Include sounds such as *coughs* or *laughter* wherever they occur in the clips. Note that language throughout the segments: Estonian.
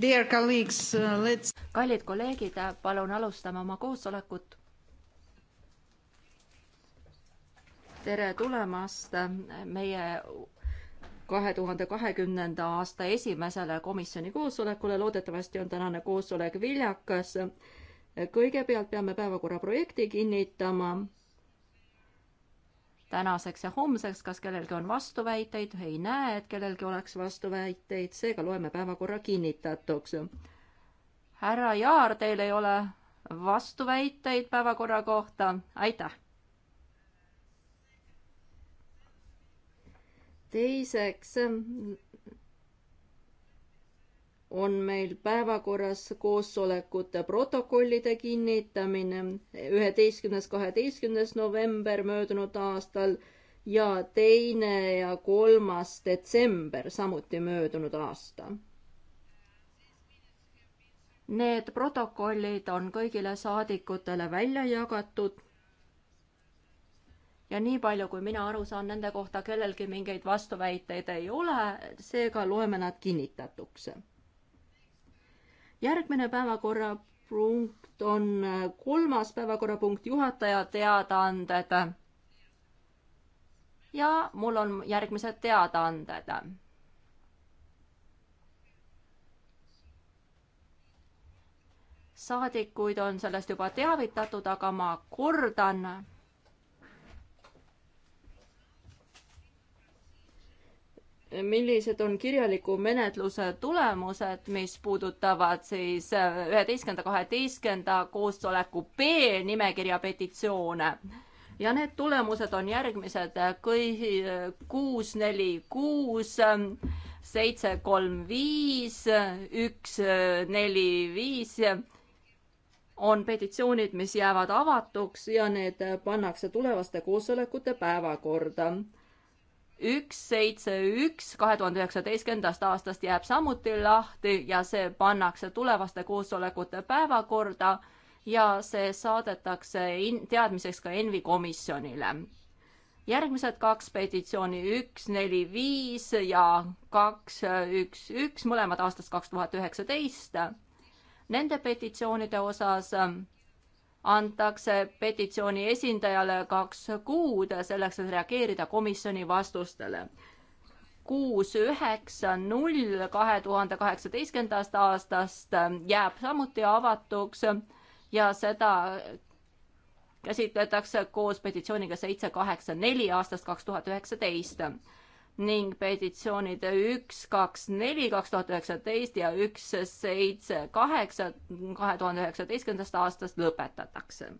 Dear colleagues, uh, let's... kallid kolleegid, palun alustame oma koosolekut. tere tulemast meie kahe tuhande kahekümnenda aasta esimesele komisjoni koosolekule, loodetavasti on tänane koosolek viljakas. kõigepealt peame päevakorra projekti kinnitama tänaseks ja homseks, kas kellelgi on vastuväiteid, ei näe, et kellelgi oleks vastuväiteid, seega loeme päevakorra kinnitatuks. härra Jaar, teil ei ole vastuväiteid päevakorra kohta, aitäh. teiseks on meil päevakorras koosolekute protokollide kinnitamine üheteistkümnes, kaheteistkümnes november möödunud aastal ja teine ja kolmas detsember samuti möödunud aasta Need protokollid on kõigile saadikutele välja jagatud. ja nii palju, kui mina aru saan, nende kohta kellelgi mingeid vastuväiteid ei ole, seega loeme nad kinnitatuks järgmine päevakorrapunkt on äh, kolmas päevakorrapunkt, juhataja teadaanded. ja mul on järgmised teadaanded saadikuid on sellest juba teavitatud, aga ma kordan millised on kirjaliku menetluse tulemused, mis puudutavad siis äh, üheteistkümnenda, kaheteistkümnenda koosoleku B-nimekirja petitsioone. ja need tulemused on järgmised, kõi-, kuus, neli, kuus, seitse, kolm, viis, üks, neli, viis on petitsioonid, mis jäävad avatuks ja need pannakse tulevaste koosolekute päevakorda üks, seitse, üks kahe tuhande üheksateistkümnendast aastast jääb samuti lahti ja see pannakse tulevaste koosolekute päevakorda ja see saadetakse in-, teadmiseks ka ENVI komisjonile. järgmised kaks petitsiooni, üks, neli, viis ja kaks, üks, üks, mõlemad aastast kaks tuhat üheksateist. Nende petitsioonide osas antakse petitsiooni esindajale kaks kuud selleks, et reageerida komisjoni vastustele. kuus üheksa null kahe tuhande kaheksateistkümnendast aastast jääb samuti avatuks ja seda käsitletakse koos petitsiooniga seitse kaheksa neli aastast kaks tuhat üheksateist ning petitsioonid üks, kaks, neli, kaks tuhat üheksateist ja üks, seitse, kaheksa, kahe tuhande üheksateistkümnendast aastast lõpetatakse.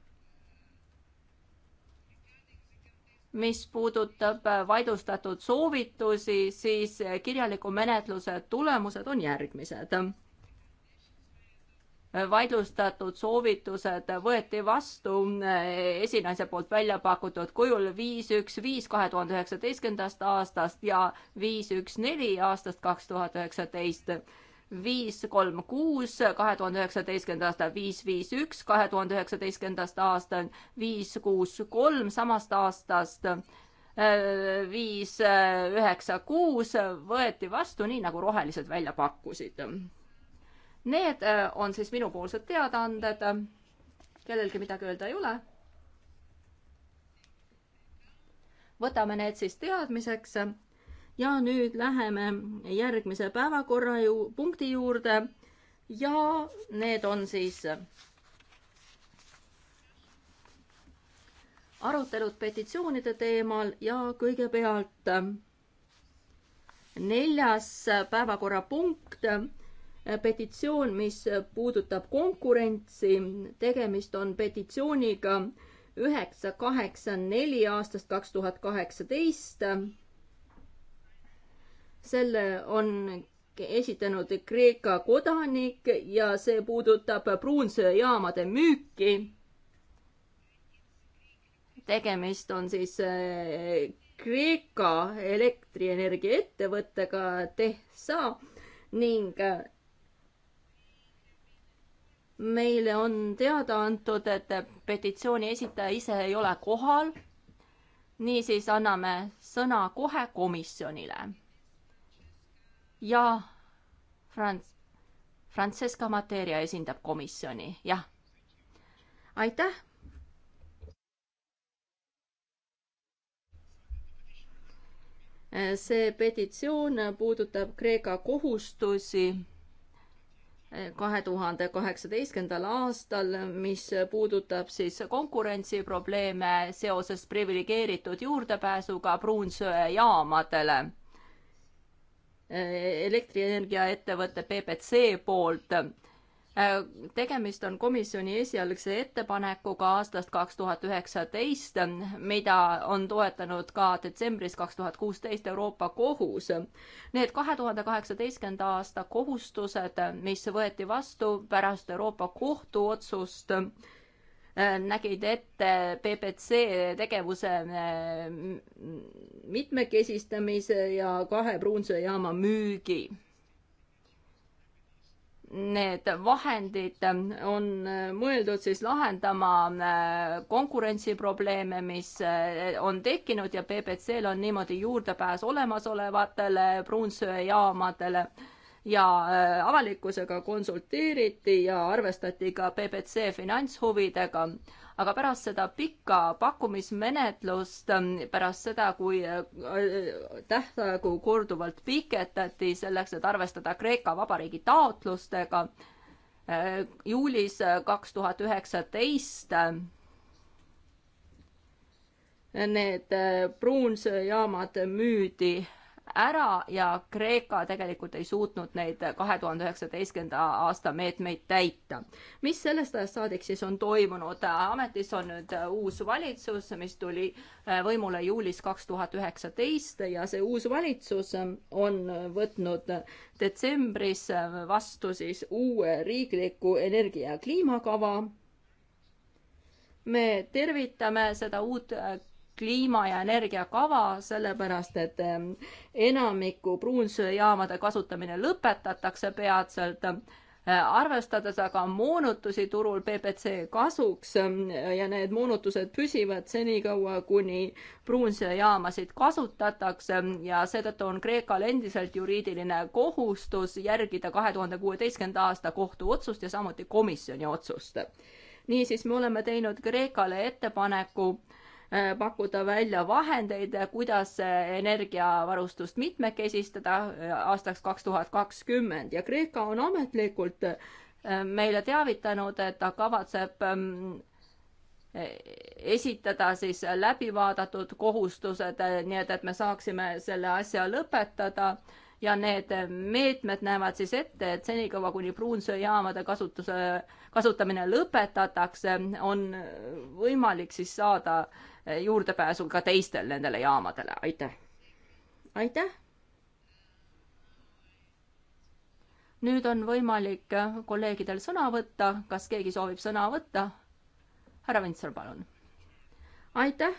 mis puudutab vaidlustatud soovitusi, siis kirjaliku menetluse tulemused on järgmised vaidlustatud soovitused võeti vastu eh, esinaise poolt välja pakutud kujul viis, üks, viis kahe tuhande üheksateistkümnendast aastast ja viis, üks, neli aastast kaks tuhat üheksateist, viis, kolm, kuus kahe tuhande üheksateistkümnenda aasta, viis, viis, üks kahe tuhande üheksateistkümnendast aastast, viis, kuus, kolm samast aastast, eh, viis, üheksa, kuus võeti vastu nii, nagu rohelised välja pakkusid Need äh, on siis minupoolsed teadaanded. kellelgi midagi öelda ei ole. võtame need siis teadmiseks ja nüüd läheme järgmise päevakorra ju punkti juurde. ja need on siis arutelud petitsioonide teemal ja kõigepealt neljas päevakorrapunkt Äh, petitsioon, mis puudutab konkurentsi. tegemist on petitsiooniga üheksa, kaheksa, neli aastast kaks tuhat kaheksateist. selle on esitanud Kreeka kodanik ja see puudutab pruunsööjaamade müüki. tegemist on siis äh, Kreeka elektrienergiaettevõttega Tehsa ning äh, meile on teada antud, et petitsiooni esitaja ise ei ole kohal. niisiis anname sõna kohe komisjonile. ja Franz, Francesca Materia esindab komisjoni, jah. aitäh see petitsioon puudutab Kreeka kohustusi kahe tuhande kaheksateistkümnendal aastal, mis puudutab siis konkurentsiprobleeme seoses priviligeeritud juurdepääsuga pruunsöejaamadele elektrienergiaettevõtte PPC poolt tegemist on komisjoni esialgse ettepanekuga aastast kaks tuhat üheksateist, mida on toetanud ka detsembris kaks tuhat kuusteist Euroopa Kohus. Need kahe tuhande kaheksateistkümnenda aasta kohustused, mis võeti vastu pärast Euroopa Kohtu otsust, nägid ette PPC tegevuse mitmekesistamise ja kahe pruunsööjaama müügi need vahendid on mõeldud siis lahendama äh, konkurentsiprobleeme, mis äh, on tekkinud ja PBC-l on niimoodi juurdepääs olemasolevatele pruunsöejaamadele ja äh, avalikkusega konsulteeriti ja arvestati ka PBC finantshuvidega aga pärast seda pikka pakkumismenetlust, ähm, pärast seda, kui äh, äh, tähtaegu korduvalt pikendati selleks, et arvestada Kreeka Vabariigi taotlustega, äh, juulis kaks tuhat üheksateist need pruunsööjaamad müüdi ära ja Kreeka tegelikult ei suutnud neid kahe tuhande üheksateistkümnenda aasta meetmeid täita. mis sellest ajast saadik siis on toimunud? ametis on nüüd uus valitsus, mis tuli äh, võimule juulis kaks tuhat üheksateist ja see uus valitsus äh, on võtnud detsembris äh, vastu siis uue riikliku energia ja kliimakava me tervitame seda uut kliima- ja energiakava, sellepärast et ehm, enamiku pruunsööjaamade kasutamine lõpetatakse peatselt, äh, arvestades aga moonutusi turul PPC kasuks ehm, ja need moonutused püsivad senikaua, kuni pruunsööjaamasid kasutatakse ja seetõttu on Kreekal endiselt juriidiline kohustus järgida kahe tuhande kuueteistkümnenda aasta kohtuotsust ja samuti komisjoni otsust niisiis me oleme teinud Kreekale ettepaneku Äh, pakkuda välja vahendeid, kuidas energiavarustust mitmekesistada äh, aastaks kaks tuhat kakskümmend ja Kreeka on ametlikult äh, meile teavitanud, et ta kavatseb ähm, esitada siis läbivaadatud kohustused, nii et, et me saaksime selle asja lõpetada ja need meetmed näevad siis ette, et senikaua, kuni pruunsööjaamade kasutuse, kasutamine lõpetatakse, on võimalik siis saada juurdepääsu ka teistel nendele jaamadele, aitäh. aitäh. nüüd on võimalik kolleegidel sõna võtta, kas keegi soovib sõna võtta? härra Vintsar, palun. aitäh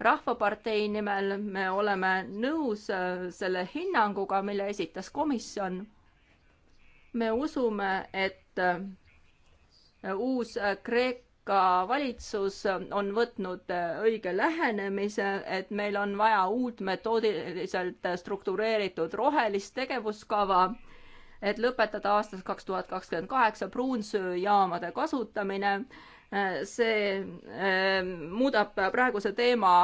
rahvapartei nimel me oleme nõus äh, selle hinnanguga, mille esitas komisjon. me usume, et äh, uus Kreek-, ka valitsus on võtnud äh, õige lähenemise, et meil on vaja uut metoodiliselt struktureeritud rohelist tegevuskava, et lõpetada aastast kaks tuhat kakskümmend kaheksa pruunsööjaamade kasutamine. Äh, see äh, muudab praeguse teema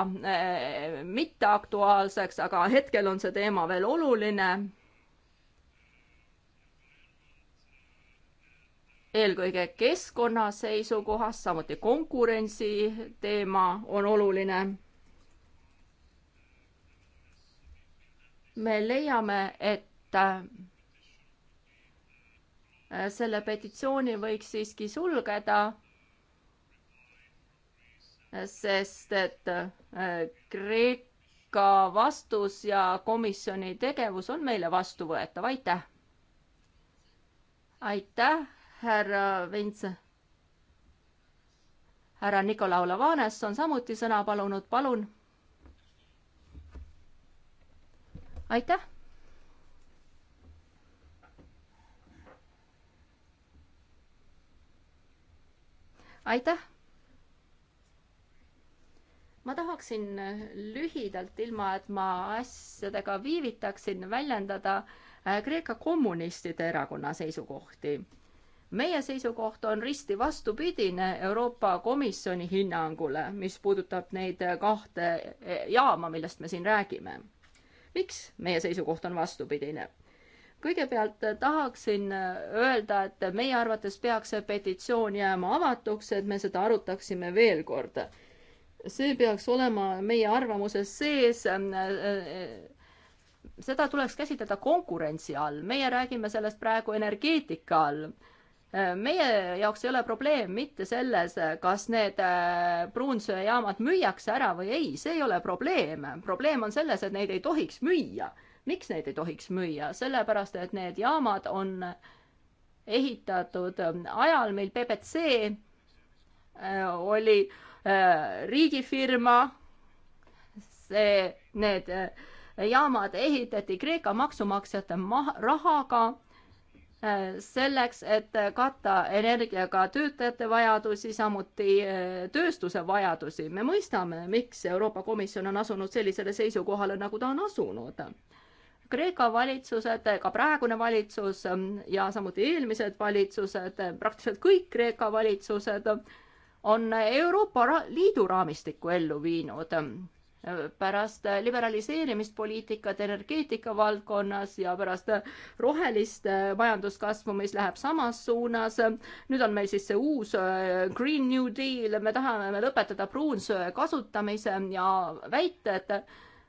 mitteaktuaalseks, aga hetkel on see teema veel oluline eelkõige keskkonna seisukohast, samuti konkurentsi teema on oluline. me leiame, et äh, selle petitsiooni võiks siiski sulgeda, sest et äh, Kreeka vastus ja komisjoni tegevus on meile vastuvõetav, aitäh! aitäh härra Vints. härra Nikolau Lavanes on samuti sõna palunud, palun. aitäh. aitäh ma tahaksin lühidalt, ilma et ma asjadega viivitaksin, väljendada äh, Kreeka kommunistide erakonna seisukohti meie seisukoht on risti vastupidine Euroopa Komisjoni hinnangule, mis puudutab neid kahte jaama, millest me siin räägime. miks meie seisukoht on vastupidine? kõigepealt tahaksin öelda, et meie arvates peaks see petitsioon jääma avatuks, et me seda arutaksime veel kord. see peaks olema meie arvamuses sees seda tuleks käsitleda konkurentsi all, meie räägime sellest praegu energeetika all meie jaoks ei ole probleem mitte selles, kas need äh, pruunsöejaamad müüakse ära või ei, see ei ole probleem. probleem on selles, et neid ei tohiks müüa. miks neid ei tohiks müüa? sellepärast, et need jaamad on ehitatud ähm, ajal, mil BBC äh, oli äh, riigifirma, see, need jaamad ehitati Kreeka maksumaksjate rahaga selleks, et katta energiaga töötajate vajadusi, samuti eh, tööstuse vajadusi. me mõistame, miks Euroopa Komisjon on asunud sellisele seisukohale, nagu ta on asunud. Kreeka valitsused, ka praegune valitsus mm, ja samuti eelmised valitsused, praktiliselt kõik Kreeka valitsused on Euroopa Liidu raamistikku ellu viinud pärast liberaliseerimist poliitikat energeetika valdkonnas ja pärast rohelist majanduskasvu, mis läheb samas suunas. nüüd on meil siis see uus äh, Green New Deal, me tahame lõpetada pruunsöe kasutamise ja väited,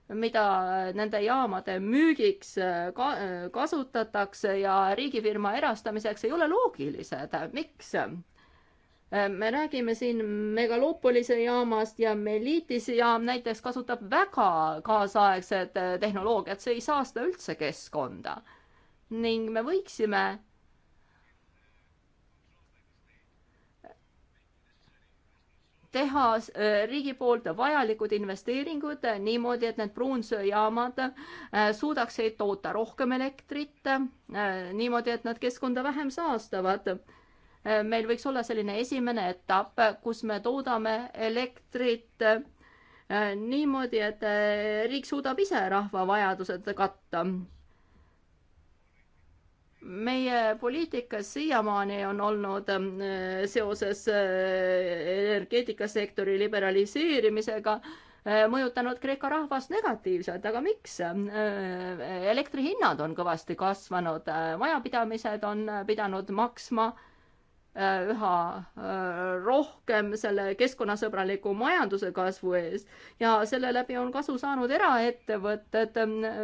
mida nende jaamade müügiks äh, ka äh, kasutatakse ja riigifirma erastamiseks ei ole loogilised. miks? Äh, me räägime siin megalopolise jaamast ja Melitis jaam näiteks kasutab väga kaasaegset äh, tehnoloogiat, see ei saasta üldse keskkonda. ning me võiksime teha äh, riigi poolt vajalikud investeeringud niimoodi, et need pruunsööjaamad suudaksid toota rohkem elektrit, niimoodi, et nad keskkonda vähem saastavad Äh, meil võiks olla selline esimene etapp, kus me toodame elektrit äh, niimoodi, et äh, riik suudab ise rahva vajadused katta. meie poliitikas siiamaani on olnud seoses energeetikasektori liberaliseerimisega mõjutanud Kreeka rahvast negatiivselt, aga miks? elektrihinnad on kõvasti kasvanud, majapidamised on pidanud maksma äh, Äh, üha äh, rohkem selle keskkonnasõbraliku majanduse kasvu ees ja selle läbi on kasu saanud eraettevõtted,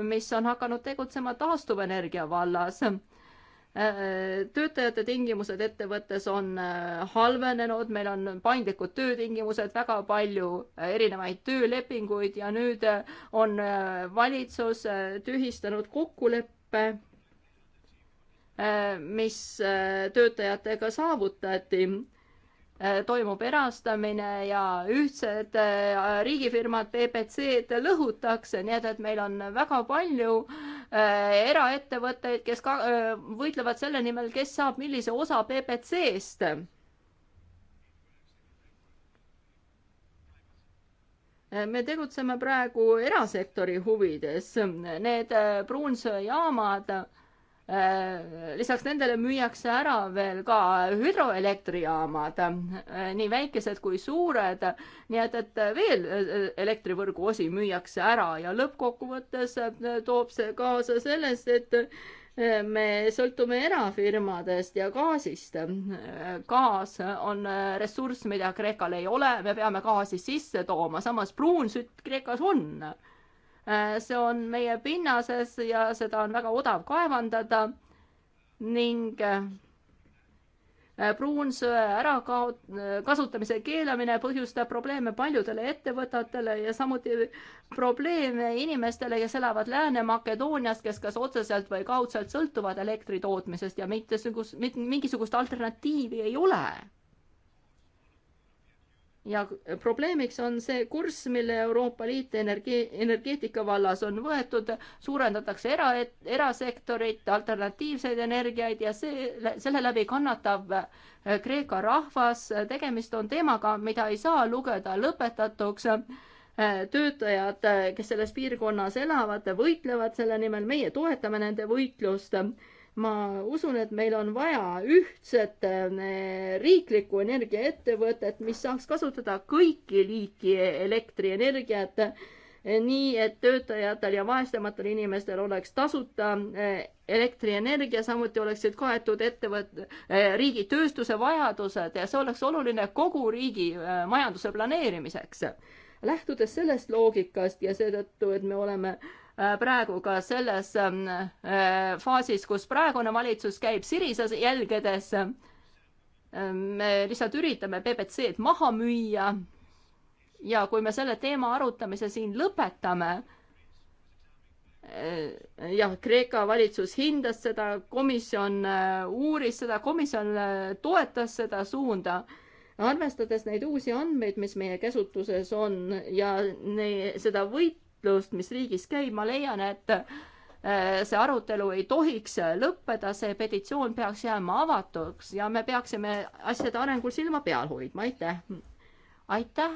mis on hakanud tegutsema taastuvenergia vallas. Äh, töötajate tingimused ettevõttes on halvenenud, meil on paindlikud töötingimused, väga palju erinevaid töölepinguid ja nüüd on valitsus tühistanud kokkuleppe Äh, mis äh, töötajatega saavutati äh, toimub erastamine ja ühtsed riigifirmad, PPC-d e lõhutakse, nii et, et meil on väga palju eraettevõtteid, kes ka võitlevad selle nimel, kes saab millise osa PPC-st. E me tegutseme praegu erasektori huvides, need pruunsööjaamad Äh, lisaks nendele müüakse ära veel ka hüdroelektrijaamad, äh, nii väikesed kui suured, nii et, et veel äh, elektrivõrgu osi müüakse ära ja lõppkokkuvõttes toob see kaasa sellest, et me sõltume erafirmadest ja gaasist. gaas on ressurss, mida Kreekal ei ole, me peame gaasi sisse tooma, samas pruunsütt Kreekas on Äh, see on meie pinnases ja seda on väga odav kaevandada ning äh, äh, pruunsöe ärakaot-, kasutamise keelamine põhjustab probleeme paljudele ettevõtetele ja samuti probleeme inimestele, kes elavad Lääne-Makedoonias, kes kas otseselt või kaudselt sõltuvad elektri tootmisest ja mitte mingisugust alternatiivi ei ole ja probleemiks on see kurss, mille Euroopa Liit energia, energeetika vallas on võetud, suurendatakse era, erasektorit, alternatiivseid energiaid ja see, selle läbi kannatab äh, Kreeka rahvas, tegemist on teemaga, mida ei saa lugeda lõpetatuks. Äh, töötajad, äh, kes selles piirkonnas elavad, võitlevad selle nimel, meie toetame nende võitlust ma usun, et meil on vaja ühtset äh, riiklikku energiaettevõtet, mis saaks kasutada kõiki liiki elektrienergiat, äh, nii et töötajatel ja vaesematel inimestel oleks tasuta äh, elektrienergia, samuti oleksid kaetud ettevõt-, riigi tööstuse vajadused ja see oleks oluline kogu riigi majanduse planeerimiseks lähtudes sellest loogikast ja seetõttu, et me oleme äh, Äh, praegu ka selles ähm, äh, faasis, kus praegune valitsus käib sirises jälgedes. Ähm, me lihtsalt üritame PBC-d maha müüa. ja kui me selle teema arutamise siin lõpetame, äh, jah, Kreeka valitsus hindas seda, komisjon uuris seda, komisjon toetas seda suunda arvestades neid uusi andmeid, mis meie käsutuses on ja ne, seda võit, arutlust, mis riigis käib, ma leian, et äh, see arutelu ei tohiks lõppeda, see petitsioon peaks jääma avatuks ja me peaksime asjade arengul silma peal hoidma, aitäh. aitäh,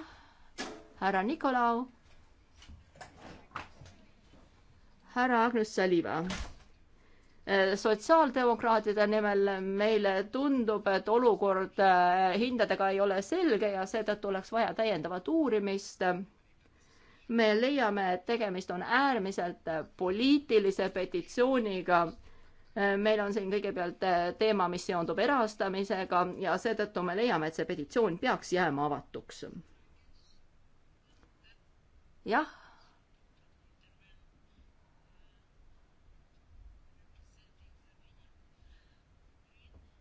härra Nikolau. härra Agnus Saliva. Äh, sotsiaaldemokraatide nimel meile tundub, et olukord äh, hindadega ei ole selge ja seetõttu oleks vaja täiendavat uurimist me leiame, et tegemist on äärmiselt poliitilise petitsiooniga. meil on siin kõigepealt teema, mis seondub erastamisega ja seetõttu me leiame, et see petitsioon peaks jääma avatuks. jah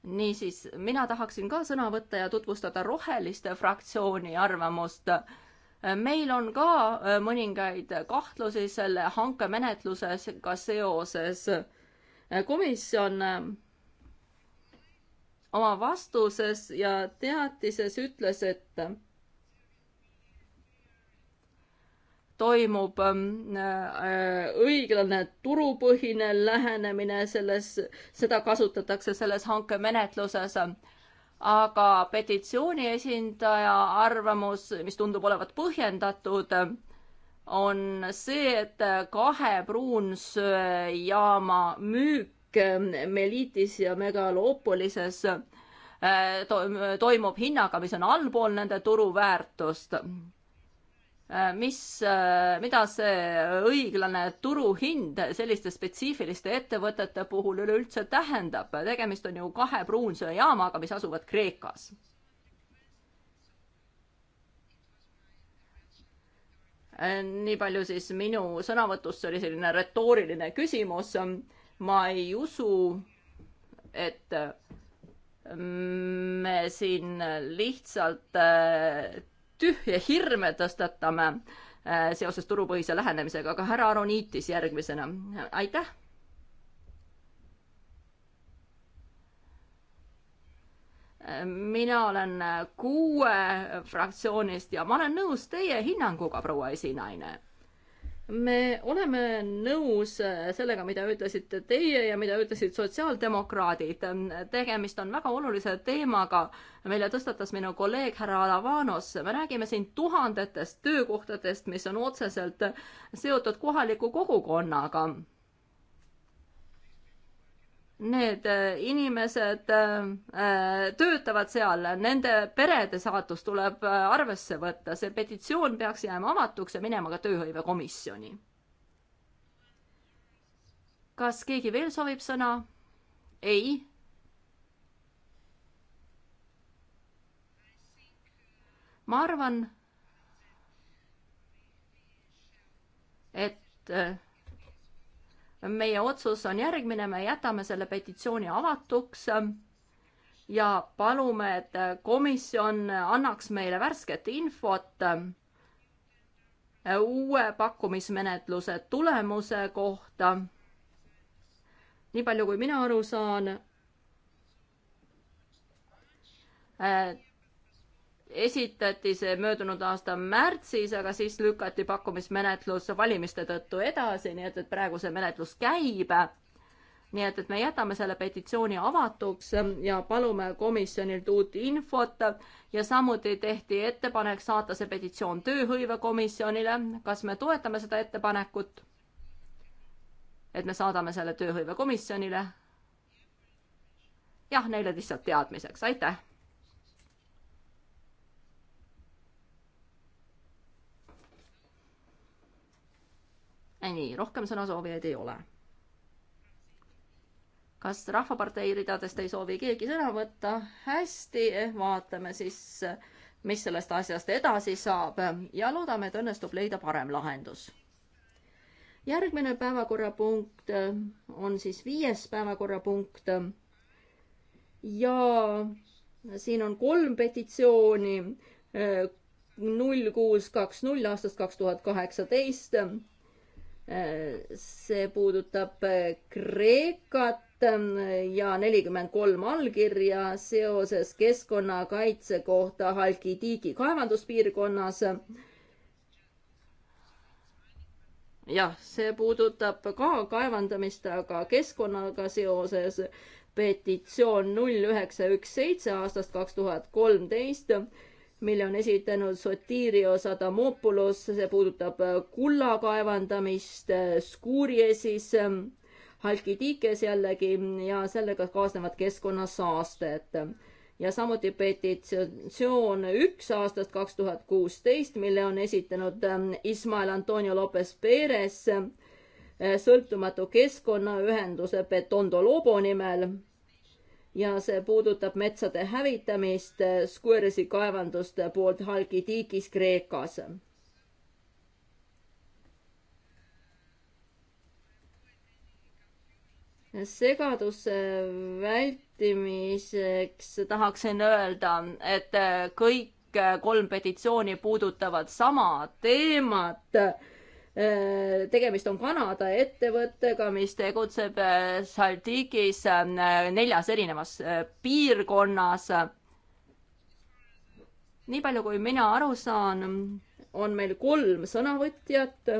niisiis, mina tahaksin ka sõna võtta ja tutvustada Roheliste fraktsiooni arvamust meil on ka äh, mõningaid kahtlusi selle hankemenetlusega seoses. Äh, komisjon äh, oma vastuses ja teatises ütles, et toimub ähm, õiglane turupõhine lähenemine selles, seda kasutatakse selles hankemenetluses aga petitsiooni esindaja arvamus, mis tundub olevat põhjendatud, on see, et kahe pruunsööjaama müük Melitis ja Megalopolises eh, toimub hinnaga, mis on allpool nende turuväärtust Äh, mis, äh, mida see õiglane turuhind selliste spetsiifiliste ettevõtete puhul üleüldse tähendab. tegemist on ju kahe pruunsööjaamaga, mis asuvad Kreekas. Äh, nii palju siis minu sõnavõtust, see oli selline retooriline küsimus. ma ei usu, et me siin lihtsalt tühje hirme tõstatame äh, seoses turupõhise lähenemisega, aga härra Aroniitis järgmisena, aitäh. mina olen kuue fraktsioonist ja ma olen nõus teie hinnanguga, proua esinaine me oleme nõus äh, sellega, mida ütlesite teie ja mida ütlesid sotsiaaldemokraadid. tegemist on väga olulise teemaga, mille tõstatas minu kolleeg härra Alavanos. me räägime siin tuhandetest töökohtadest, mis on otseselt seotud kohaliku kogukonnaga need äh, inimesed äh, äh, töötavad seal, nende perede saatus tuleb arvesse võtta, see petitsioon peaks jääma avatuks ja minema ka tööhõivekomisjoni. kas keegi veel soovib sõna? ei? ma arvan, et meie otsus on järgmine, me jätame selle petitsiooni avatuks ja palume, et komisjon annaks meile värsket infot uue pakkumismenetluse tulemuse kohta. nii palju, kui mina aru saan, esitati see möödunud aasta märtsis, aga siis lükati pakkumismenetlus valimiste tõttu edasi, nii et, et praegu see menetlus käib. nii et, et me jätame selle petitsiooni avatuks ja palume komisjonilt uut infot ja samuti tehti ettepanek saata see petitsioon tööhõivekomisjonile. kas me toetame seda ettepanekut? et me saadame selle tööhõivekomisjonile? jah, neile lihtsalt teadmiseks, aitäh nii, rohkem sõnasoovijaid ei ole. kas Rahvapartei ridadest ei soovi keegi sõna võtta? hästi, vaatame siis, mis sellest asjast edasi saab ja loodame, et õnnestub leida parem lahendus. järgmine päevakorrapunkt äh, on siis viies päevakorrapunkt. ja siin on kolm petitsiooni äh, null kuus kaks null aastast kaks tuhat kaheksateist see puudutab äh, Kreekat ähm, ja nelikümmend kolm allkirja seoses keskkonnakaitse kohta Halkidiigi kaevanduspiirkonnas. jah, see puudutab ka kaevandamist, aga keskkonnaga seoses petitsioon null üheksa üks seitse aastast kaks tuhat kolmteist mille on esitanud Sotirios Adamopulos, see puudutab äh, kulla kaevandamist äh, Skuuriesis, ähm, Halkidikes jällegi ja sellega kaasnevad keskkonnasaasted. ja samuti petitsioon üks aastast kaks tuhat kuusteist, mille on esitanud ähm, Ismael Antonio Lopez Perez äh, sõltumatu keskkonnaühenduse Betondo Lobo nimel ja see puudutab metsade hävitamist Skuerisi kaevanduste poolt Halkidiigis Kreekas. segaduse vältimiseks tahaksin öelda, et kõik kolm petitsiooni puudutavad sama teemat Äh, tegemist on Kanada ettevõttega, mis tegutseb äh, Saldikis äh, neljas erinevas piirkonnas. nii palju, kui mina aru saan, on meil kolm sõnavõtjat.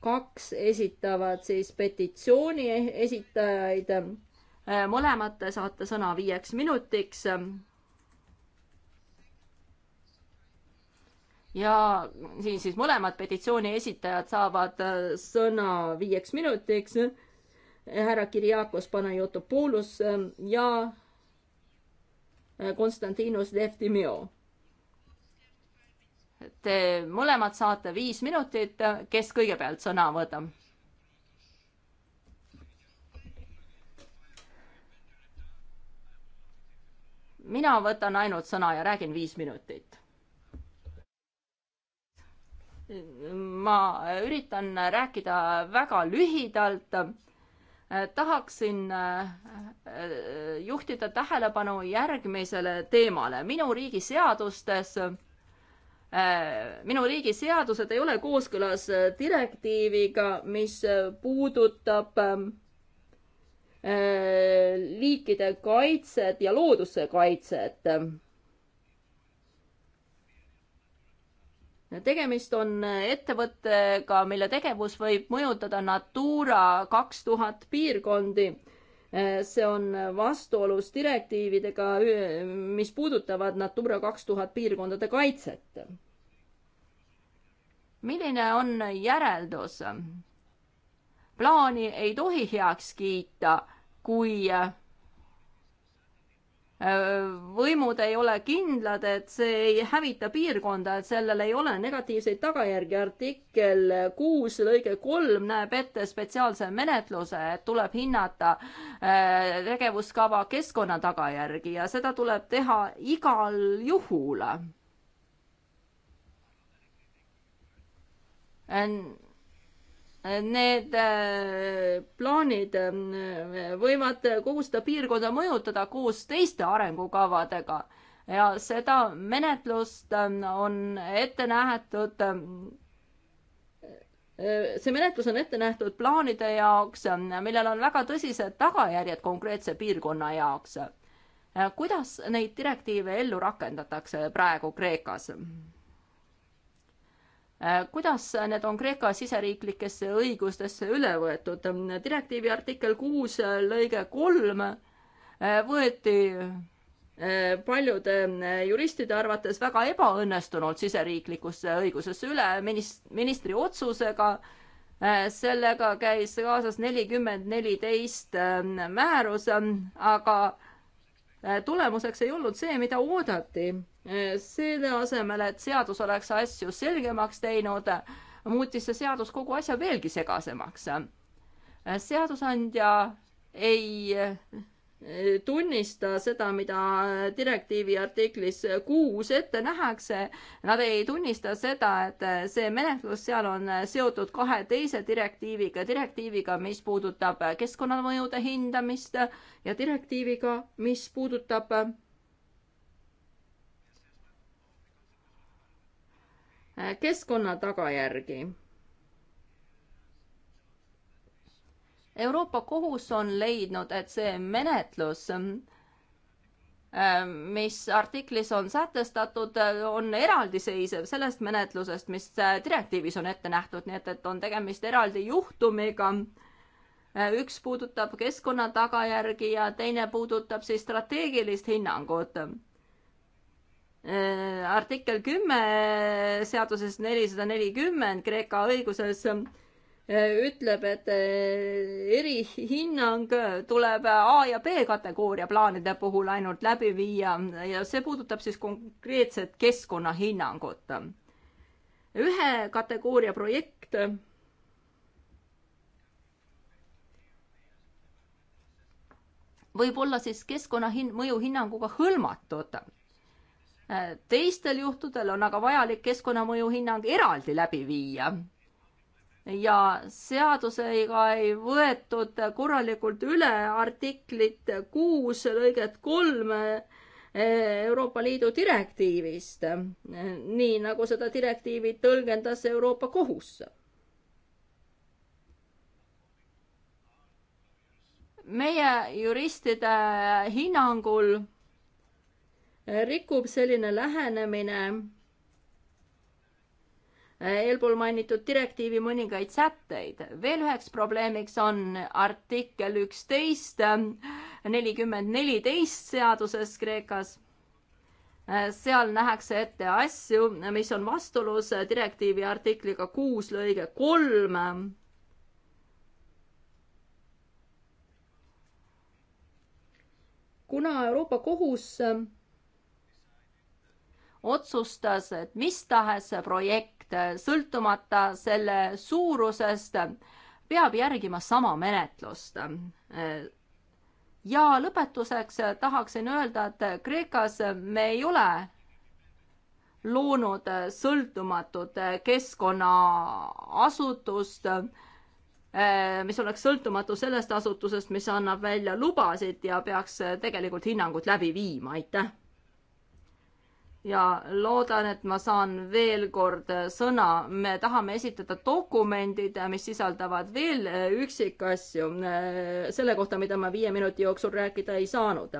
kaks esitavad siis petitsiooni esitajaid. mõlemad saate sõna viieks minutiks ja siin siis mõlemad petitsiooni esitajad saavad äh, sõna viieks minutiks. härra Kirjakos Panajotopoulos ähm, ja äh, Konstantinos Leftimio. Te mõlemad saate viis minutit, kes kõigepealt sõna võtab? mina võtan ainult sõna ja räägin viis minutit ma üritan rääkida väga lühidalt. tahaksin äh, juhtida tähelepanu järgmisele teemale. minu riigi seadustes äh, minu riigi seadused ei ole kooskõlas direktiiviga, mis puudutab äh, liikide kaitset ja looduse kaitset tegemist on äh, ettevõttega, mille tegevus võib mõjutada Natura kaks tuhat piirkondi. Äh, see on vastuolus direktiividega, mis puudutavad Natura kaks tuhat piirkondade kaitset. milline on järeldus? plaani ei tohi heaks kiita, kui äh, Äh, võimud ei ole kindlad, et see ei hävita piirkonda, et sellel ei ole negatiivseid tagajärgi. artikkel kuus lõige kolm näeb ette spetsiaalse menetluse, et tuleb hinnata äh, tegevuskava keskkonna tagajärgi ja seda tuleb teha igal juhul need äh, plaanid äh, võivad kogu seda piirkonda mõjutada koos teiste arengukavadega ja seda menetlust äh, on ette nähtud, see menetlus on ette nähtud plaanide jaoks, millel on väga tõsised tagajärjed konkreetse piirkonna jaoks. kuidas neid direktiive ellu rakendatakse praegu Kreekas? Äh, kuidas need on Kreeka siseriiklikesse õigustesse üle võetud? direktiivi artikkel kuus äh, lõige kolm äh, võeti paljude juristide arvates väga ebaõnnestunult siseriiklikusse õigusesse üle ministri otsusega. sellega käis kaasas nelikümmend neliteist määrus, aga tulemuseks ei olnud see, mida oodati selle asemel, et seadus oleks asju selgemaks teinud, muutis see seadus kogu asja veelgi segasemaks. seadusandja ei tunnista seda, mida direktiivi artiklis kuus ette nähakse. Nad ei tunnista seda, et see menetlus seal on seotud kahe teise direktiiviga, direktiiviga, mis puudutab keskkonnamõjude hindamist ja direktiiviga, mis puudutab Äh, keskkonna tagajärgi. Euroopa Kohus on leidnud, et see menetlus, äh, mis artiklis on sätestatud, on eraldiseisev sellest menetlusest, mis äh, direktiivis on ette nähtud, nii et, et on tegemist eraldi juhtumiga üks puudutab keskkonna tagajärgi ja teine puudutab siis strateegilist hinnangut. Äh, artikkel kümme seaduses nelisada nelikümmend Kreeka õiguses äh, ütleb, et äh, erihinnang tuleb A ja B kategooria plaanide puhul ainult läbi viia ja see puudutab siis konkreetset keskkonnahinnangut. ühe kategooria projekt võib olla siis keskkonna hin-, mõjuhinnanguga hõlmatud Äh, teistel juhtudel on aga vajalik keskkonnamõju hinnang eraldi läbi viia. ja seadusega ei võetud korralikult üle artiklit kuus lõiget kolm äh, Euroopa Liidu direktiivist, äh, nii nagu seda direktiivi tõlgendas Euroopa Kohus. meie juristide hinnangul rikub selline lähenemine äh, eelpool mainitud direktiivi mõningaid sätteid. veel üheks probleemiks on artikkel üksteist, äh, nelikümmend neliteist seaduses Kreekas. Äh, seal nähakse ette asju, mis on vastuolus direktiivi artikliga kuus lõige kolm. kuna Euroopa Kohus otsustas, et mis tahes projekt, sõltumata selle suurusest, peab järgima sama menetlust. ja lõpetuseks tahaksin öelda, et Kreekas me ei ole loonud sõltumatut keskkonnaasutust, mis oleks sõltumatu sellest asutusest, mis annab välja lubasid ja peaks tegelikult hinnangut läbi viima, aitäh ja loodan, et ma saan veel kord sõna. me tahame esitada dokumendid, mis sisaldavad veel äh, üksikasju äh, selle kohta, mida ma viie minuti jooksul rääkida ei saanud.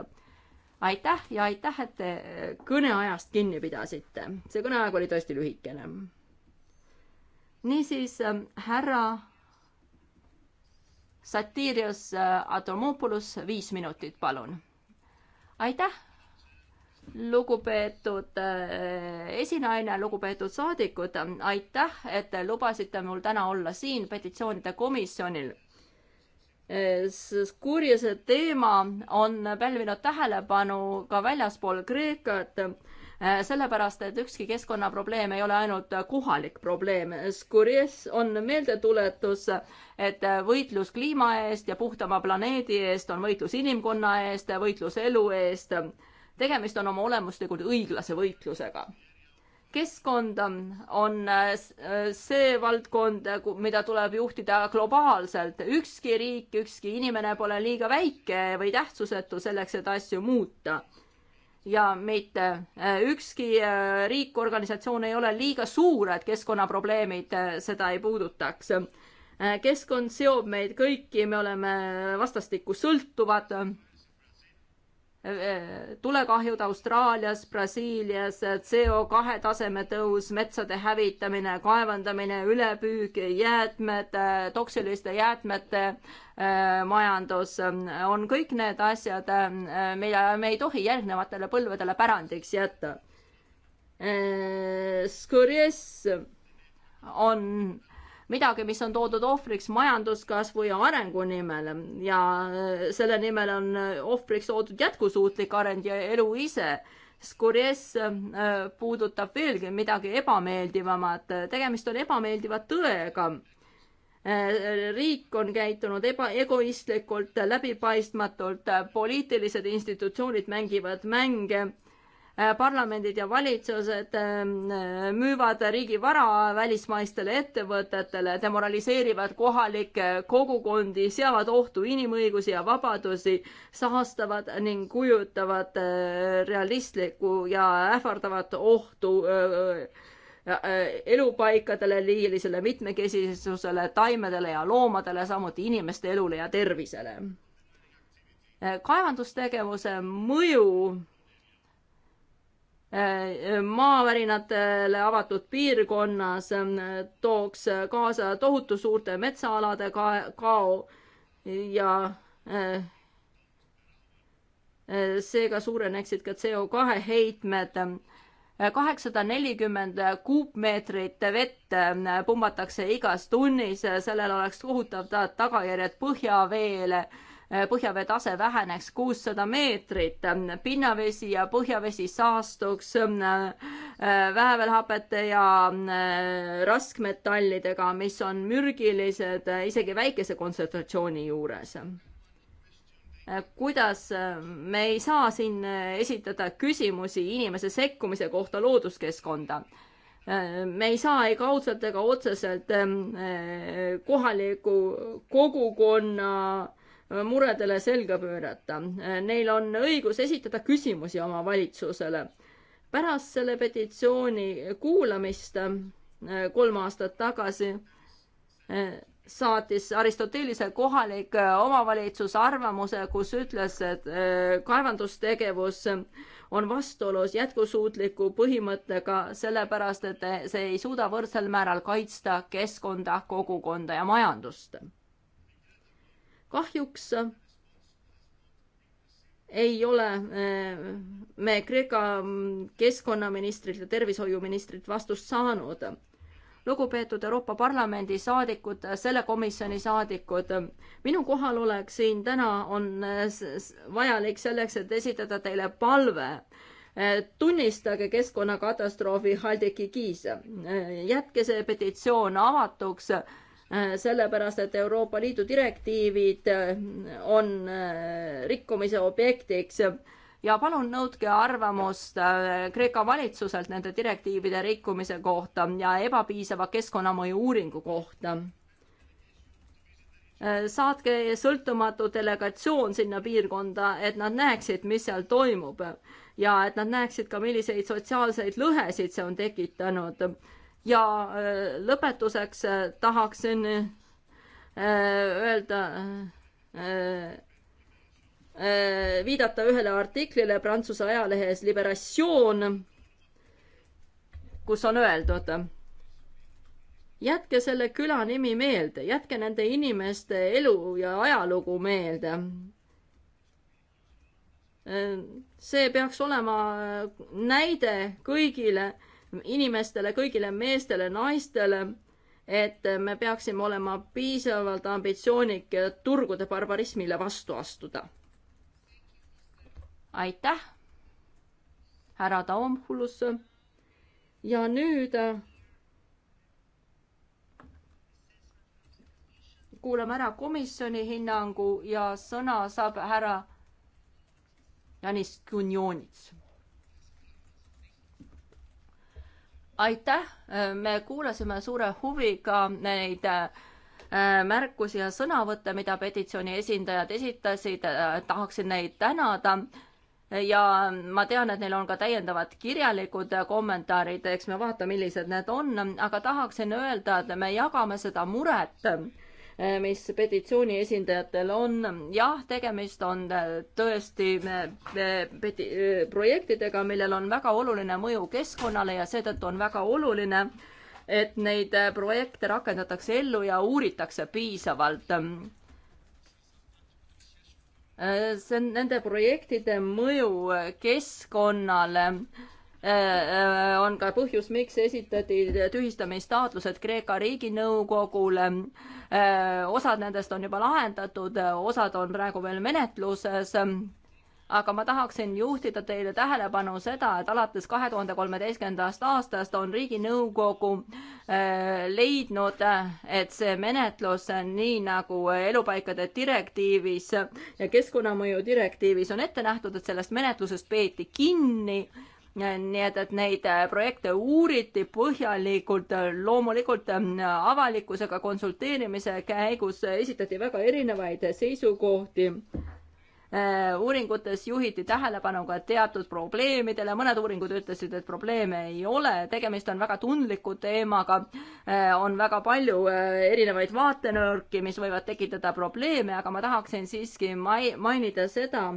aitäh ja aitäh, et te äh, kõneajast kinni pidasite. see kõneaeg oli tõesti lühikene. niisiis, härra Satirios Atomopoulos, viis minutit, palun. aitäh lugupeetud äh, esinaine, lugupeetud saadikud, aitäh, et te lubasite mul täna olla siin petitsioonide komisjonil. Äh, kurjuse teema on pälvinud tähelepanu ka väljaspool Kreekat, äh, sellepärast et ükski keskkonnaprobleem ei ole ainult kohalik probleem. Skurjes on meeldetuletus, et võitlus kliima eest ja puhtama planeedi eest on võitlus inimkonna eest, võitlus elu eest tegemist on oma olemuslikult õiglase võitlusega. keskkond on äh, see valdkond, mida tuleb juhtida globaalselt. ükski riik, ükski inimene pole liiga väike või tähtsusetu selleks, et asju muuta ja mitte äh, ükski äh, riik, organisatsioon ei ole liiga suur, et keskkonnaprobleemid seda ei puudutaks. keskkond seob meid kõiki, me oleme vastastikku sõltuvad tulekahjud Austraalias, Brasiilias, CO2 taseme tõus, metsade hävitamine, kaevandamine, ülepüük, jäätmed, toksiliste jäätmete äh, majandus on kõik need asjad, äh, mida me ei tohi järgnevatele põlvedele pärandiks jätta. Äh, Skõrjes on midagi, mis on toodud ohvriks majanduskasvu ja arengu nimel ja äh, selle nimel on äh, ohvriks toodud jätkusuutlik areng ja elu ise. Skores äh, puudutab veelgi midagi ebameeldivamat, tegemist on ebameeldiva tõega riik on käitunud eba, egoistlikult, läbipaistmatult, poliitilised institutsioonid mängivad mänge Äh, parlamendid ja valitsused ähm, äh, müüvad riigi vara välismaistele ettevõtetele, demoraliseerivad kohalikke kogukondi, seavad ohtu inimõigusi ja vabadusi, saastavad ning kujutavad äh, realistlikku ja ähvardavat ohtu elupaikadele, liigilisele mitmekesisusele, taimedele ja loomadele, samuti inimeste elule ja tervisele. kaevandustegevuse mõju Äh, maavärinatele avatud piirkonnas ähm, tooks kaasa tohutu suurte metsaalade ka kao ja äh, äh, seega suureneksid ka CO2 heitmed. kaheksasada nelikümmend kuupmeetrit vett ähm, pumbatakse igas tunnis, sellel oleks kohutavad tagajärjed põhjaveele Äh, põhjavee tase väheneks kuussada meetrit, ähm, pinnavesi ja põhjavesi saastuks ähm, äh, väävelhapete ja ähm, äh, raskmetallidega, mis on mürgilised isegi väikese kontsentratsiooni juures kuidas me ei saa siin esitada küsimusi inimese sekkumise kohta looduskeskkonda me ei saa ei kaudselt ega otseselt kohaliku kogukonna muredele selga pöörata. Neil on õigus esitada küsimusi oma valitsusele. pärast selle petitsiooni kuulamist äh, kolm aastat tagasi äh, saatis Aristotelise kohalik äh, omavalitsus arvamuse, kus ütles, et kaevandustegevus on vastuolus jätkusuutliku põhimõttega, sellepärast et see ei suuda võrdsel määral kaitsta keskkonda, kogukonda ja majandust kahjuks ei ole eh, me Kreeka mm, keskkonnaministrilt ja tervishoiuministrilt vastust saanud. lugupeetud Euroopa Parlamendi saadikud, selle komisjoni saadikud, minu kohalolek siin täna on eh, vajalik selleks, et esitada teile palve eh, tunnistage keskkonnakatastroofi Haldeki Kiis, jätke see petitsioon avatuks Äh, sellepärast et Euroopa Liidu direktiivid äh, on äh, rikkumise objektiks ja palun nõudke arvamust Kreeka valitsuselt nende direktiivide rikkumise kohta ja ebapiisava keskkonnamõju uuringu kohta. saatke sõltumatu delegatsioon sinna piirkonda, et nad näeksid, mis seal toimub ja et nad näeksid ka, milliseid sotsiaalseid lõhesid see on tekitanud ja äh, lõpetuseks äh, tahaksin äh, öelda, viidata ühele artiklile Prantsuse ajalehes Liberatsioon, kus on öeldud, jätke selle küla nimi meelde, jätke nende inimeste elu ja ajalugu meelde. see peaks olema näide kõigile inimestele, kõigile meestele, naistele, et me peaksime olema piisavalt ambitsioonikad, et turgude barbarismile vastu astuda. aitäh, härra Taumhullus. ja nüüd kuulame ära komisjoni hinnangu ja sõna saab härra Janis Kunjonits aitäh, me kuulasime suure huviga neid äh, märkusi ja sõnavõtte, mida petitsiooni esindajad esitasid, äh, tahaksin neid tänada. ja ma tean, et neil on ka täiendavad kirjalikud kommentaarid, eks me vaata, millised need on, aga tahaksin öelda, et me jagame seda muret mis petitsiooni esindajatel on. jah, tegemist on äh, tõesti peti-, äh, projektidega, millel on väga oluline mõju keskkonnale ja seetõttu on väga oluline, et neid äh, projekte rakendatakse ellu ja uuritakse piisavalt see on nende projektide mõju keskkonnale Äh, äh, on ka põhjus, miks esitati tühistamistaotlused Kreeka riiginõukogule. Äh, osad nendest on juba lahendatud, osad on praegu veel menetluses. aga ma tahaksin juhtida teile tähelepanu seda, et alates kahe tuhande kolmeteistkümnendast aastast on riiginõukogu leidnud, et see menetlus, nii nagu elupaikade direktiivis ja keskkonnamõju direktiivis on ette nähtud, et sellest menetlusest peeti kinni nii et, et neid äh, projekte uuriti põhjalikult, äh, loomulikult äh, avalikkusega konsulteerimise käigus esitati väga erinevaid seisukohti. uuringutes juhiti tähelepanu ka teatud probleemidele, mõned uuringud ütlesid, et probleeme ei ole, tegemist on väga tundliku teemaga, on väga palju erinevaid vaatenurki, mis võivad tekitada probleeme, aga ma tahaksin siiski mai-, mainida seda,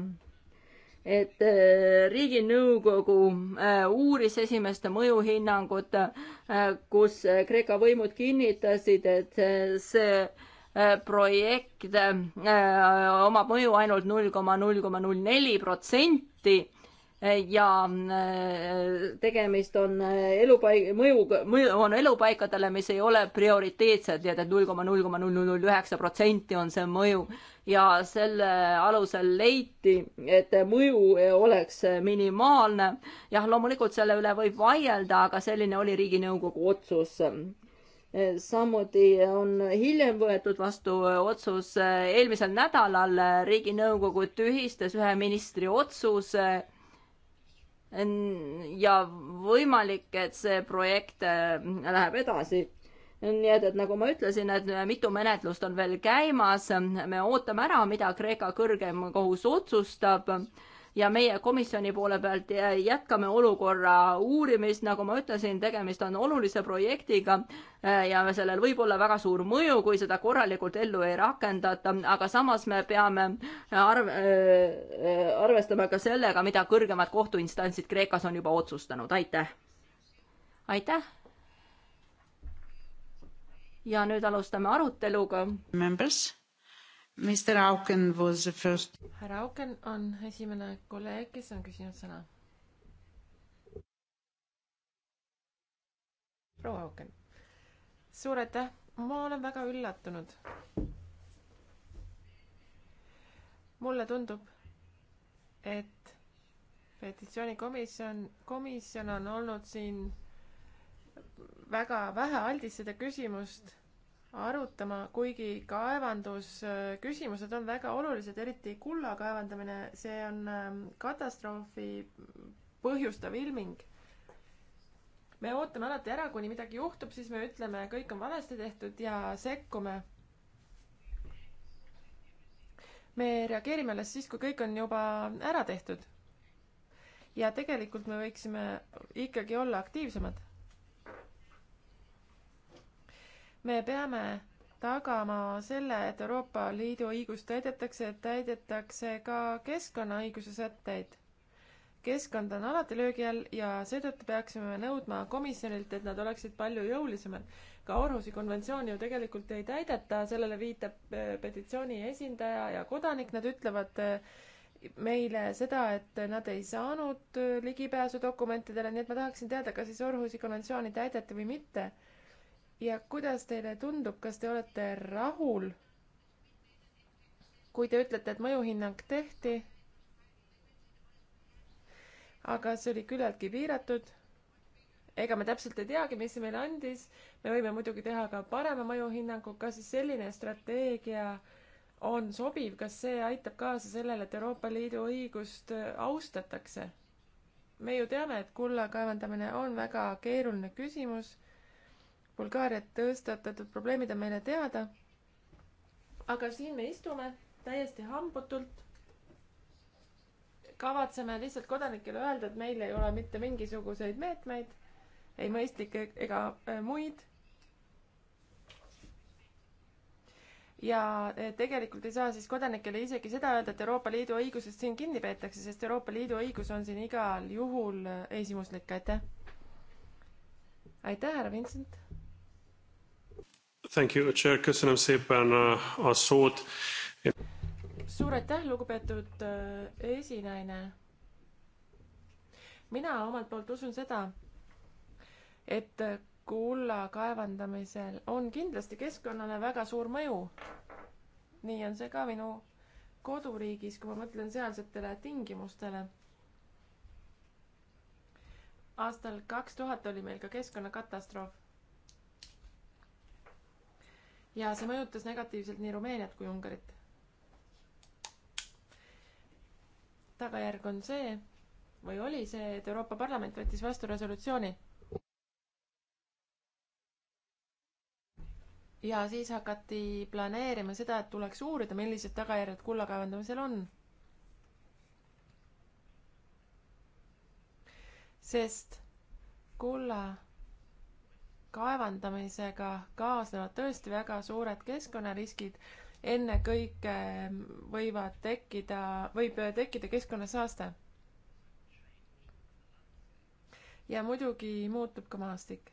et äh, riiginõukogu äh, uuris esimeste mõjuhinnangut, äh, kus Kreeka võimud kinnitasid, et see projekt omab mõju ainult null koma null koma null neli protsenti ja äh, tegemist on äh, elupaig-, mõju, mõju on elupaikadele, mis ei ole prioriteetsed, nii et, et null koma null koma null null null üheksa protsenti on see mõju. ja selle alusel leiti, et mõju oleks minimaalne. jah, loomulikult selle üle võib vaielda, aga selline oli Riiginõukogu otsus samuti on hiljem võetud vastu otsus, eelmisel nädalal Riiginõukogu tühistas ühe ministri otsuse ja võimalik, et see projekt äh, läheb edasi. nii et, et nagu ma ütlesin, et äh, mitu menetlust on veel käimas, me ootame ära, mida Kreeka kõrgem kohus otsustab ja meie komisjoni poole pealt jätkame olukorra uurimist, nagu ma ütlesin, tegemist on olulise projektiga äh, ja sellel võib olla väga suur mõju, kui seda korralikult ellu ei rakendata, aga samas me peame äh, arv-, äh, arvestama ka sellega, mida kõrgemad kohtuinstantsid Kreekas on juba otsustanud, aitäh! aitäh! ja nüüd alustame aruteluga. Members Mr Auken was the first. härra Auken on esimene kolleeg, kes on küsinud sõna. proua Auken, suur aitäh, ma olen väga üllatunud. mulle tundub, et petitsioonikomisjon, komisjon on olnud siin väga vähe aldis seda küsimust arutama, kuigi kaevandusküsimused on väga olulised, eriti kulla kaevandamine, see on ähm, katastroofi põhjustav ilming. me ootame alati ära, kuni midagi juhtub, siis me ütleme, kõik on valesti tehtud ja sekkume. me reageerime alles siis, kui kõik on juba ära tehtud. ja tegelikult me võiksime ikkagi olla aktiivsemad me peame tagama selle, et Euroopa Liidu õigust täidetakse, et täidetakse ka keskkonnaõiguse sätteid. keskkond on alati löögi all ja seetõttu peaksime nõudma komisjonilt, et nad oleksid palju jõulisemad. ka Orhusi konventsiooni ju tegelikult ei täideta, sellele viitab äh, petitsiooni esindaja ja kodanik, nad ütlevad äh, meile seda, et nad ei saanud äh, ligipääsu dokumentidele, nii et ma tahaksin teada, kas siis Orhusi konventsiooni täideti või mitte ja kuidas teile tundub, kas te olete rahul, kui te ütlete, et mõjuhinnang tehti, aga see oli küllaltki piiratud. ega me täpselt ei teagi, mis see meile andis. me võime muidugi teha ka parema mõjuhinnangu, kas siis selline strateegia on sobiv, kas see aitab kaasa sellele, et Euroopa Liidu õigust austatakse? me ju teame, et kulla kaevandamine on väga keeruline küsimus Bulgaariat tõstatatud probleemid on meile teada. aga siin me istume täiesti hambutult. kavatseme lihtsalt kodanikele öelda, et meil ei ole mitte mingisuguseid meetmeid, ei mõistlikke ega äh, muid. ja äh, tegelikult ei saa siis kodanikele isegi seda öelda, et Euroopa Liidu õigusest siin kinni peetakse, sest Euroopa Liidu õigus on siin igal juhul äh, esimuslik, aitäh. aitäh, härra Vincent Thank you, chair, köszönöm szépen uh, a szót. suur aitäh, lugupeetud uh, esinaine. mina omalt poolt usun seda, et kulla kaevandamisel on kindlasti keskkonnale väga suur mõju. nii on see ka minu koduriigis, kui ma mõtlen sealsetele tingimustele. aastal kaks tuhat oli meil ka keskkonnakatastroof ja see mõjutas negatiivselt nii Rumeeniat kui Ungarit. tagajärg on see või oli see, et Euroopa Parlament võttis vastu resolutsiooni. ja siis hakati planeerima seda, et tuleks uurida, millised tagajärjed kulla kaevandamisel on. sest kulla kaevandamisega kaasnevad tõesti väga suured keskkonnariskid. ennekõike ähm, võivad tekkida, võib äh, tekkida keskkonnasaaste. ja muidugi muutub ka maastik.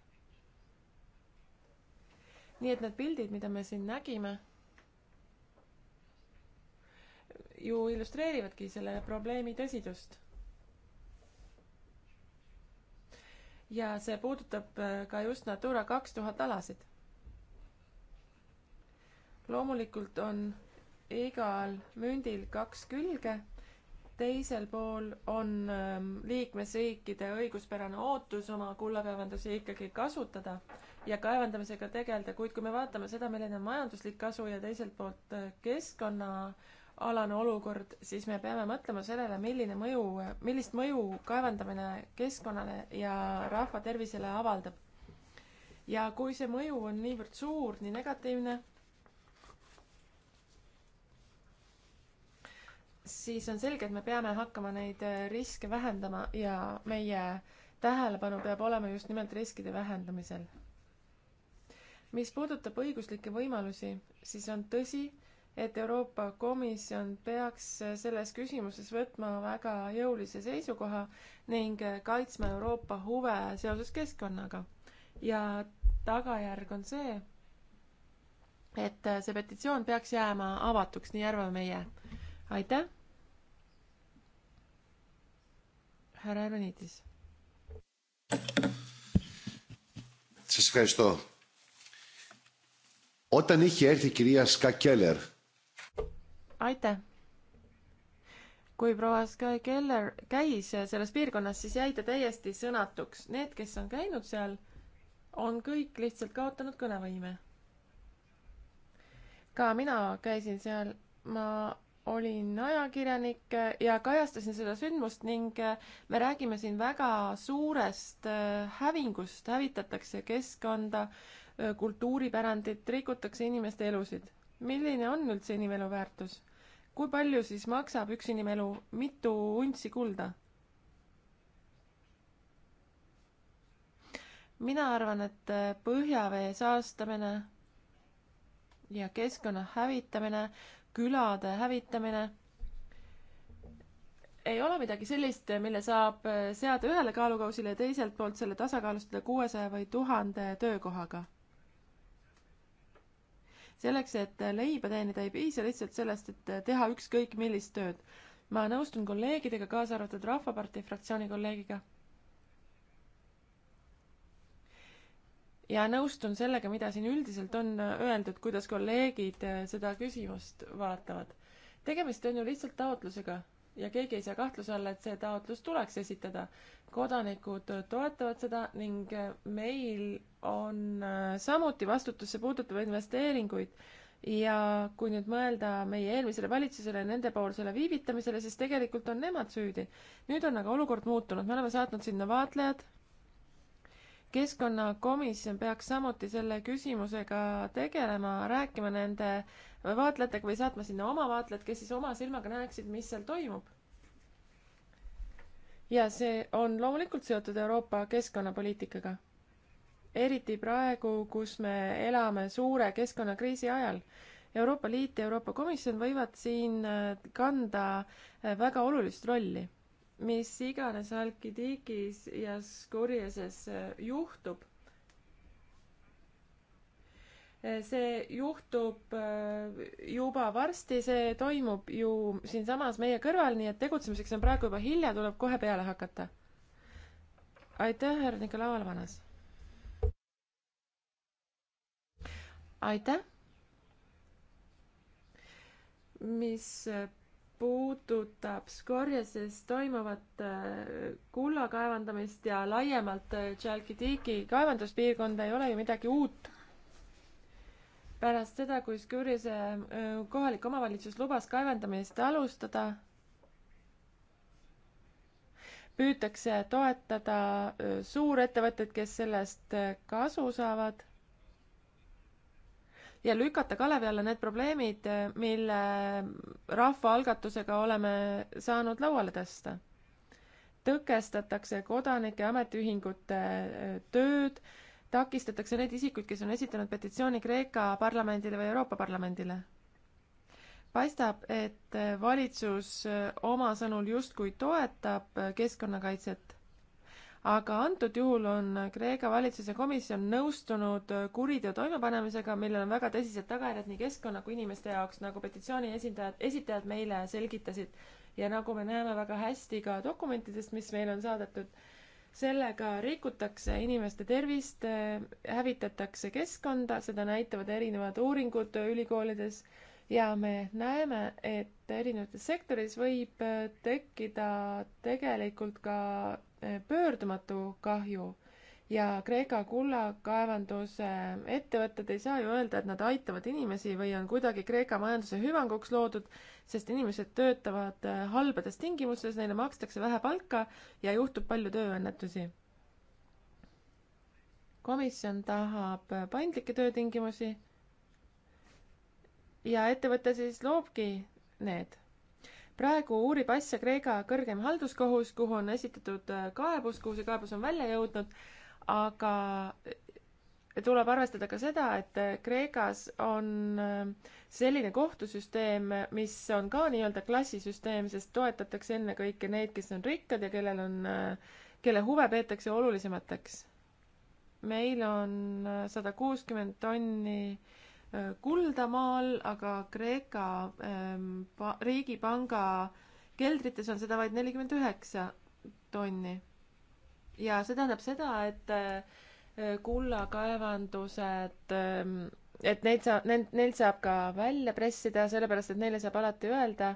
nii et need pildid, mida me siin nägime, ju illustreerivadki selle probleemi tõsidust ja see puudutab äh, ka just Natura kaks tuhat alasid. loomulikult on igal mündil kaks külge, teisel pool on ähm, liikmesriikide õiguspärane ootus oma kullakaevandusi ikkagi kasutada ja kaevandamisega tegeleda, kuid kui me vaatame seda, milline on majanduslik kasu ja teiselt poolt äh, keskkonna äh, alane olukord, siis me peame mõtlema sellele, milline mõju, millist mõju kaevandamine keskkonnale ja rahva tervisele avaldab. ja kui see mõju on niivõrd suur, nii negatiivne, siis on selge, et me peame hakkama neid riske vähendama ja meie tähelepanu peab olema just nimelt riskide vähendamisel. mis puudutab õiguslikke võimalusi, siis on tõsi, et Euroopa Komisjon peaks selles küsimuses võtma väga jõulise seisukoha ning kaitsma Euroopa huve seoses keskkonnaga. ja tagajärg on see, et see petitsioon peaks jääma avatuks, nii arvame meie. aitäh. härra Eronitis. Σας ευχαριστώ. Όταν είχε έρθει η κυρία Σκακέλερ aitäh! kui proua Sky Keller käis selles piirkonnas, siis jäi ta täiesti sõnatuks. Need, kes on käinud seal, on kõik lihtsalt kaotanud kõnevõime. ka mina käisin seal, ma olin ajakirjanik ja kajastasin seda sündmust ning me räägime siin väga suurest äh, hävingust, hävitatakse keskkonda, äh, kultuuripärandit, rikutakse inimeste elusid. milline on üldse inimelu väärtus? kui palju siis maksab üks inimelu, mitu untsi kulda? mina arvan, et äh, põhjavee saastamine ja keskkonna hävitamine, külade hävitamine ei ole midagi sellist, mille saab äh, seada ühele kaalukausile ja teiselt poolt selle tasakaalustada kuuesaja või tuhande töökohaga selleks, et leiba teenida, ei piisa lihtsalt sellest, et teha ükskõik millist tööd. ma nõustun kolleegidega, kaasa arvatud Rahvapartei fraktsiooni kolleegiga. ja nõustun sellega, mida siin üldiselt on öeldud, kuidas kolleegid seda küsimust vaatavad. tegemist on ju lihtsalt taotlusega ja keegi ei saa kahtluse alla, et see taotlus tuleks esitada. kodanikud toetavad seda ning meil on äh, samuti vastutusse puudutav investeeringuid ja kui nüüd mõelda meie eelmisele valitsusele ja nendepoolsele viivitamisele, siis tegelikult on nemad süüdi. nüüd on aga olukord muutunud, me oleme saatnud sinna vaatlejad, keskkonnakomisjon peaks samuti selle küsimusega tegelema, rääkima nende vaatlejatega või saatma sinna oma vaatlejad, kes siis oma silmaga näeksid, mis seal toimub. ja see on loomulikult seotud Euroopa keskkonnapoliitikaga. eriti praegu, kus me elame suure keskkonnakriisi ajal Euroopa Liit ja Euroopa Komisjon võivad siin kanda väga olulist rolli mis iganes Halkidikis ja Skurjeses äh, juhtub, äh, see juhtub äh, juba varsti, see toimub ju siinsamas meie kõrval, nii et tegutsemiseks on praegu juba hilja, tuleb kohe peale hakata. aitäh, härra Nikolai Alvanas! aitäh! mis puudutab Skorjeses toimuvat äh, kulla kaevandamist ja laiemalt Tšalkidiki äh, kaevanduspiirkonda, ei ole ju midagi uut. pärast seda, kui Skõrjese äh, kohalik omavalitsus lubas kaevandamist alustada, püütakse toetada suurettevõtteid, kes sellest kasu saavad ja lükata kalevi alla need probleemid, mille rahvaalgatusega oleme saanud lauale tõsta. tõkestatakse kodanike ametiühingute äh, tööd, takistatakse neid isikuid, kes on esitanud petitsiooni Kreeka parlamendile või Euroopa Parlamendile. paistab, et valitsus äh, oma sõnul justkui toetab keskkonnakaitset aga antud juhul on Kreeka valitsuse komisjon nõustunud kuriteo toimepanemisega, millel on väga tõsised tagajärjed nii keskkonna kui inimeste jaoks, nagu petitsiooni esindajad, esitajad meile selgitasid. ja nagu me näeme väga hästi ka dokumentidest, mis meile on saadetud, sellega rikutakse inimeste tervist, hävitatakse keskkonda, seda näitavad erinevad uuringud ülikoolides ja me näeme, et erinevates sektoris võib tekkida tegelikult ka Eh, pöördumatu kahju ja Kreeka kullakaevanduse eh, ettevõtted ei saa ju öelda, et nad aitavad inimesi või on kuidagi Kreeka majanduse hüvanguks loodud, sest inimesed töötavad eh, halbades tingimustes, neile makstakse vähe palka ja juhtub palju tööõnnetusi. komisjon tahab paindlikke töötingimusi ja ettevõte siis loobki need praegu uurib asja Kreeka kõrgem halduskohus, kuhu on esitatud äh, kaebus, kuhu see kaebus on välja jõudnud, aga äh, tuleb arvestada ka seda, et äh, Kreekas on selline kohtusüsteem, mis on ka nii-öelda klassisüsteem, sest toetatakse ennekõike neid, kes on rikkad ja kellel on, kelle huve peetakse olulisemateks. meil on sada kuuskümmend tonni äh, Kuldamaal, aga Kreeka ähm, riigipanga keldrites on seda vaid nelikümmend üheksa tonni. ja see tähendab seda, et äh, kullakaevandused äh,, et neid saab, nend-, neilt saab ka välja pressida, sellepärast et neile saab alati öelda,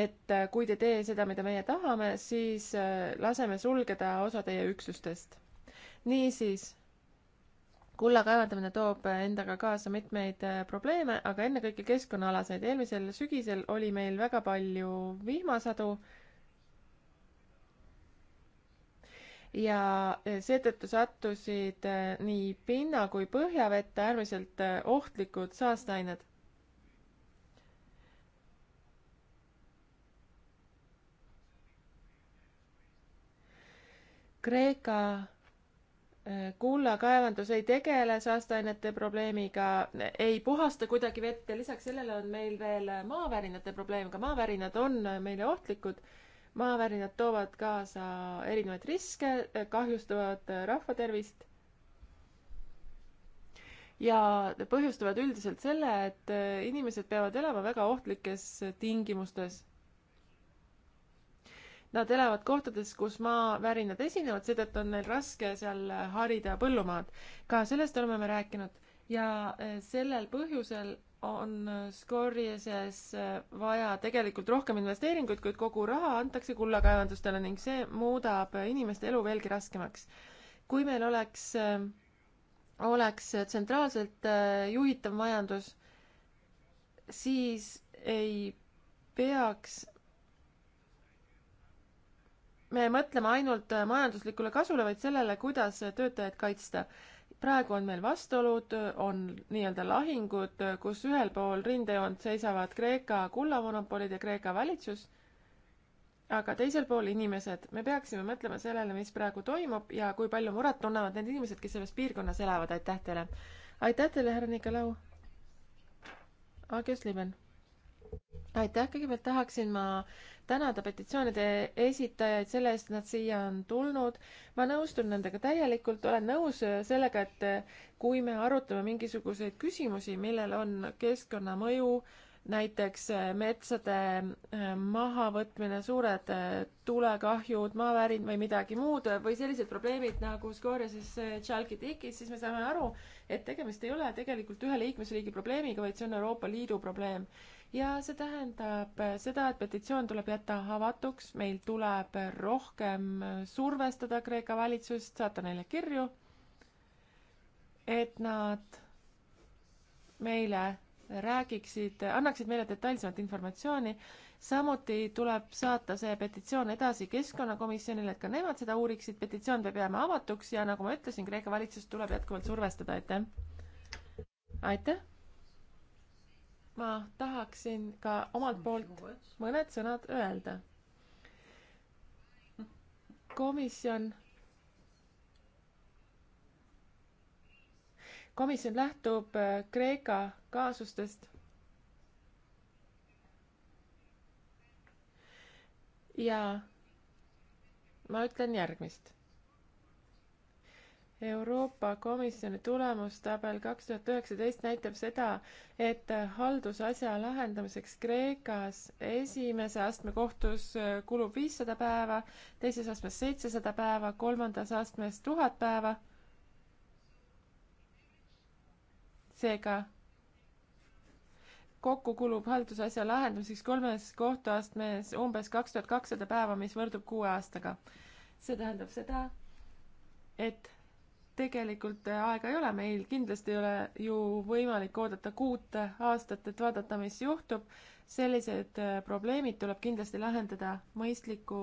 et äh, kui te ei tee seda, mida meie tahame, siis äh, laseme sulgeda osa teie üksustest. niisiis kulla kaevandamine toob endaga kaasa mitmeid äh, probleeme, aga ennekõike keskkonnaalaseid. eelmisel sügisel oli meil väga palju vihmasadu ja äh, seetõttu sattusid äh, nii pinna kui põhjavette äärmiselt ohtlikud saasteained. Kreeka kullakaevandus ei tegele saasteainete probleemiga, ei puhasta kuidagi vett ja lisaks sellele on meil veel maavärinate probleem, ka maavärinad on meile ohtlikud. maavärinad toovad kaasa erinevaid riske, kahjustavad rahva tervist ja põhjustavad üldiselt selle, et inimesed peavad elama väga ohtlikes tingimustes Nad elavad kohtades, kus maavärinad esinevad, seetõttu on neil raske seal harida põllumaad. ka sellest oleme me rääkinud ja e, sellel põhjusel on Skorjeses e, vaja tegelikult rohkem investeeringuid, kuid kogu raha antakse kullakaevandustele ning see muudab inimeste elu veelgi raskemaks. kui meil oleks, e, oleks tsentraalselt juhitav majandus, siis ei peaks me mõtleme ainult äh, majanduslikule kasule, vaid sellele, kuidas töötajaid kaitsta. praegu on meil vastuolud, on nii-öelda lahingud, kus ühel pool rindejoont seisavad Kreeka kullamonopolid ja Kreeka valitsus, aga teisel pool inimesed. me peaksime mõtlema sellele, mis praegu toimub ja kui palju muret tunnevad need inimesed, kes selles piirkonnas elavad. aitäh teile! aitäh teile, härra Nikolau! Agios Liben aitäh, kõigepealt tahaksin ma tänada petitsioonide esitajaid selle eest, et nad siia on tulnud. ma nõustun nendega täielikult, olen nõus sellega, et kui me arutame mingisuguseid küsimusi, millel on keskkonnamõju, näiteks metsade äh, mahavõtmine, suured äh, tulekahjud, maavärin või midagi muud või sellised probleemid nagu Skoriases äh, Chalkitikis, siis me saame aru, et tegemist ei ole tegelikult ühe liikmesriigi probleemiga, vaid see on Euroopa Liidu probleem ja see tähendab seda, et petitsioon tuleb jätta avatuks, meil tuleb rohkem survestada Kreeka valitsust, saata neile kirju, et nad meile räägiksid, annaksid meile detailsemat informatsiooni. samuti tuleb saata see petitsioon edasi Keskkonnakomisjonile, et ka nemad seda uuriksid, petitsioon peab jääma avatuks ja nagu ma ütlesin, Kreeka valitsust tuleb jätkuvalt survestada, aitäh! aitäh! ma tahaksin ka omalt poolt mõned sõnad öelda. komisjon, komisjon lähtub äh, Kreeka kaasustest ja ma ütlen järgmist. Euroopa Komisjoni tulemustabel kaks tuhat üheksateist näitab seda, et haldusasja lahendamiseks Kreekas esimese astme kohtus kulub viissada päeva, teises astmes seitsesada päeva, kolmandas astmes tuhat päeva. seega kokku kulub haldusasja lahendamiseks kolmes kohtuastmes umbes kaks tuhat kakssada päeva, mis võrdub kuue aastaga. see tähendab seda, et tegelikult aega ei ole, meil kindlasti ei ole ju võimalik oodata kuut aastat, et vaadata, mis juhtub. sellised probleemid tuleb kindlasti lahendada mõistliku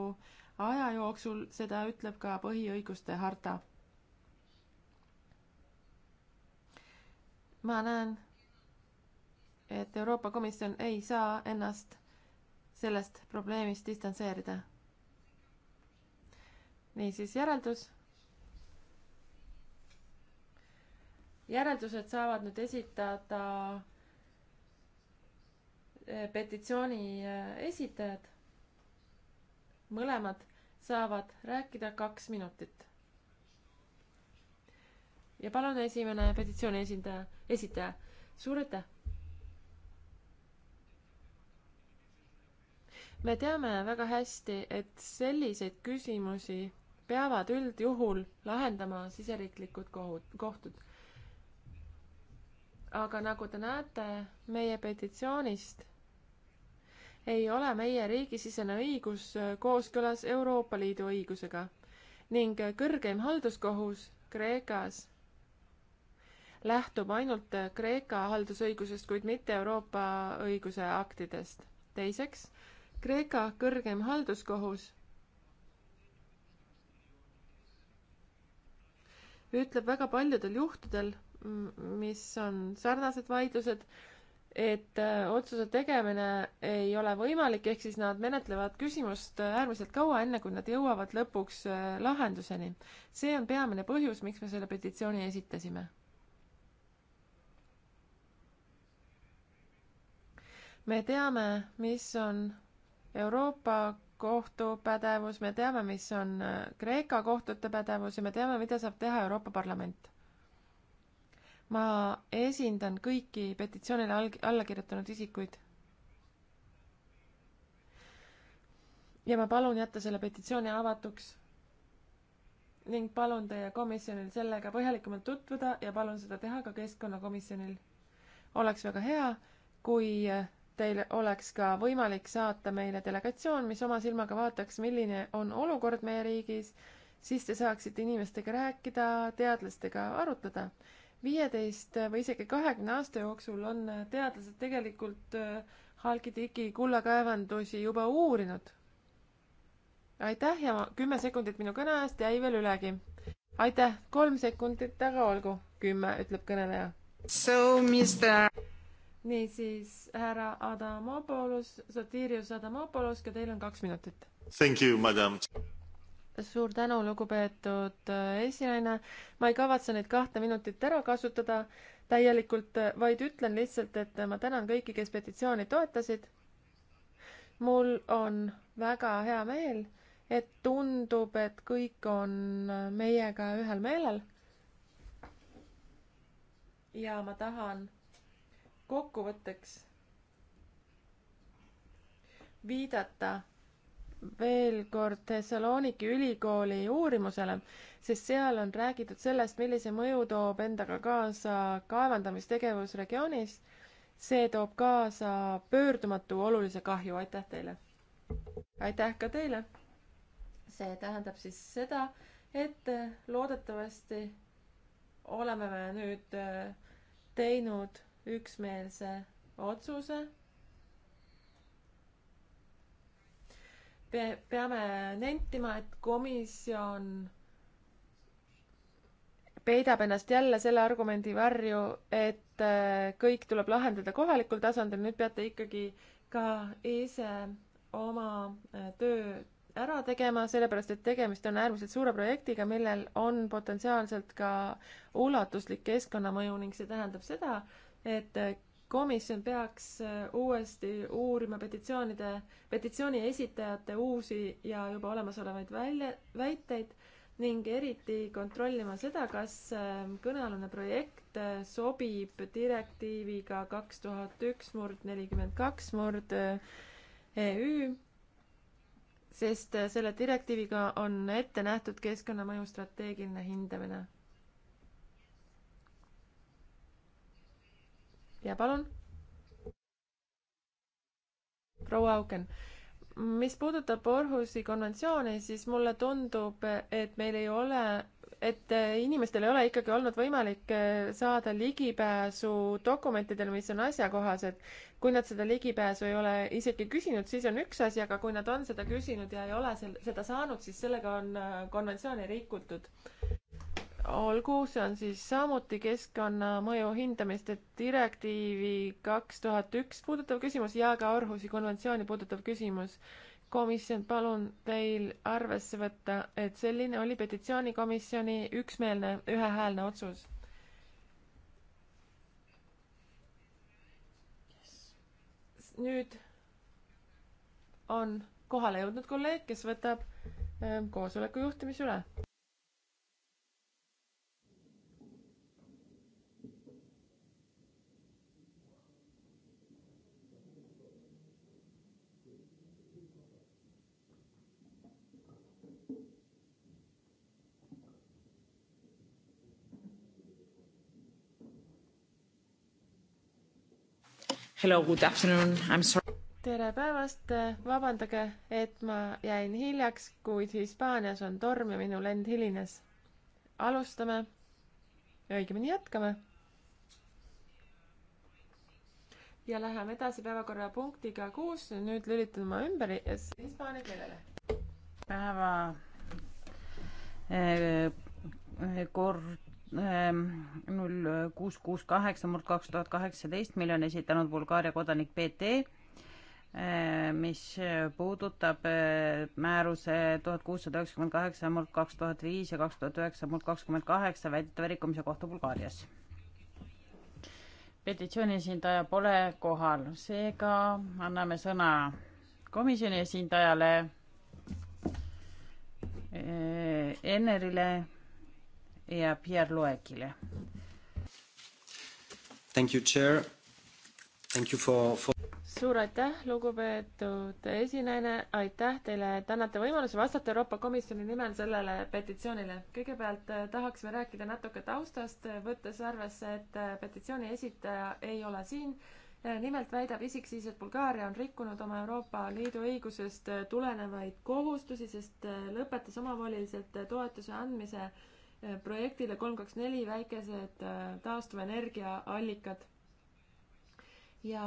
aja jooksul, seda ütleb ka põhiõiguste harta. ma näen, et Euroopa Komisjon ei saa ennast sellest probleemist distantseerida. niisiis järeldus järeldused saavad nüüd esitada eh, petitsiooni eh, esitajad. mõlemad saavad rääkida kaks minutit. ja palun, esimene petitsiooni esindaja, esitaja, suur aitäh. me teame väga hästi, et selliseid küsimusi peavad üldjuhul lahendama siseriiklikud kohud, kohtud aga nagu te näete meie petitsioonist, ei ole meie riigisisene õigus kooskõlas Euroopa Liidu õigusega ning kõrgeim halduskohus Kreekas lähtub ainult Kreeka haldusõigusest, kuid mitte Euroopa õiguse aktidest. teiseks, Kreeka kõrgeim halduskohus ütleb väga paljudel juhtudel, mis on sarnased vaidlused, et äh, otsuse tegemine ei ole võimalik, ehk siis nad menetlevad küsimust äärmiselt kaua, enne kui nad jõuavad lõpuks äh, lahenduseni. see on peamine põhjus, miks me selle petitsiooni esitasime. me teame, mis on Euroopa kohtu pädevus, me teame, mis on äh, Kreeka kohtute pädevus ja me teame, mida saab teha Euroopa Parlament ma esindan kõiki petitsioonile all, alla kirjutanud isikuid. ja ma palun jätta selle petitsiooni avatuks ning palun teie komisjonil sellega põhjalikumalt tutvuda ja palun seda teha ka keskkonnakomisjonil. oleks väga hea, kui teil oleks ka võimalik saata meile delegatsioon, mis oma silmaga vaataks, milline on olukord meie riigis, siis te saaksite inimestega rääkida, teadlastega arutleda viieteist või isegi kahekümne aasta jooksul on teadlased tegelikult äh, Halkidiki kullakaevandusi juba uurinud. aitäh ja kümme sekundit minu kõne eest jäi veel ülegi. aitäh, kolm sekundit, aga olgu, kümme, ütleb kõneleja. So Mr. niisiis, härra Adamopoulos, Sotirius Adamopoulos, ka teil on kaks minutit. Thank you, madam suur tänu, lugupeetud äh, esinaine. ma ei kavatse neid kahte minutit ära kasutada täielikult, äh, vaid ütlen lihtsalt, et äh, ma tänan kõiki, kes petitsiooni toetasid. mul on väga hea meel, et tundub, et kõik on meiega ühel meelel. ja ma tahan kokkuvõtteks viidata veel kord Thessaloniki ülikooli uurimusele, sest seal on räägitud sellest, millise mõju toob endaga kaasa kaevandamistegevus regioonis. see toob kaasa pöördumatu olulise kahju, aitäh teile! aitäh ka teile! see tähendab siis seda, et loodetavasti oleme me nüüd teinud üksmeelse otsuse peame nentima, et komisjon peidab ennast jälle selle argumendi varju, et äh, kõik tuleb lahendada kohalikul tasandil, nüüd peate ikkagi ka ise oma äh, töö ära tegema, sellepärast et tegemist on äärmiselt suure projektiga, millel on potentsiaalselt ka ulatuslik keskkonnamõju ning see tähendab seda, et äh, komisjon peaks äh, uuesti uurima petitsioonide, petitsiooni esitajate uusi ja juba olemasolevaid välja, väiteid ning eriti kontrollima seda, kas äh, kõnealune projekt äh, sobib direktiiviga kaks tuhat üks murd nelikümmend kaks murd EÜ, sest selle direktiiviga on ette nähtud keskkonnamõju strateegiline hindamine ja palun. proua Auken, mis puudutab Orhusi konventsiooni, siis mulle tundub, et meil ei ole et inimestel ei ole ikkagi olnud võimalik eh, saada ligipääsu dokumentidele, mis on asjakohased. kui nad seda ligipääsu ei ole isegi küsinud, siis on üks asi, aga kui nad on seda küsinud ja ei ole seda saanud, siis sellega on eh, konventsiooni rikutud olgu, see on siis samuti keskkonnamõju hindamist, et direktiivi kaks tuhat üks puudutav küsimus ja ka Orhusi konventsiooni puudutav küsimus. komisjon, palun teil arvesse võtta, et selline oli petitsioonikomisjoni üksmeelne, ühehäälne otsus. nüüd on kohale jõudnud kolleeg, kes võtab ähm, koosoleku juhtimise üle. Hello, good afternoon, I am sorry. tere päevast, vabandage, et ma jäin hiljaks, kuid Hispaanias on torm ja minu lend hilines. alustame, õigemini jätkame. ja läheme edasi päevakorrapunktiga kuus, nüüd lülitan ma ümber hispaania keelele. päeva eh, kord null kuus kuus kaheksa murd kaks tuhat kaheksateist, mille on esitanud Bulgaaria kodanik BT, mis puudutab eh, määruse tuhat kuussada üheksakümmend kaheksa murd kaks tuhat viis ja kaks tuhat üheksa murd kakskümmend kaheksa väidetava rikkumise kohta Bulgaarias. petitsiooni esindaja pole kohal, seega anname sõna komisjoni esindajale eh, Ennerile ja Pierre Loekile. Thank you, chair. Thank you for, for suur aitäh, lugupeetud esinaine, aitäh teile, et annate võimaluse vastata Euroopa Komisjoni nimel sellele petitsioonile. kõigepealt äh, tahaksime rääkida natuke taustast, võttes arvesse, et äh, petitsiooni esitaja ei ole siin. Äh, nimelt väidab isik siis, et Bulgaaria on rikkunud oma Euroopa Liidu õigusest tulenevaid kohustusi, sest lõpetas omavoliliselt toetuse andmise Eh, projektile kolm, kaks, neli väikesed eh, taastuvenergiaallikad. ja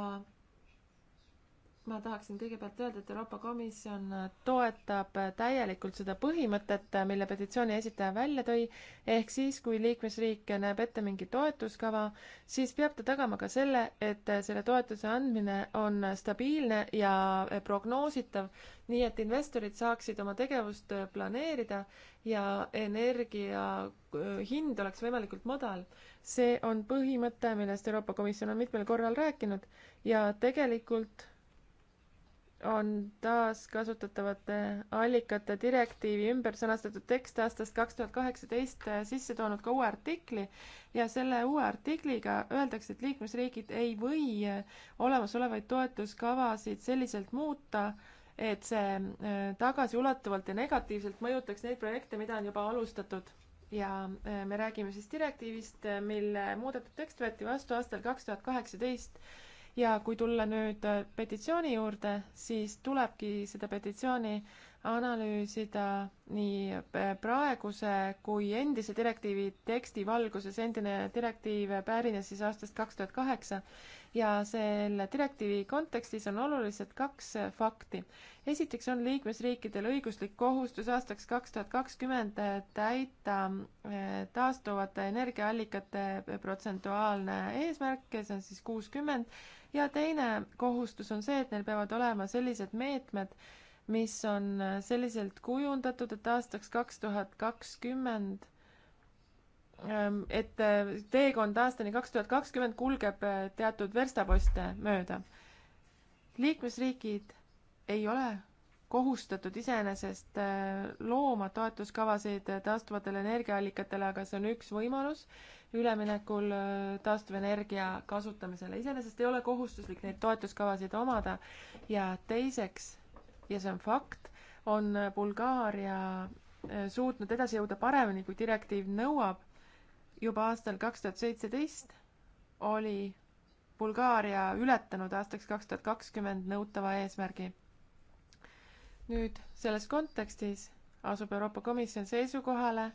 ma tahaksin kõigepealt öelda, et Euroopa Komisjon toetab täielikult seda põhimõtet, mille petitsiooni esitaja välja tõi, ehk siis, kui liikmesriik näeb ette mingi toetuskava, siis peab ta tagama ka selle, et selle toetuse andmine on stabiilne ja prognoositav, nii et investorid saaksid oma tegevust planeerida ja energia hind oleks võimalikult madal see on põhimõte, millest Euroopa Komisjon on mitmel korral rääkinud ja tegelikult on taaskasutatavate allikate direktiivi ümber sõnastatud tekst aastast kaks tuhat kaheksateist äh, sisse toonud ka uue artikli ja selle uue artikliga öeldakse, et liikmesriigid ei või äh, olemasolevaid toetuskavasid selliselt muuta, et see äh, tagasiulatuvalt ja negatiivselt mõjutaks neid projekte, mida on juba alustatud. ja me räägime siis direktiivist, mille muudetud tekst võeti vastu aastal kaks tuhat kaheksateist ja kui tulla nüüd äh, petitsiooni juurde, siis tulebki seda petitsiooni analüüsida nii äh, praeguse kui endise direktiivi teksti valguses. endine direktiiv pärines siis aastast kaks tuhat kaheksa ja selle direktiivi kontekstis on olulised kaks äh, fakti. esiteks on liikmesriikidel õiguslik kohustus aastaks kaks tuhat kakskümmend täita taastuvate energiaallikate protsentuaalne eesmärk, see on siis kuuskümmend ja teine kohustus on see, et neil peavad olema sellised meetmed, mis on äh, selliselt kujundatud, et aastaks kaks tuhat kakskümmend ähm, et äh, teekond aastani kaks tuhat kakskümmend kulgeb äh, teatud verstaposte mööda. liikmesriigid ei ole kohustatud iseenesest looma toetuskavasid taastuvatele energiaallikatele, aga see on üks võimalus üleminekul äh, taastuvenergia kasutamisele. iseenesest ei ole kohustuslik neid toetuskavasid omada ja teiseks, ja see on fakt, on Bulgaaria äh, suutnud edasi jõuda paremini, kui direktiiv nõuab. juba aastal kaks tuhat seitseteist oli Bulgaaria ületanud aastaks kaks tuhat kakskümmend nõutava eesmärgi. nüüd selles kontekstis asub Euroopa Komisjon seisukohale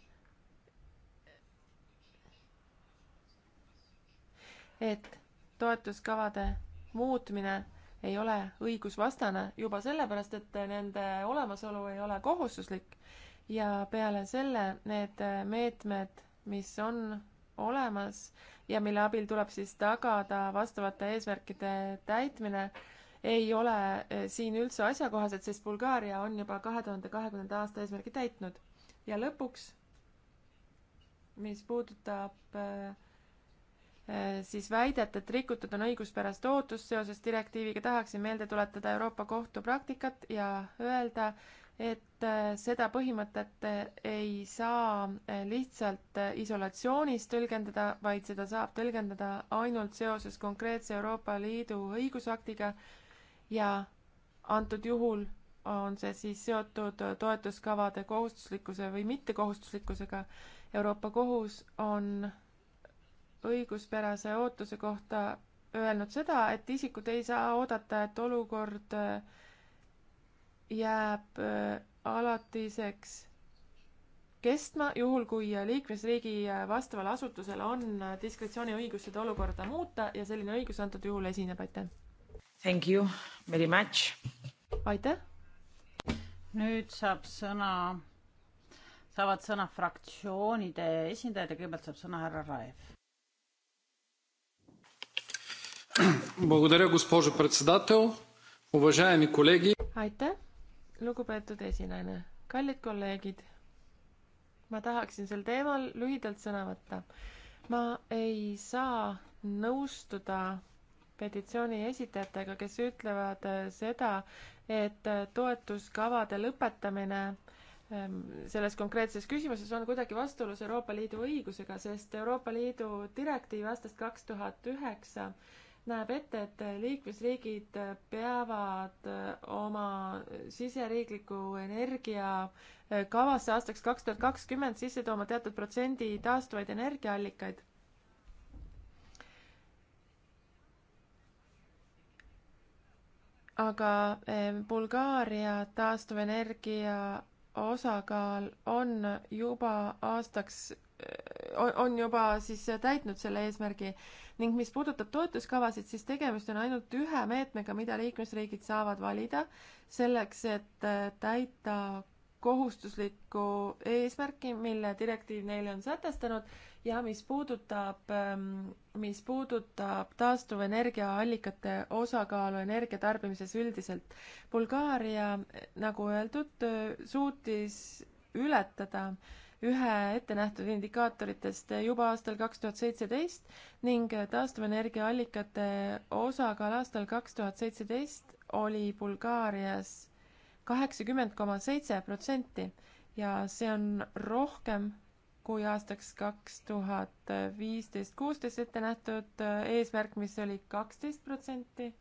et toetuskavade muutmine ei ole õigusvastane juba sellepärast, et nende olemasolu ei ole kohustuslik ja peale selle need meetmed, mis on olemas ja mille abil tuleb siis tagada vastavate eesmärkide täitmine, ei ole eh, siin üldse asjakohased, sest Bulgaaria on juba kahe tuhande kahekümnenda aasta eesmärgi täitnud. ja lõpuks, mis puudutab äh, Äh, siis väidet, et rikutud on õiguspärast ootust seoses direktiiviga, tahaksin meelde tuletada Euroopa Kohtu praktikat ja öelda, et äh, seda põhimõtet äh, ei saa lihtsalt isolatsioonis tõlgendada, vaid seda saab tõlgendada ainult seoses konkreetse Euroopa Liidu õigusaktiga ja antud juhul on see siis seotud toetuskavade kohustuslikkuse või mittekohustuslikkusega. Euroopa Kohus on õiguspärase ootuse kohta öelnud seda, et isikud ei saa oodata, et olukord äh, jääb äh, alatiseks kestma, juhul kui äh, liikmesriigi vastaval asutusel on diskretsiooniõigus seda olukorda muuta ja selline õigus antud juhul esineb, aitäh! Thank you very much! aitäh! nüüd saab sõna, saavad sõna fraktsioonide esindajad ja kõigepealt saab sõna härra Raev Благодаря, госпожо председател. Уважаеми колеги. Aitäh, lugupeetud esinaine. Kallid kolleegid, ma tahaksin sel teemal lühidalt sõna võtta. Ma ei saa nõustuda petitsiooni esitajatega, kes ütlevad seda, et toetuskavade lõpetamine ehm, selles konkreetses küsimuses on kuidagi vastuolus Euroopa Liidu õigusega, sest Euroopa Liidu direktiiv aastast kaks tuhat üheksa näeb ette, et liikmesriigid peavad oma siseriikliku energia kavasse aastaks kaks tuhat kakskümmend sisse tooma teatud protsendi taastuvaid energiaallikaid aga eh, Bulgaaria taastuvenergia osakaal on juba aastaks on juba siis täitnud selle eesmärgi ning mis puudutab toetuskavasid, siis tegemist on ainult ühe meetmega, mida liikmesriigid saavad valida selleks, et äh, täita kohustuslikku eesmärki, mille direktiiv neile on sätestanud ja mis puudutab, ähm, mis puudutab taastuvenergiaallikate osakaalu energiatarbimises üldiselt. Bulgaaria, nagu öeldud, suutis ületada äh, ühe ettenähtud indikaatoritest juba aastal kaks tuhat seitseteist ning taastuvenergiaallikate osakaal aastal kaks tuhat seitseteist oli Bulgaarias kaheksakümmend koma seitse protsenti ja see on rohkem kui aastaks kaks tuhat viisteist, kuusteist ette nähtud eesmärk, mis oli kaksteist protsenti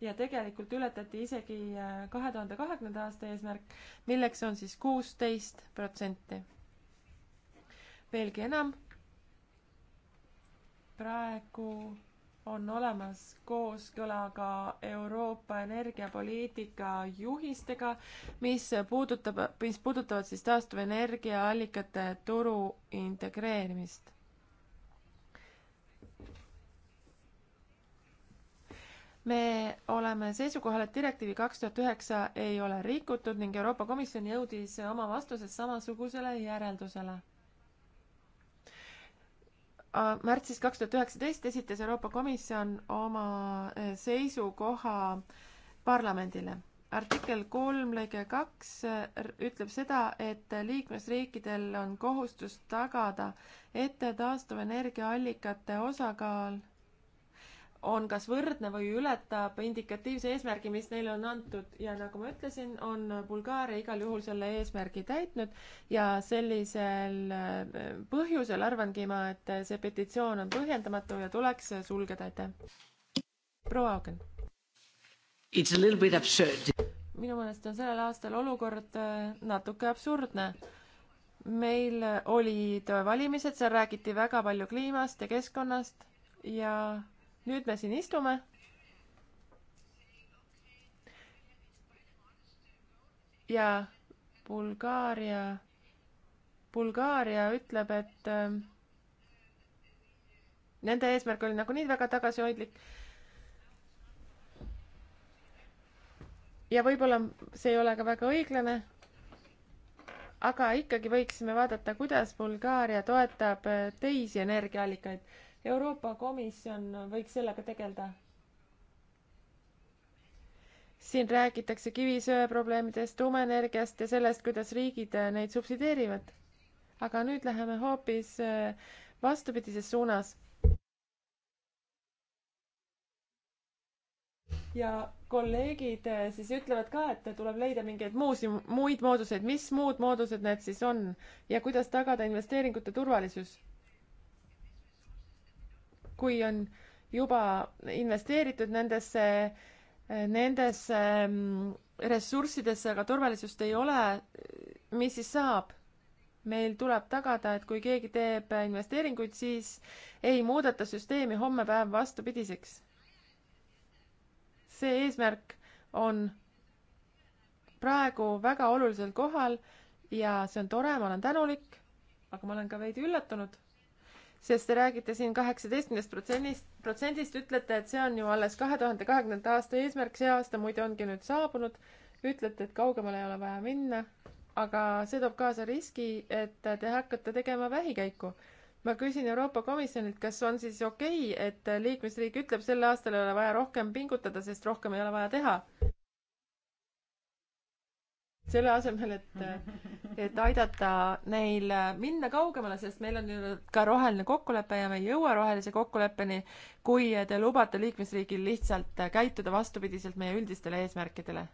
ja tegelikult ületati isegi äh, kahe tuhande kahekümnenda aasta eesmärk, milleks on siis kuusteist protsenti. veelgi enam, praegu on olemas kooskõla ka Euroopa energiapoliitika juhistega, mis puudutab, mis puudutavad siis taastuvenergiaallikate turu integreerimist me oleme seisukohal, et direktiivi kaks tuhat üheksa ei ole rikutud ning Euroopa Komisjon jõudis oma vastuses samasugusele järeldusele. märtsis kaks tuhat üheksateist esitas Euroopa Komisjon oma e, seisukoha parlamendile. artikkel kolm lõige kaks e, ütleb seda, et liikmesriikidel on kohustus tagada, et taastuvenergiaallikate osakaal on kas võrdne või ületab indikatiivse eesmärgi, mis neile on antud ja nagu ma ütlesin, on Bulgaaria igal juhul selle eesmärgi täitnud ja sellisel äh, põhjusel arvangi ma, et see petitsioon on põhjendamatu ja tuleks sulgeda, aitäh. proua Auken. minu meelest on sellel aastal olukord äh, natuke absurdne meil olid valimised, seal räägiti väga palju kliimast ja keskkonnast ja nüüd me siin istume. ja Bulgaaria, Bulgaaria ütleb, et äh, nende eesmärk oli nagunii väga tagasihoidlik. ja võib-olla see ei ole ka väga õiglane. aga ikkagi võiksime vaadata, kuidas Bulgaaria toetab äh, teisi energiaallikaid Euroopa Komisjon võiks sellega tegeleda. siin räägitakse kivisöeprobleemidest, tuumaenergiast ja sellest, kuidas riigid äh, neid subsideerivad. aga nüüd läheme hoopis äh, vastupidises suunas. ja kolleegid äh, siis ütlevad ka, et tuleb leida mingeid muusi, muid mooduseid, mis muud moodused need siis on ja kuidas tagada investeeringute turvalisus kui on juba investeeritud nendesse, nendesse mm, ressurssidesse, aga turvalisust ei ole, mis siis saab? meil tuleb tagada, et kui keegi teeb investeeringuid, siis ei muudeta süsteemi homme päev vastupidiseks. see eesmärk on praegu väga olulisel kohal ja see on tore, ma olen tänulik, aga ma olen ka veidi üllatunud sest te räägite siin kaheksateistkümnest protsendist, protsendist, ütlete, et see on ju alles kahe tuhande kahekümnenda aasta eesmärk, see aasta muide ongi nüüd saabunud, ütlete, et kaugemale ei ole vaja minna, aga see toob kaasa riski, et te hakkate tegema vähikäiku. ma küsin Euroopa Komisjonilt, kas on siis okei okay,, et liikmesriik ütleb, sel aastal ei ole vaja rohkem pingutada, sest rohkem ei ole vaja teha? selle asemel, et, *laughs* et aidata neil minna kaugemale, sest meil on ju ka roheline kokkulepe ja me ei jõua rohelise kokkuleppeni, kui te lubate liikmesriigil lihtsalt käituda vastupidiselt meie üldistele eesmärkidele.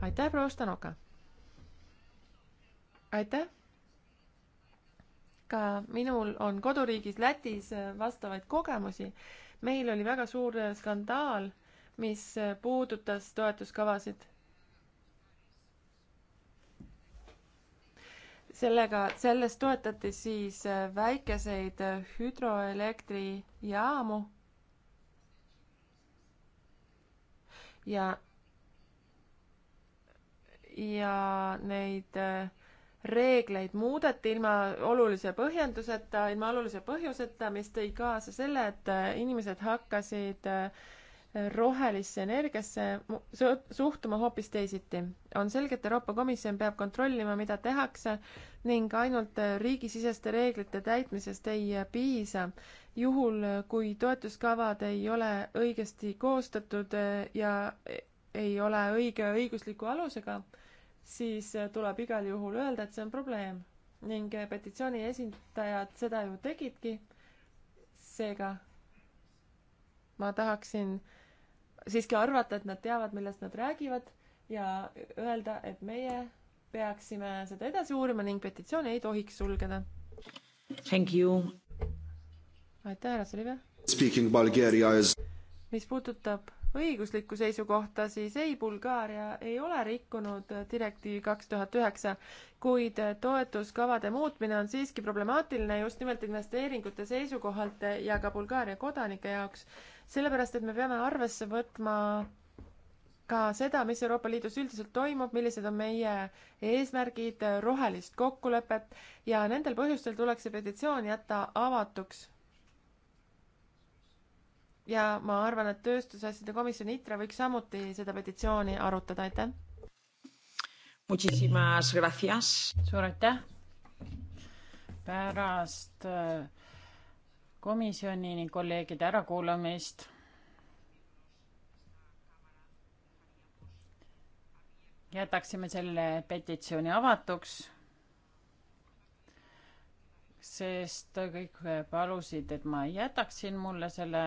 aitäh, proua Stanoka! aitäh! ka minul on koduriigis Lätis vastavaid kogemusi. meil oli väga suur skandaal, mis puudutas toetuskavasid sellega, selles toetati siis äh, väikeseid äh, hüdroelektrijaamu. ja, ja neid äh, reegleid muudeti ilma olulise põhjenduseta, ilma olulise põhjuseta, mis tõi kaasa selle, et inimesed hakkasid äh, rohelisse energiasse suhtuma hoopis teisiti. on selge, et Euroopa Komisjon peab kontrollima, mida tehakse ning ainult riigisiseste reeglite täitmisest ei piisa, juhul kui toetuskavad ei ole õigesti koostatud eh, ja e, ei ole õige õigusliku alusega, siis tuleb igal juhul öelda, et see on probleem ning petitsiooni esindajad seda ju tegidki. seega ma tahaksin äh, siiski arvata, et nad teavad, millest nad räägivad ja öelda, et meie peaksime seda edasi uurima ning petitsiooni ei tohiks sulgeda. Thank you. aitäh, härra Sõlive. Speaking Bulgaria is. mis puudutab õiguslikku seisukohta, siis ei, Bulgaaria ei ole rikkunud direktiivi kaks tuhat üheksa, kuid toetuskavade muutmine on siiski problemaatiline just nimelt investeeringute seisukohalt ja ka Bulgaaria kodanike jaoks, sellepärast et me peame arvesse võtma ka seda, mis Euroopa Liidus üldiselt toimub, millised on meie eesmärgid, rohelist kokkulepet ja nendel põhjustel tuleks see petitsioon jätta avatuks. ja ma arvan, et Tööstusasjade Komisjon ITRE võiks samuti seda petitsiooni arutada, aitäh. Muchísimas gracias. suur aitäh. pärast äh, komisjoni ning kolleegide ärakuulamist. jätaksime selle petitsiooni avatuks, sest kõik palusid, et ma jätaksin mulle selle,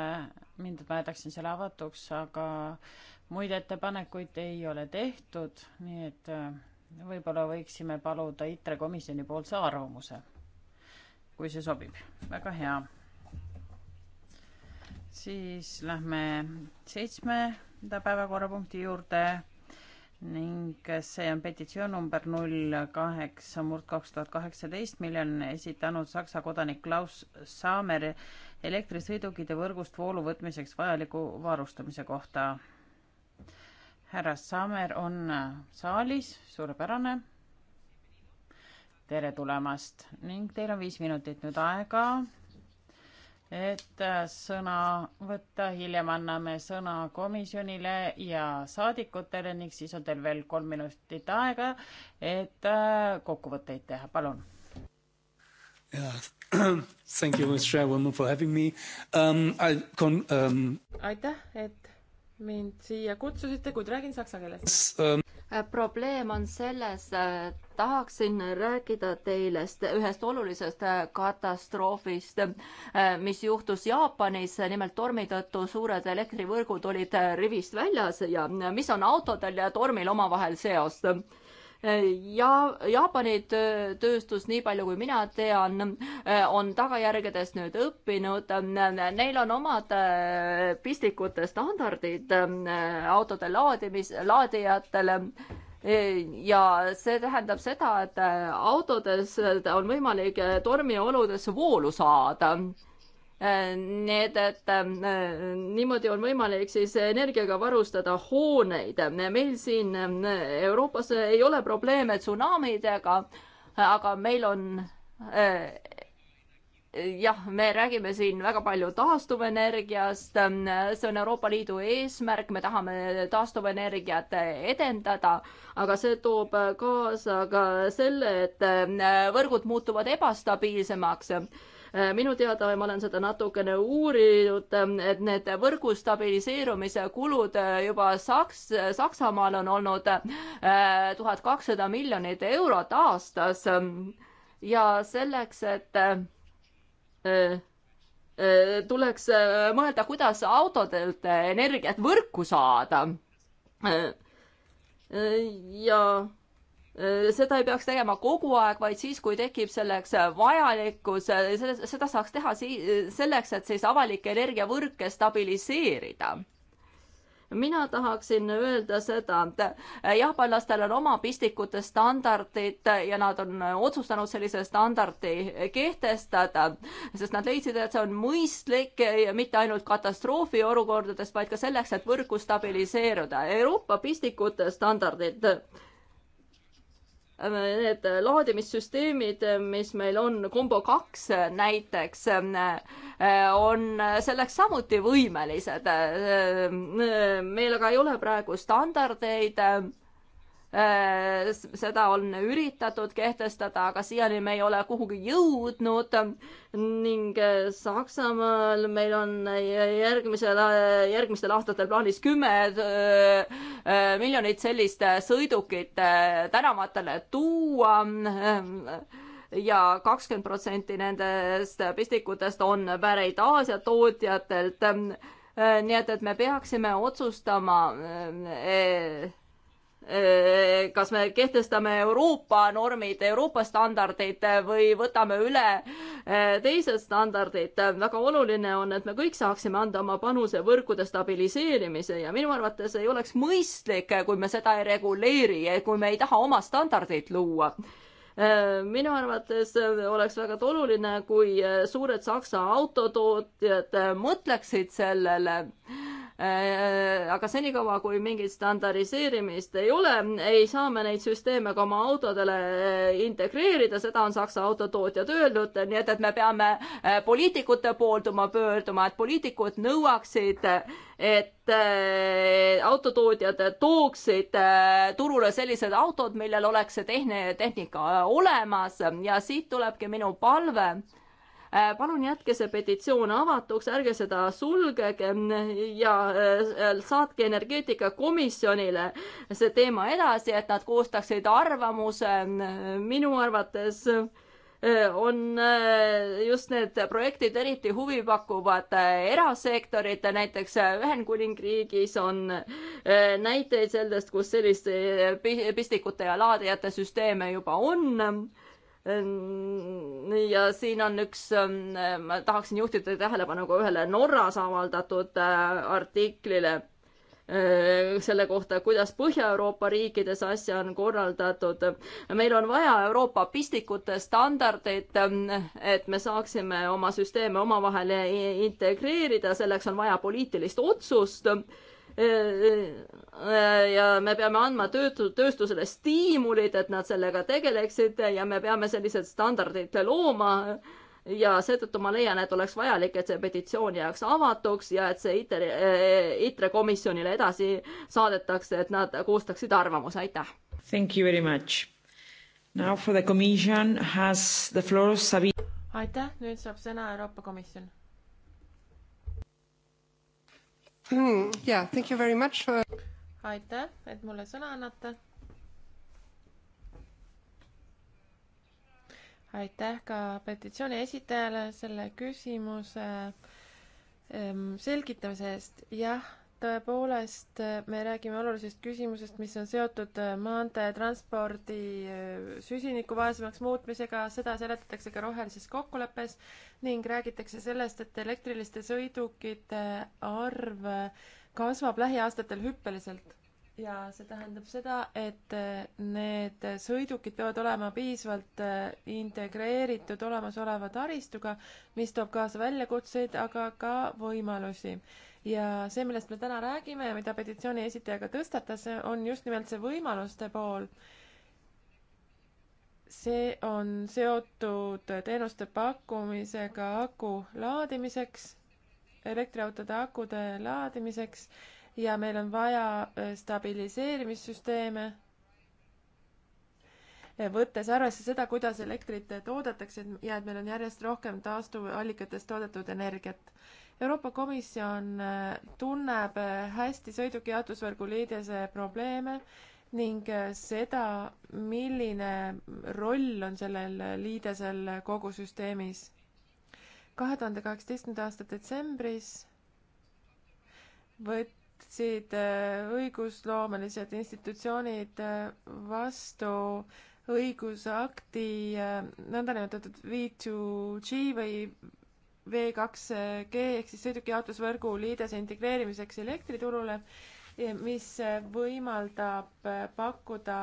mind, et ma jätaksin selle avatuks, aga muid ettepanekuid ei ole tehtud, nii et äh, võib-olla võiksime paluda ITRE komisjoni poolse arvamuse, kui see sobib. väga hea siis lähme seitsmenda päevakorrapunkti juurde ning see on petitsioon number null kaheksa murd kaks tuhat kaheksateist, mille on esitanud Saksa kodanik Klaus Saamer elektrisõidukite võrgust voolu võtmiseks vajaliku varustamise kohta. härra Saamer on saalis, suurepärane. tere tulemast ning teil on viis minutit nüüd aega et äh, sõna võtta, hiljem anname sõna komisjonile ja saadikutele ning siis on teil veel kolm minutit aega, et äh, kokkuvõtteid teha, palun. *clears throat* Thank you, Mr Chairwoman for having me um,. I con- um.... aitäh, et mind siia kutsusite, kuid räägin saksa keeles um.... probleem on selles, et tahaksin rääkida teile ühest olulisest äh, katastroofist, äh, mis juhtus Jaapanis. nimelt tormi tõttu suured elektrivõrgud olid äh, rivist väljas ja mis on autodel ja tormil omavahel seos? ja Jaapani tööstus, nii palju kui mina tean, on tagajärgedest nüüd õppinud. Neil on omad pistikute standardid autode laadimis, laadijatele ja see tähendab seda, et autodes on võimalik tormioludes voolu saada. Nii et, et eh, niimoodi on võimalik siis energiaga varustada hooneid. meil siin eh, Euroopas ei ole probleeme tsunamidega, aga meil on eh, jah, me räägime siin väga palju taastuvenergiast, ähm, see on Euroopa Liidu eesmärk, me tahame taastuvenergiat edendada, aga see toob kaasa ka selle, et äh, võrgud muutuvad ebastabiilsemaks. Äh, minu teada, ma olen seda natukene uurinud, ähm, et need võrgu stabiliseerumise kulud äh, juba Saks, Saksamaal on olnud tuhat kakssada miljonit eurot aastas ja selleks, et Äh, äh, tuleks äh, mõelda, kuidas autodelt energiat võrku saada. ja seda ei peaks tegema kogu aeg, vaid siis, kui tekib selleks vajalikkus, seda saaks teha sii-, selleks, et siis avalikke energiavõrke stabiliseerida mina tahaksin öelda seda, et äh, jahpallastel on oma pistikute standardid ja nad on äh, otsustanud sellise standardi kehtestada, sest nad leidsid, et see on mõistlik mitte ainult katastroofiolukordades, vaid ka selleks, et võrku stabiliseeruda. Euroopa pistikute standardid Äh, need laadimissüsteemid, mis meil on, Combo kaks näiteks, äh, on selleks samuti võimelised. Äh, meil aga ei ole praegu standardeid Äh, seda on üritatud kehtestada, aga siiani me ei ole kuhugi jõudnud ning äh, Saksamaal meil on järgmisel, järgmistel aastatel plaanis kümme äh, miljonit sellist sõidukit tänavatele tuua ähm, ja kakskümmend protsenti nendest pistikutest on pärit Aasia tootjatelt. nii et, et me peaksime otsustama eh, Äh, kas me kehtestame Euroopa normid, Euroopa standardid või võtame üle äh, teised standardid. väga oluline on, et me kõik saaksime anda oma panuse võrkude stabiliseerimise ja minu arvates ei oleks mõistlik, kui me seda ei reguleeri, kui me ei taha oma standardeid luua äh, minu arvates oleks väga oluline, kui suured Saksa autotootjad mõtleksid sellele Äh, aga senikaua, kui mingit standardiseerimist ei ole, ei saa me neid süsteeme ka oma autodele äh, integreerida, seda on Saksa autotootjad öelnud, nii et, et me peame äh, poliitikute poolduma, pöörduma, et poliitikud nõuaksid, et autotootjad tooksid turule sellised autod, millel oleks see tehne, tehnika olemas ja siit tulebki minu palve Äh, palun jätke see petitsioon avatuks, ärge seda sulgege mm, ja äh, saatke energeetikakomisjonile see teema edasi, et nad koostaksid arvamuse. minu arvates äh, on just need projektid eriti huvipakkuvad erasektorit, näiteks Ühendkuningriigis on näiteid sellest, kus selliste pistikute ja laadijate süsteeme juba on ja siin on üks, ähm, ma tahaksin juhtida tähelepanu ka ühele Norras avaldatud äh, artiklile äh, selle kohta, kuidas Põhja-Euroopa riikides asja on korraldatud. meil on vaja Euroopa pistikute standardeid, ähm, et me saaksime oma süsteeme omavahel integreerida, selleks on vaja poliitilist otsust ja me peame andma töötu-, tööstusele stiimulid, et nad sellega tegeleksid ja me peame sellised standardid looma ja seetõttu ma leian, et oleks vajalik, et see petitsioon jääks avatuks ja et see ITRE, äh, ITRE komisjonile edasi saadetakse, et nad koostaksid arvamuse, aitäh. Thank you very much. Now for the commission has the floor Sabi-. aitäh, nüüd saab sõna Euroopa Komisjon Hmm, yeah, thank you very much. aitäh, et mulle sõna annate. aitäh ka petitsiooni esitajale selle küsimuse ehm, selgitamise eest. jah tõepoolest, äh, me räägime olulisest küsimusest, mis on seotud äh, maanteetranspordi äh, süsiniku vaesemaks muutmisega, seda seletatakse ka rohelises kokkuleppes ning räägitakse sellest, et elektriliste sõidukite arv kasvab lähiaastatel hüppeliselt. ja see tähendab seda, et need sõidukid peavad olema piisavalt integreeritud olemasoleva taristuga, mis toob kaasa väljakutseid, aga ka võimalusi ja see, millest me täna räägime ja mida petitsiooni esitaja ka tõstatas, on just nimelt see võimaluste pool. see on seotud teenuste pakkumisega aku laadimiseks, elektriautode akude laadimiseks ja meil on vaja eh, stabiliseerimissüsteeme, võttes arvesse seda, kuidas elektrit toodetakse ja et meil on järjest rohkem taastuvallikatest toodetud energiat Euroopa Komisjon äh, tunneb äh, hästi sõiduki jaotusvõrgu liidese probleeme ning äh, seda, milline roll on sellel liidesel kogu süsteemis. kahe tuhande kaheksateistkümnenda aasta detsembris võtsid õigusloomelised institutsioonid vastu õigusakti nõndanimetatud V2G või V2G ehk siis sõidukijaotusvõrgu liidese integreerimiseks elektriturule, eh, mis eh, võimaldab eh, pakkuda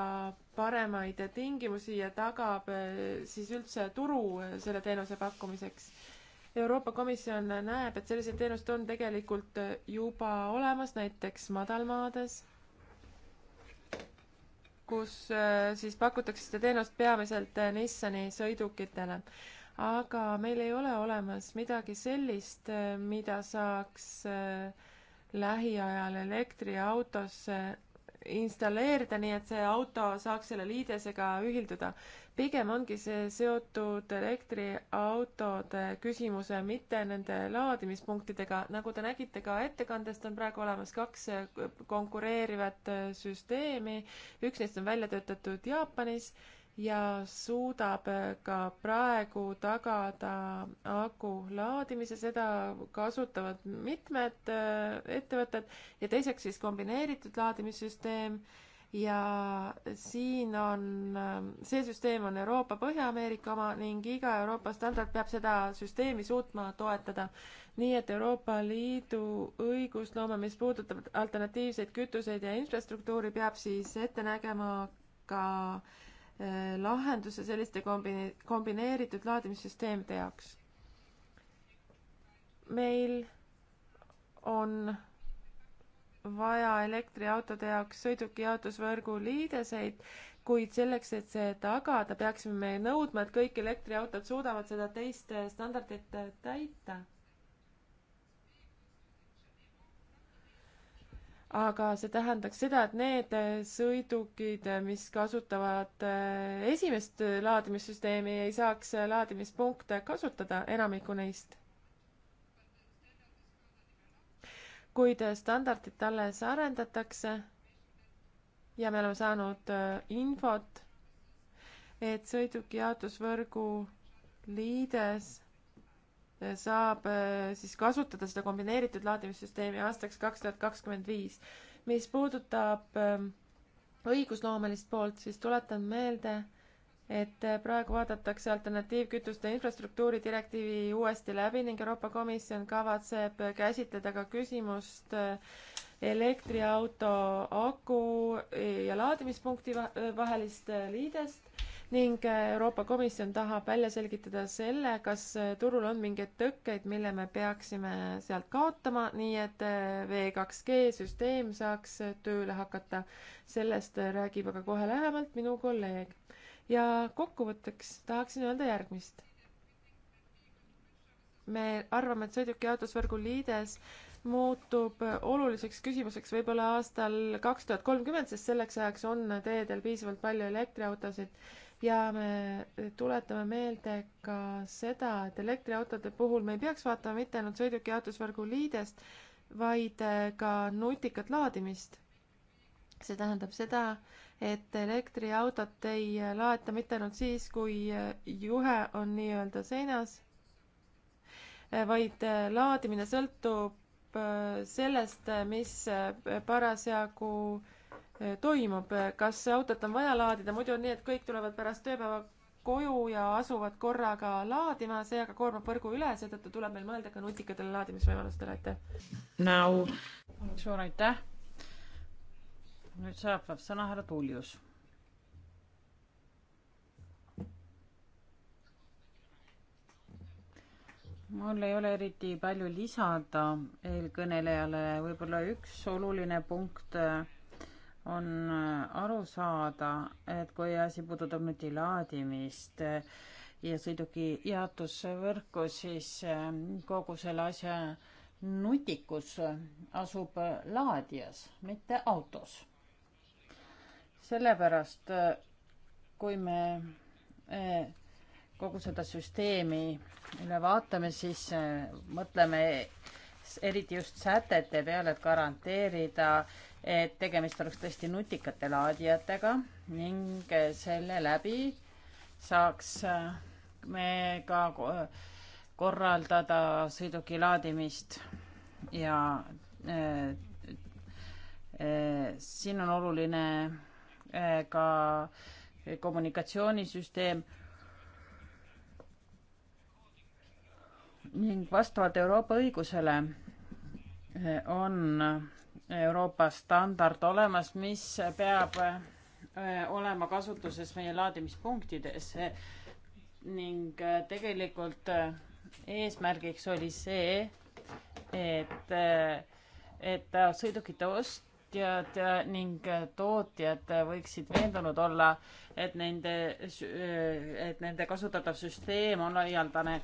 paremaid tingimusi ja tagab siis üldse turu selle teenuse pakkumiseks. Euroopa Komisjon näeb, et sellised teenused on tegelikult juba olemas, näiteks madalmaades, kus siis pakutakse seda teenust peamiselt Nissani sõidukitele aga meil ei ole olemas midagi sellist, äh, mida saaks äh, lähiajal elektriautosse installeerida, nii et see auto saaks selle liidesega ühilduda. pigem ongi see seotud elektriautode küsimuse, mitte nende laadimispunktidega. nagu te nägite ka ettekandest, on praegu olemas kaks äh, konkureerivat süsteemi. üks neist on välja töötatud Jaapanis ja suudab ka praegu tagada aku laadimise, seda kasutavad mitmed äh, ettevõtted ja teiseks siis kombineeritud laadimissüsteem ja siin on, äh, see süsteem on Euroopa Põhja-Ameerika oma ning iga Euroopa standard peab seda süsteemi suutma toetada. nii et Euroopa Liidu õigusloome, mis puudutab alternatiivseid kütuseid ja infrastruktuuri, peab siis ette nägema ka äh, Äh, lahenduse selliste kombine-, kombineeritud laadimissüsteemide jaoks. meil on vaja elektriautode jaoks sõidukijaotusvõrgu liideseid, kuid selleks, et see tagada, peaksime me nõudma, et kõik elektriautod suudavad seda teist standardit täita. aga see tähendaks seda, et need sõidukid, mis kasutavad äh, esimest laadimissüsteemi, ei saaks laadimispunkte kasutada, enamiku neist. kuid standardit alles arendatakse ja me oleme saanud äh, infot, et sõiduki jaotusvõrgu liides saab äh, siis kasutada seda kombineeritud laadimissüsteemi aastaks kaks tuhat kakskümmend viis. mis puudutab ähm, õigusloomelist poolt, siis tuletan meelde, et äh, praegu vaadatakse alternatiivkütuste infrastruktuuri direktiivi uuesti läbi ning Euroopa Komisjon kavatseb käsitleda ka küsimust äh, elektriauto aku ja laadimispunkti vahelist liidest ning äh, Euroopa Komisjon tahab välja selgitada selle, kas äh, turul on mingeid tõkkeid, mille me peaksime sealt kaotama, nii et äh, V2G süsteem saaks tööle hakata. sellest räägib aga kohe lähemalt minu kolleeg. ja kokkuvõtteks tahaksin öelda järgmist. me arvame, et sõiduki jaotusvõrgu liides muutub oluliseks küsimuseks võib-olla aastal kaks tuhat kolmkümmend, sest selleks ajaks on teedel piisavalt palju elektriautosid ja me tuletame meelde ka seda, et elektriautode puhul me ei peaks vaatama mitte ainult sõiduki jaotusvõrgu liidest, vaid äh, ka nutikat laadimist. see tähendab seda, et elektriautot ei äh, laeta mitte ainult siis, kui äh, juhe on nii-öelda seinas, vaid laadimine sõltub sellest, mis parasjagu toimub, kas autot on vaja laadida, muidu on nii, et kõik tulevad pärast tööpäeva koju ja asuvad korraga laadima, see aga koormab võrgu üle, seetõttu tuleb meil mõelda ka nutikatele laadimisvõimalustele, aitäh. Now. suur aitäh. nüüd saab sõna härra Tuljus. mul ei ole eriti palju lisada eelkõnelejale, võib-olla üks oluline punkt on äh, aru saada, et kui asi puudutab nüüd laadimist äh, ja sõiduki jaotusvõrku, siis äh, kogu selle asja nutikus asub laadijas, mitte autos. sellepärast, kui me kogu seda süsteemi üle vaatame, siis mõtleme eriti just sätete peale, et garanteerida, et tegemist oleks tõesti nutikate laadijatega ning selle läbi saaks me ka korraldada sõiduki laadimist ja äh, äh, siin on oluline äh, ka kommunikatsioonisüsteem ning vastavalt Euroopa õigusele on Euroopa standard olemas, mis peab äh, olema kasutuses meie laadimispunktides ning äh, tegelikult äh, eesmärgiks oli see, et, et sõidukite ostjad ning tootjad võiksid veendunud olla, et nende, et nende kasutatav süsteem on laialdane.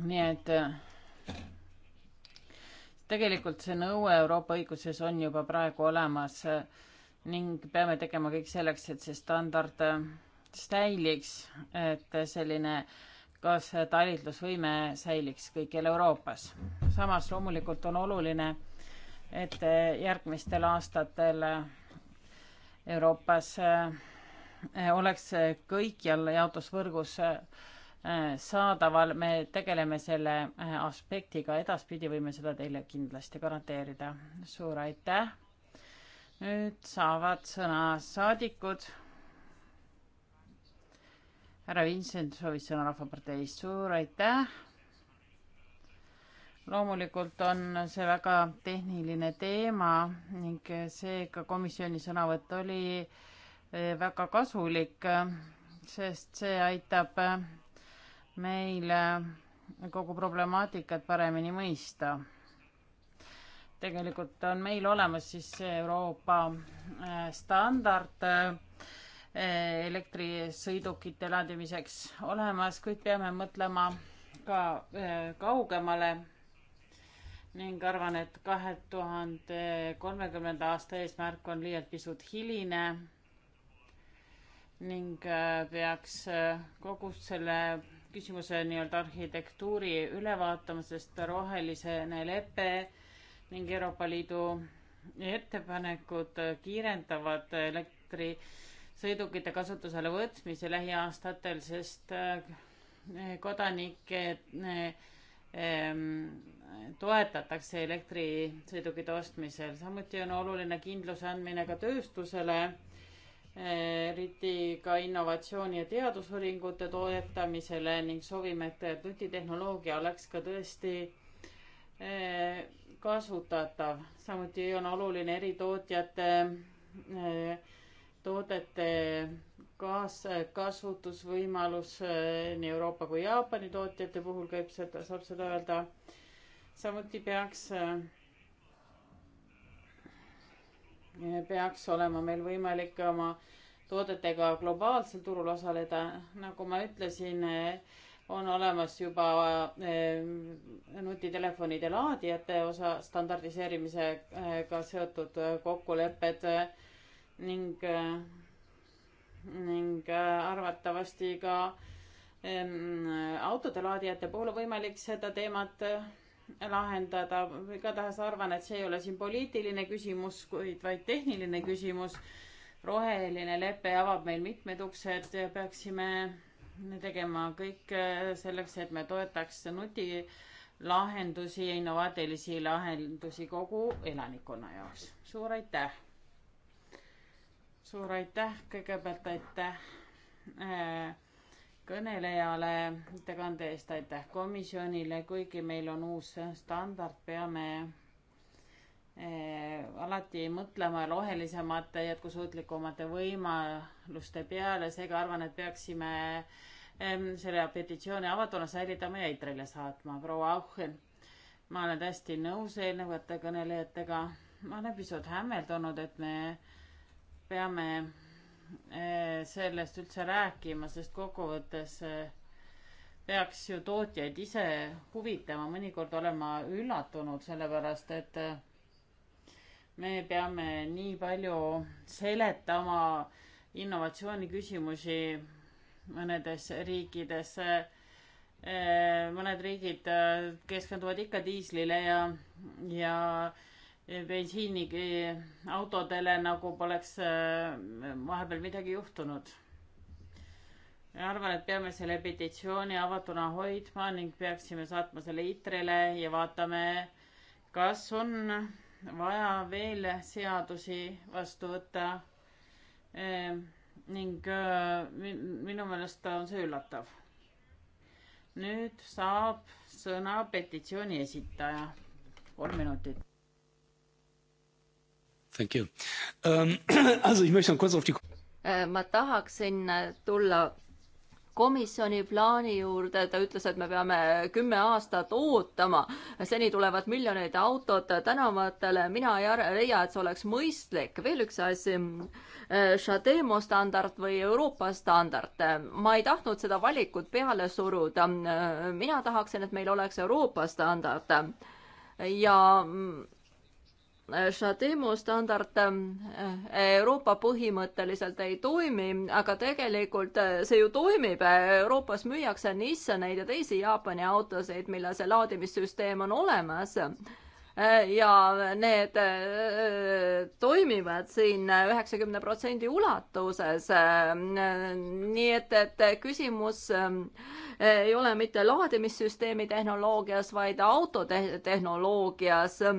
nii et tegelikult see nõue Euroopa õiguses on juba praegu olemas eh, ning peame tegema kõik selleks, et see standard eh, säiliks, et selline kas talitlusvõime säiliks kõikjal Euroopas. samas loomulikult on oluline, et järgmistel aastatel Euroopas eh, oleks kõikjal jaotusvõrgus Äh, saadaval, me tegeleme selle äh, aspektiga, edaspidi võime seda teile kindlasti garanteerida. suur aitäh. nüüd saavad sõna saadikud. härra Vincent soovis sõna Rahvaparteist, suur aitäh. loomulikult on see väga tehniline teema ning seega komisjoni sõnavõtt oli äh, väga kasulik, sest see aitab meile äh, kogu problemaatikat paremini mõista. tegelikult on meil olemas siis see Euroopa äh, standard äh, elektrisõidukite laadimiseks olemas, kuid peame mõtlema ka kaugemale ning arvan, et kahe tuhande kolmekümnenda aasta eesmärk on liialt pisut hiline ning peaks kogu selle küsimuse nii-öelda arhitektuuri ülevaatamisest, rohelisene lepe ning Euroopa Liidu ettepanekud kiirendavad elektrisõidukite kasutusele võtmise lähiaastatel, sest eh, kodanikke eh, toetatakse elektrisõidukite ostmisel. samuti on oluline kindluse andmine ka tööstusele eriti ka innovatsiooni ja teadusuuringute toetamisele ning soovime, et nutitehnoloogia oleks ka tõesti eh, kasutatav. samuti on oluline eritootjate, eh, toodete kaaskasutusvõimalus eh, nii Euroopa kui Jaapani tootjate puhul käib seda, saab seda öelda. samuti peaks peaks olema meil võimalik oma toodetega globaalsel turul osaleda, nagu ma ütlesin, on olemas juba eh, nutitelefonide laadijate osa standardiseerimisega seotud kokkulepped ning, ning arvatavasti ka autode laadijate puhul on võimalik seda teemat lahendada, igatahes arvan, et see ei ole siin poliitiline küsimus, kuid vaid tehniline küsimus. roheline lepe avab meil mitmed uksed ja peaksime tegema kõik äh, selleks, et me toetaks nutilahendusi ja innovaatilisi lahendusi kogu elanikkonna jaoks. suur aitäh! suur aitäh, kõigepealt aitäh äh, kõnelejale ettekande eest, aitäh komisjonile, kuigi meil on uus standard, peame eh, alati mõtlema rohelisemate, jätkusuutlikumate võimaluste peale, seega arvan, et peaksime selle petitsiooni avatuna säilitama ja Eitrile saatma. proua Auhen, ma olen täiesti nõus eelnevate kõnelejatega. ma olen pisut hämmeldunud, et me peame Eh, sellest üldse rääkima, sest kokkuvõttes eh, peaks ju tootjaid ise huvitama, mõnikord olen ma üllatunud, sellepärast et eh, me peame nii palju seletama innovatsiooniküsimusi mõnedes riikides. mõned riigid keskenduvad ikka diislile ja, ja bensiinigi autodele, nagu poleks äh, vahepeal midagi juhtunud. arvan, et peame selle petitsiooni avatuna hoidma ning peaksime saatma selle ITRE-le ja vaatame, kas on vaja veel seadusi vastu võtta eh,. ning äh, min minu meelest on see üllatav. nüüd saab sõna petitsiooni esitaja. kolm minutit Thank you um,. *clears throat* Also ich möchte kurz auf die äh, ma tahaksin äh, tulla komisjoni plaani juurde, ta ütles, et me peame äh, kümme aastat ootama, seni tulevad miljoneid autod tänavatele, mina ei leia, et see oleks mõistlik. veel üks asi, Shademo standard või Euroopa standard, ma ei tahtnud seda valikut peale suruda, mina tahaksin, et meil oleks Euroopa standard ja mm, Shademo standard ehm, Euroopa põhimõtteliselt ei toimi, aga tegelikult eh, see ju toimib. Euroopas müüakse Nissaneid ja teisi Jaapani autosid, millel see laadimissüsteem on olemas. Eh, ja need eh, toimivad siin üheksakümne protsendi ulatuses. nii et, et küsimus ei ole mitte laadimissüsteemi tehnoloogias, vaid autotehnoloogias te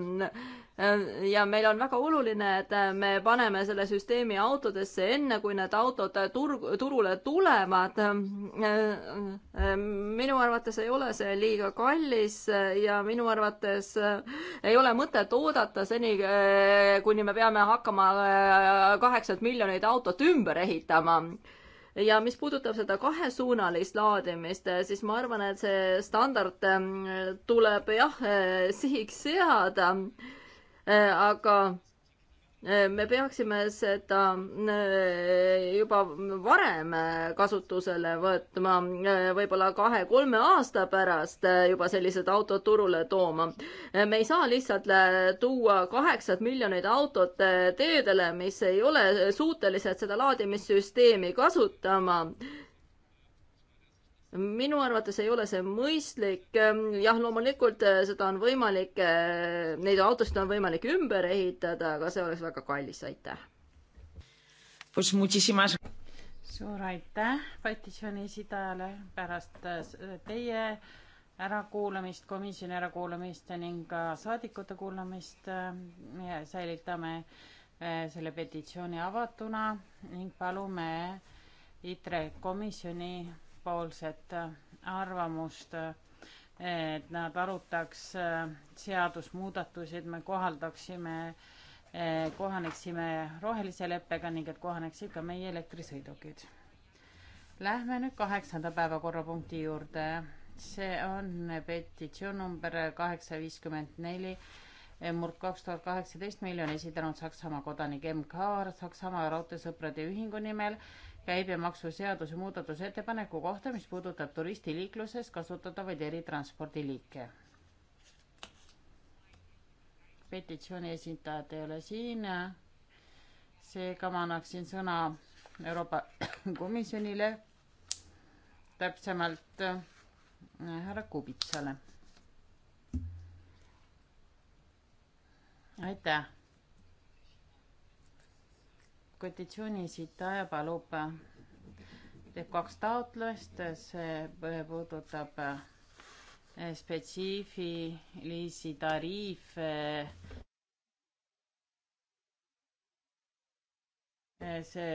Äh, ja meil on väga oluline, et äh, me paneme selle süsteemi autodesse enne, kui need autod äh, turg, turule tulevad. minu arvates ei ole see liiga kallis ja minu arvates ei ole mõtet oodata seni, kuni me peame hakkama kaheksat miljonit autot ümber ehitama ja mis puudutab seda kahesuunalist laadimist, siis ma arvan, et see standard tuleb jah sihiks seada Äh, aga äh, me peaksime seda äh, juba varem kasutusele võtma, võib-olla kahe-kolme aasta pärast juba sellised autod turule tooma. me ei saa lihtsalt tuua kaheksat miljonit autot teedele, mis ei ole suutelised seda laadimissüsteemi kasutama minu arvates ei ole see mõistlik. Ähm, jah, loomulikult äh, seda on võimalik, äh, neid autosid on võimalik ümber ehitada, aga see oleks väga kallis, aitäh. suur aitäh petitsiooni esitajale pärast äh, teie ärakuulamist, komisjoni ärakuulamist ning ka saadikute kuulamist. me säilitame selle petitsiooni avatuna ning palume ITRE komisjoni vastaspoolset äh, arvamust, äh, et nad arutaks äh, seadusmuudatusi, et me kohaldaksime, kohaneksime rohelise leppega ning et kohaneksid ka meie elektrisõidukid. Lähme nüüd kaheksanda päevakorrapunkti juurde. see on petitsioon number kaheksa viiskümmend neli eh, murd kaks tuhat kaheksateist miljon esitanud Saksamaa kodanik MK Saksamaa Raudteesõprade Ühingu nimel käibemaksuseaduse muudatusettepaneku kohta, mis puudutab turistiliikluses kasutatavaid eritranspordiliike. petitsiooni esindajad ei ole siin, seega ma annaksin sõna Euroopa *coughs* Komisjonile, täpsemalt äh, härra Kubitsale. aitäh petitsioonisiita ja palub, teeb kaks taotlust, see puudutab eh, spetsiifilisi tariife. Eh, see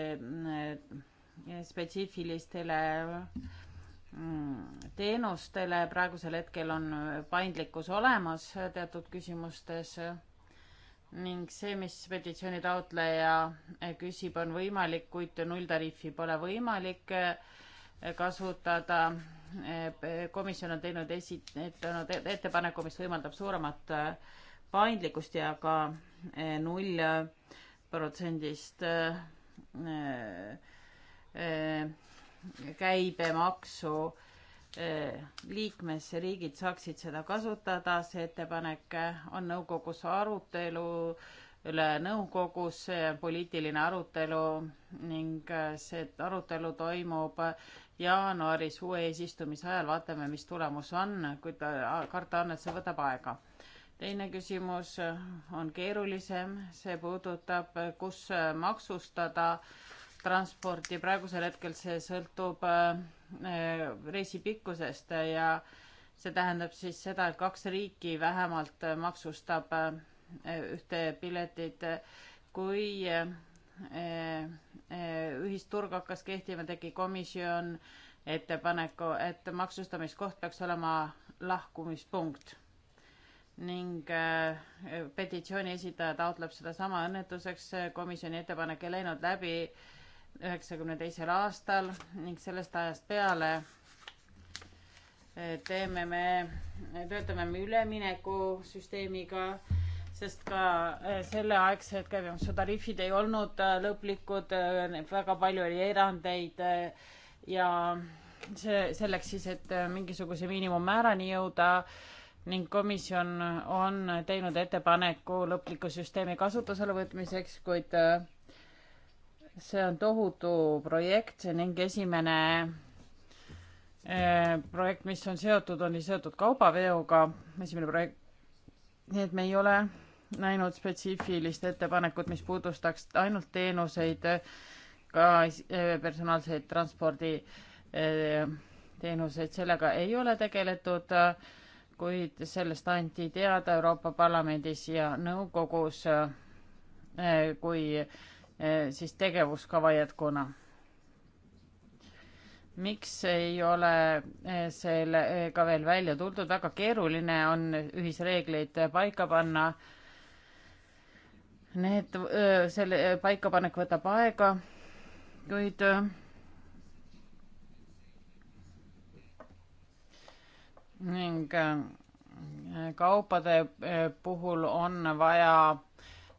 eh, spetsiifilistele mm, teenustele praegusel hetkel on paindlikkus olemas teatud küsimustes ning see, mis petitsiooni taotleja eh, küsib, on võimalik, kuid nulltariifi pole võimalik eh, kasutada. Eh, komisjon on teinud esi-, teinud e-, ettepaneku, mis võimaldab suuremat paindlikkust ja ka null protsendist käibemaksu äh, äh, käibemaksu Äh, liikmesriigid saaksid seda kasutada, see ettepanek on nõukogus arutelu üle nõukogus poliitiline arutelu ning äh, see arutelu toimub jaanuaris uue eesistumise ajal, vaatame, mis tulemus on, kuid karta on, et see võtab aega. teine küsimus on keerulisem, see puudutab, kus maksustada äh, transporti, praegusel hetkel see sõltub äh, äh, reisi pikkusest ja see tähendab siis seda, et kaks riiki vähemalt äh, maksustab ühte piletit. kui ühisturg hakkas kehtima, tegi komisjon ettepaneku, et maksustamiskoht peaks olema lahkumispunkt ning petitsiooni esitaja taotleb sedasama õnnetuseks, komisjoni ettepanek ei läinud läbi üheksakümne teisel aastal ning sellest ajast peale eh, teeme me, töötame me üleminekusüsteemiga, sest ka eh, selleaegsed käibemaksutariifid ei olnud eh, lõplikud, väga palju oli erandeid ja see selleks siis, et mingisuguse miinimummäärani jõuda ning komisjon on teinud ettepaneku lõpliku süsteemi kasutusele võtmiseks, kuid ta see on tohutu projekt ning esimene eh, projekt, mis on seotud, on seotud kaubaveoga, esimene projekt. nii et me ei ole näinud spetsiifilist ettepanekut, mis puudustaks ainult teenuseid, ka eh, personaalseid transporditeenuseid, eh, sellega ei ole tegeletud, kuid sellest anti teada Euroopa Parlamendis ja nõukogus, kui Äh, siis tegevuskava jätkuna. miks ei ole äh, sellega äh, veel välja tuldud, väga keeruline on ühisreegleid paika panna. Need, selle paikapanek võtab aega, kuid ning kaupade puhul on vaja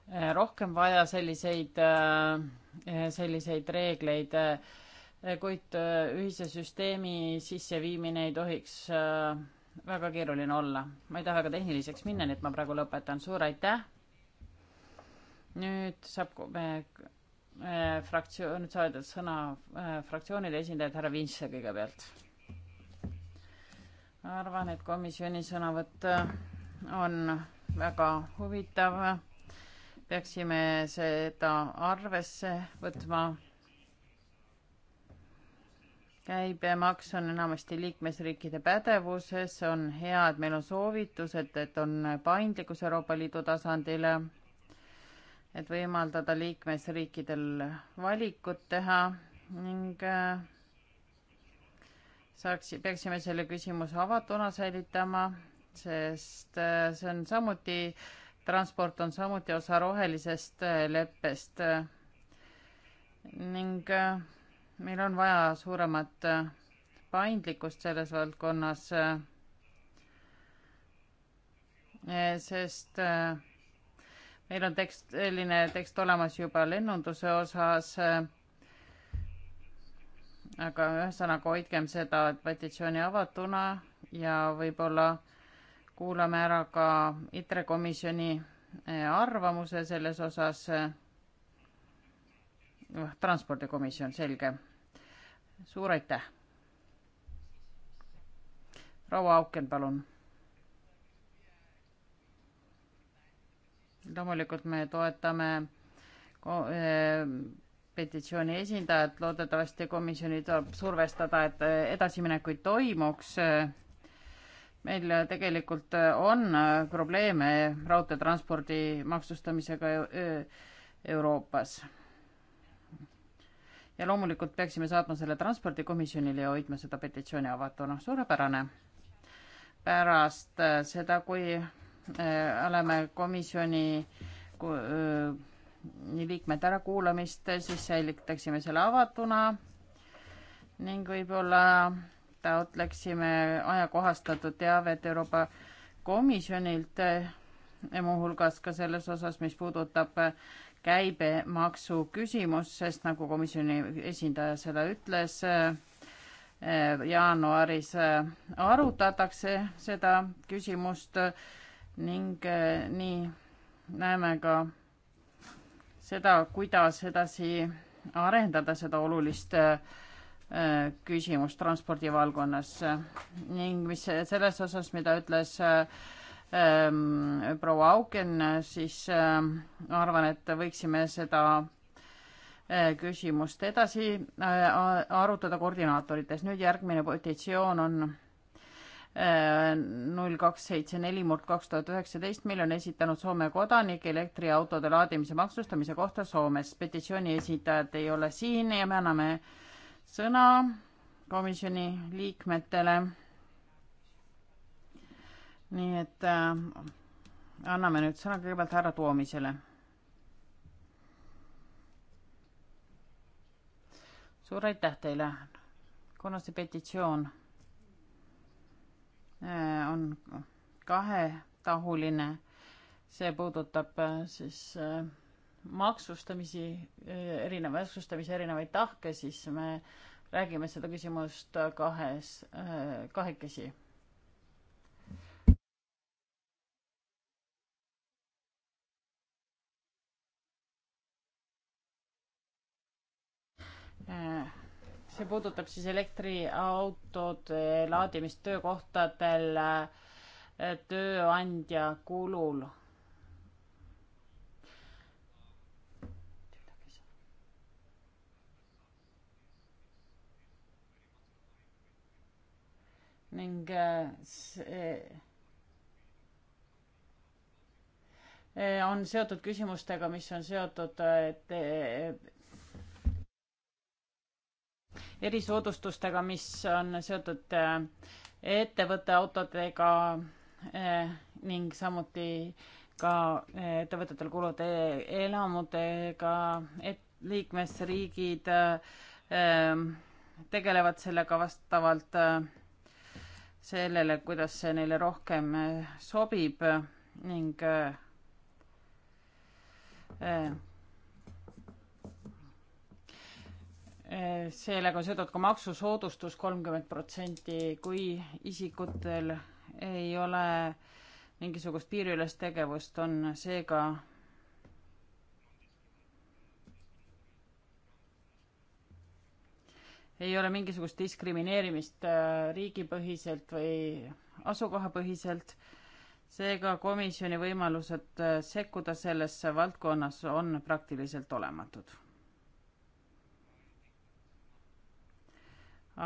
Eh, rohkem vaja selliseid, eh, selliseid reegleid, eh, kuid ühise süsteemi sisseviimine ei tohiks väga keeruline olla. ma ei taha väga tehniliseks minna, nii et ma praegu lõpetan. suur aitäh. nüüd saab me, me, fraktsioon, nüüd saavad sõna fraktsioonide esindajad, härra Vintse kõigepealt. arvan, et komisjoni sõnavõtt on väga huvitav peaksime seda arvesse võtma. käibemaks on enamasti liikmesriikide pädevuses, on hea, et meil on soovitused, et on paindlikkus Euroopa Liidu tasandil, et võimaldada liikmesriikidel valikut teha ning saaks, peaksime selle küsimuse avatuna säilitama, sest see on samuti äh, transport on samuti osa rohelisest äh, leppest äh, ning äh, meil on vaja suuremat paindlikkust selles valdkonnas, sest meil on tekst, selline tekst olemas juba lennunduse osas, aga ühesõnaga hoidkem seda petitsiooni avatuna ja võib-olla äh, kuulame ära ka ITRE komisjoni eh, arvamuse selles osas. Noh, transpordikomisjon, selge. suur aitäh. proua Auken, palun. loomulikult me toetame eh, petitsiooni esindajat, loodetavasti komisjoni tuleb survestada, et eh, edasiminekuid toimuks meil tegelikult äh, on äh, probleeme raudteetranspordi maksustamisega äh, Euroopas. ja loomulikult peaksime saatma selle transpordikomisjonile ja hoidma seda petitsiooni avatuna, noh, suurepärane. pärast seda, kui oleme komisjoni liikmete ärakuulamist, siis säilitaksime selle avatuna ning võib-olla taotleksime ajakohastatud teavet Euroopa Komisjonilt, eh, muuhulgas ka selles osas, mis puudutab eh, käibemaksu küsimust, sest nagu komisjoni esindaja seda ütles, eh, jaanuaris arutatakse seda küsimust ning nii näeme ka seda, kuidas edasi arendada seda olulist äh, Äh, küsimus transpordivaldkonnas ning mis selles osas, mida ütles äh, ähm, proua Auken, siis ähm, arvan, et võiksime seda äh, küsimust edasi äh, arutada koordinaatorites. nüüd järgmine petitsioon on äh, null kaks seitse neli murd kaks tuhat üheksateist, mille on esitanud Soome kodanik elektriautode laadimise maksustamise kohta Soomes. petitsiooni esitajad ei ole siin ja me anname äh, sõna komisjoni liikmetele. nii et äh, anname nüüd sõna kõigepealt härra Toomisele. suur aitäh teile. kuna see petitsioon äh, on kahetahuline, see puudutab äh, siis äh, maksustamisi, erineva maksustamise erinevaid tahke, siis me räägime seda küsimust kahes, kahekesi. see puudutab siis elektriautode laadimist töökohtadel tööandja kulul ning äh, see äh, on seotud küsimustega, mis on seotud äh, erisoodustustega, mis on seotud ettevõtte autodega ning samuti ka ettevõtetel kuluvate elamutega, et liikmesriigid tegelevad sellega vastavalt sellele, kuidas see neile rohkem äh, sobib ning äh, äh, sellega on seotud ka maksusoodustus kolmkümmend protsenti, kui isikutel ei ole mingisugust piiriülest tegevust, on seega ei ole mingisugust diskrimineerimist äh, riigipõhiselt või asukohapõhiselt. seega komisjoni võimalused äh, sekkuda sellesse valdkonnas on praktiliselt olematud.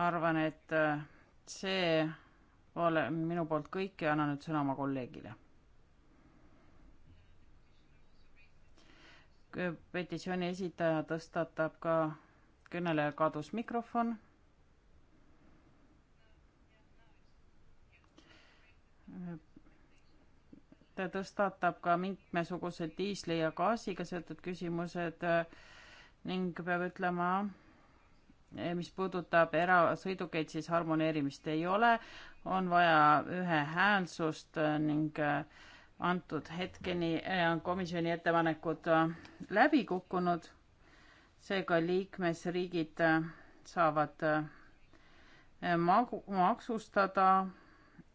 arvan, et äh, see ole minu poolt kõik ja annan nüüd sõna oma kolleegile. petitsiooni esitaja tõstatab ka kõnelejal kadus mikrofon. ta tõstatab ka mitmesugused diisli ja gaasiga seotud küsimused äh, ning peab ütlema, e, mis puudutab erasõidukeid, siis harmoneerimist ei ole, on vaja ühehäälsust äh, ning äh, antud hetkeni on komisjoni ettepanekud läbi kukkunud seega liikmesriigid äh, saavad äh, magu-, maksustada,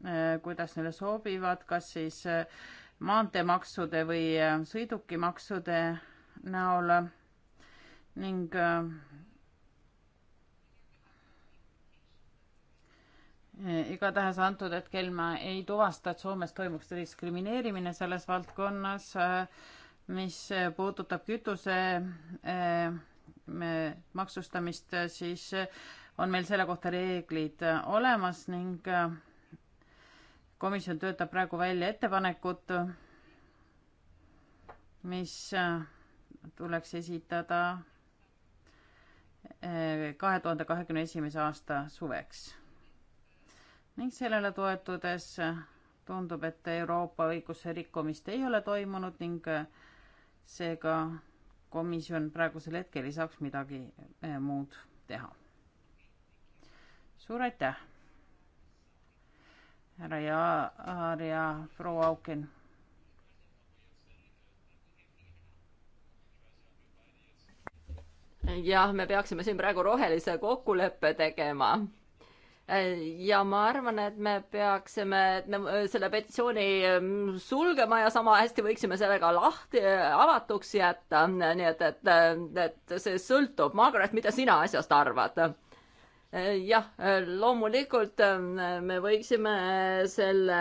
äh, kuidas neile sobivad, kas siis maanteemaksude või sõidukimaksude näol ning igatahes antud hetkel ma ei tuvasta, et Soomes toimuks diskrimineerimine selles valdkonnas, mis puudutab kütuse maksustamist, siis on meil selle kohta reeglid olemas ning äh, komisjon töötab praegu välja ettepanekut, mis äh, tuleks esitada äh, kahe tuhande kahekümne esimese aasta suveks. ning sellele toetudes tundub, et Euroopa õiguse rikkumist ei ole toimunud ning seega komisjon praegusel hetkel ei saaks midagi eh, muud teha. suur aitäh, härra Jaar ja proua Auken. jah, me peaksime siin praegu rohelise kokkuleppe tegema ja ma arvan, et me peaksime et me selle petitsiooni mm, sulgema ja sama hästi võiksime selle ka lahti, avatuks jätta, nii et, et, et see sõltub. Margaret, mida sina asjast arvad? jah, loomulikult mm, me võiksime selle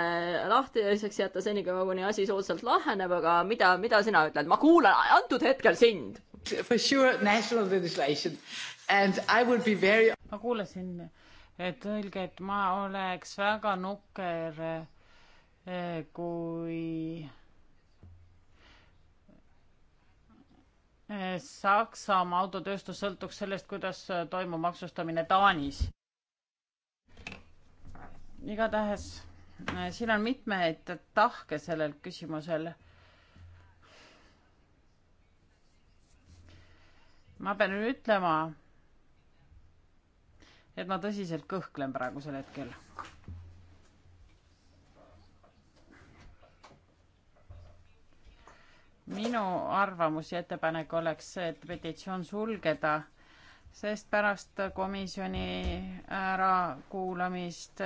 lahtiseks jätta senikaua, kuni asi soodsalt laheneb, aga mida, mida sina ütled? ma kuulan antud hetkel sind. For sure national legislation and I would be very. ma kuulasin tõlge, et ma oleks väga nukker, eh, kui eh, Saksamaa autotööstus sõltuks sellest, kuidas toimub maksustamine Taanis. igatahes eh, siin on mitmeid tahke sellel küsimusel ma pean ütlema, et ma tõsiselt kõhklen praegusel hetkel. minu arvamus ja ettepanek oleks, et petitsioon sulgeda, sest pärast komisjoni ärakuulamist,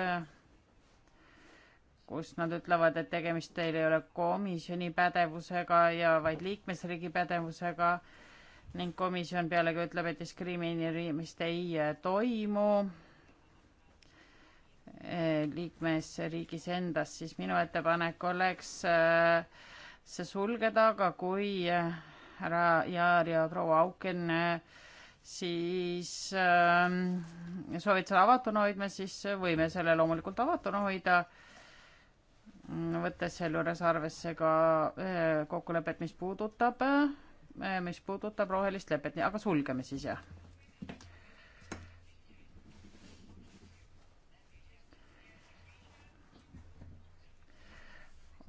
kus nad ütlevad, et tegemist teil ei ole komisjoni pädevusega ja vaid liikmesriigi pädevusega, ning komisjon pealegi ütleb, et diskrimineerimist ei äh, toimu äh, liikmesriigis endas, siis minu ettepanek oleks äh, see sulgeda, aga kui härra Jaar ja proua Auken siis ähm, soovid seda avatuna hoidma, siis võime selle loomulikult avatuna hoida mm, võttes sealjuures arvesse ka kokkulepet, mis puudutab Äh, mis puudutab rohelist lepet, aga sulgeme siis jah.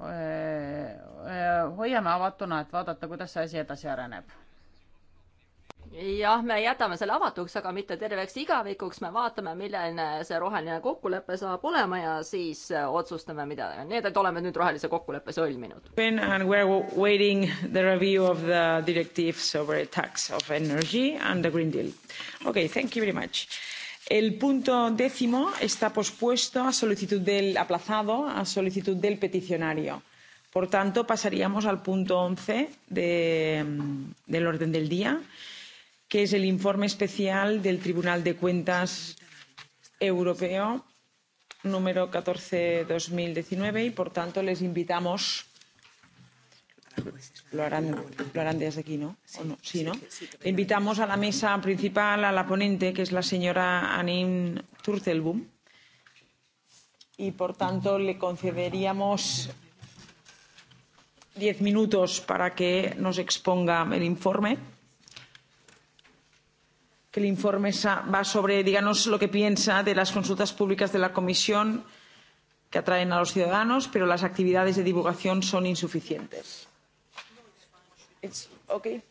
Äh, äh, hoiame avatuna, et vaadata, kuidas see asi edasi areneb jah, me jätame selle avatuks, aga mitte terveks igavikuks, me vaatame, milline see roheline kokkulepe saab olema ja siis äh, otsustame, mida, nii et oleme nüüd rohelise kokkuleppe sõlminud. And we are waiting the review of the directives over tax of energy and the green deal. Okay, thank you very much. El punto décimo está pospuesto a solicitud del aplazado, a solicitud del peticionario. Por tanto, pasaríamos al punto 11 de, mm, del orden del día. Eh, que es el informe especial del Tribunal de Cuentas Europeo número 14-2019 y, por tanto, les invitamos. Lo harán, lo harán desde aquí, ¿no? ¿O no? Sí, ¿no? Le invitamos a la mesa principal a la ponente, que es la señora Anin Turtelboom. Y, por tanto, le concederíamos diez minutos para que nos exponga el informe que el informe va sobre, díganos lo que piensa de las consultas públicas de la Comisión que atraen a los ciudadanos, pero las actividades de divulgación son insuficientes. It's okay.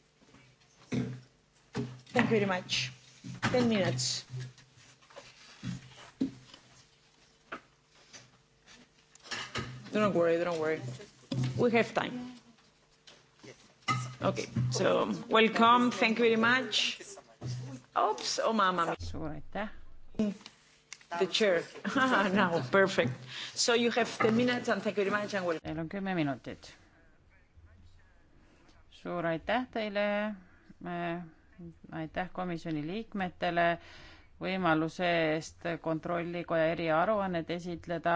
Thank you very much. Ten minutes. Don't worry, don't worry. We have time. Okay, so welcome. Thank you very much. Ops, oh mamma. suur aitäh. The chair *laughs* now perfect. So you have ten minutes and thank you very much and well. Teil on kümme minutit. suur aitäh teile. aitäh komisjoni liikmetele võimaluse eest kontrollikoja eriaruannet esitleda.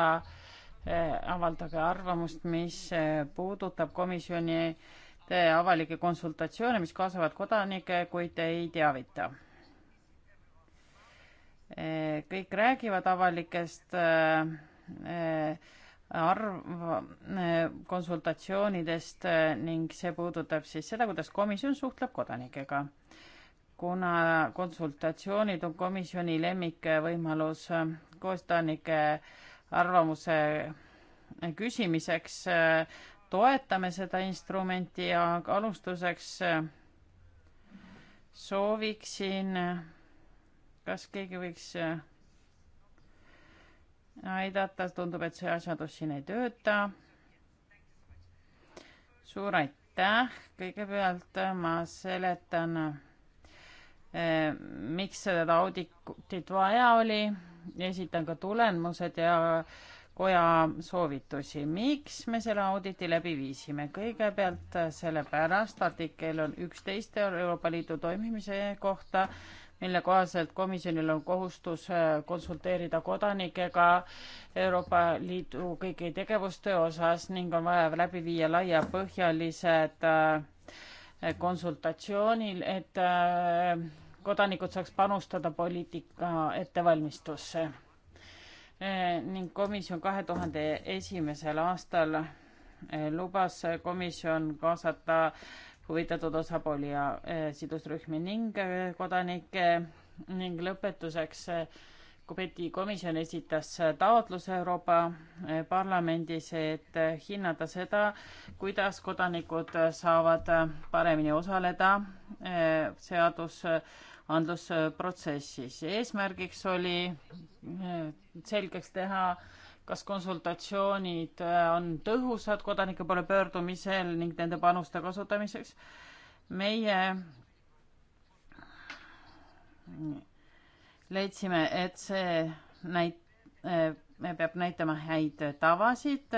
E, avaldage arvamust, mis e, puudutab komisjoni e, avalikke konsultatsioone, mis kaasavad kodanikke, kuid ei teavita Eh, kõik räägivad avalikest eh, eh, arv, konsultatsioonidest ning see puudutab siis seda, kuidas komisjon suhtleb kodanikega. kuna konsultatsioonid on komisjoni lemmikvõimalus kodanike arvamuse küsimiseks, toetame seda instrumenti ja alustuseks sooviksin kas keegi võiks äh, aidata, tundub, et see asjandus siin ei tööta. suur aitäh, kõigepealt äh, ma seletan, äh, miks seda auditit vaja oli, esitan ka tulemused ja koja soovitusi. miks me selle auditi läbi viisime? kõigepealt sellepärast artikkel on üksteist Euroopa Liidu toimimise kohta mille kohaselt komisjonil on kohustus äh, konsulteerida kodanikega Euroopa Liidu kõigi tegevuste osas ning on vaja läbi viia laiapõhjalised äh, konsultatsioonil, et äh, kodanikud saaks panustada poliitika ettevalmistusse. ning komisjon kahe tuhande esimesel aastal lubas komisjon kaasata huvitatud osapooli ja eh, sidusrühmi ning eh, kodanikke ning lõpetuseks eh, Kubeti komisjon esitas taotluse Euroopa Parlamendis, et hinnata seda, kuidas kodanikud saavad paremini osaleda seadusandlusprotsessis. eesmärgiks oli selgeks teha kas konsultatsioonid äh, on tõhusad kodanike poole pöördumisel ning nende panuste kasutamiseks. meie leidsime, et see näit-, äh, peab näitama häid tavasid.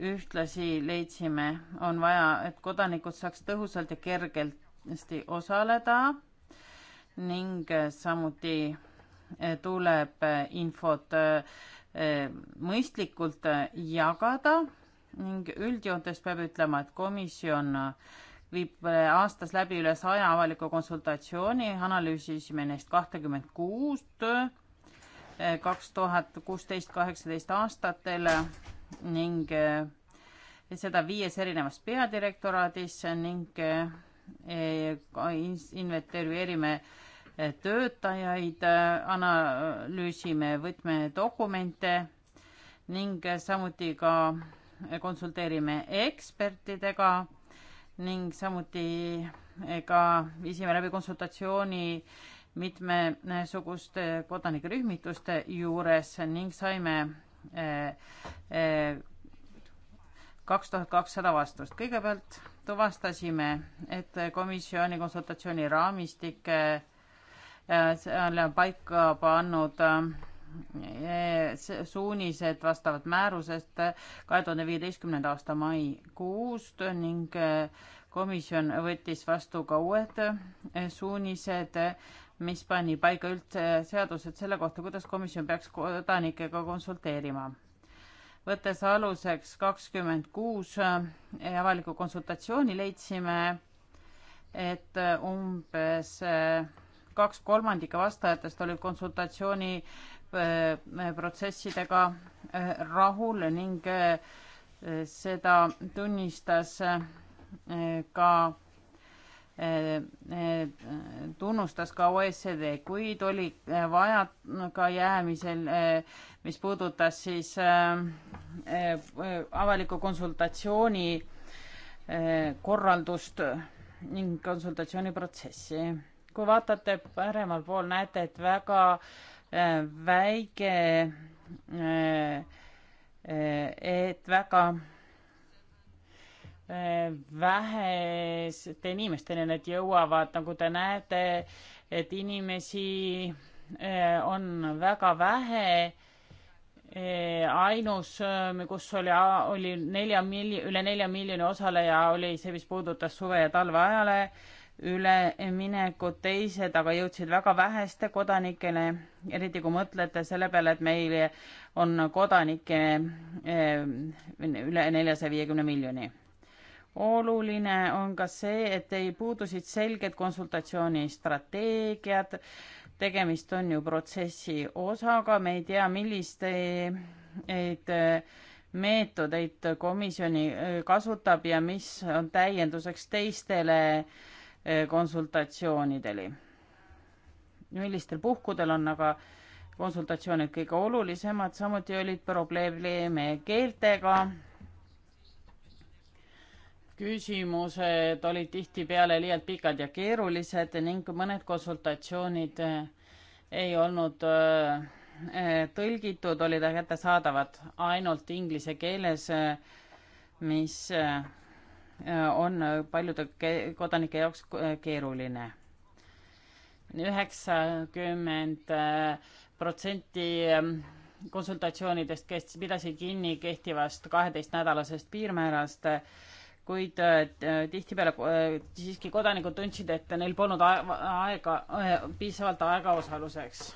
ühtlasi leidsime, on vaja, et kodanikud saaks tõhusalt ja kergesti osaleda ning samuti äh, tuleb infot Eh, mõistlikult eh, jagada ning üldjoontes peab ütlema, et komisjon eh, viib aastas läbi üle saja avaliku konsultatsiooni, analüüsisime neist kahtekümmend kuust kaks tuhat kuusteist, kaheksateist aastatel ning seda viies erinevas peadirektoraadis ning inventeerime töötajaid, äh, analüüsime võtmedokumente ning samuti ka äh, konsulteerime ekspertidega ning samuti äh, ka viisime läbi konsultatsiooni mitmesuguste kodanikerühmituste juures ning saime kaks tuhat kakssada vastust. kõigepealt tuvastasime, et komisjoni konsultatsiooni raamistik eh, Äh, seal on paika pannud äh, suunised vastavalt määrusest kahe tuhande viieteistkümnenda aasta maikuust ning äh, komisjon võttis vastu ka uued suunised, mis pani paika üldse seadused selle kohta, kuidas komisjon peaks kodanikega konsulteerima. võttes aluseks kakskümmend kuus avalikku konsultatsiooni, leidsime, et umbes kaks kolmandikku vastajatest olid konsultatsiooni äh, protsessidega äh, rahul ning äh, seda tunnistas ka tunnustas ka OECD, kuid oli vajakajäämisel, mis puudutas siis avaliku konsultatsiooni korraldust ning konsultatsiooniprotsessi kui vaatate paremal pool, näete, et väga äh, väike, äh, äh, et väga väheste inimesteni need jõuavad, nagu te näete, et inimesi on väga vähe ainus, kus oli, oli nelja milj-, üle nelja miljoni osaleja, oli see, mis puudutas suve- ja talveajale üleminekud teised aga jõudsid väga väheste kodanikele, eriti kui mõtlete selle peale, et meil on kodanikke eh, üle neljasaja viiekümne miljoni. oluline on ka see, et ei puudusid selged konsultatsioonistrateegiad, tegemist on ju protsessi osaga, me ei tea, millisteid eh, meetodeid komisjoni eh, kasutab ja mis on täienduseks teistele äh, Eh, konsultatsioonideni. millistel puhkudel on aga konsultatsioonid kõige olulisemad, samuti olid probleeme keeltega. küsimused olid tihtipeale liialt pikad ja keerulised ning mõned konsultatsioonid eh, ei olnud eh, tõlgitud, olid kättesaadavad ainult inglise keeles, mis on paljude kodanike jaoks keeruline. üheksakümmend äh, protsenti ähm, konsultatsioonidest kes-, pidasid kinni kehtivast kaheteistnädalasest piirmäärast, kuid äh, tihtipeale äh, siiski kodanikud tundsid, et neil polnud aega, piisavalt aega osaluseks.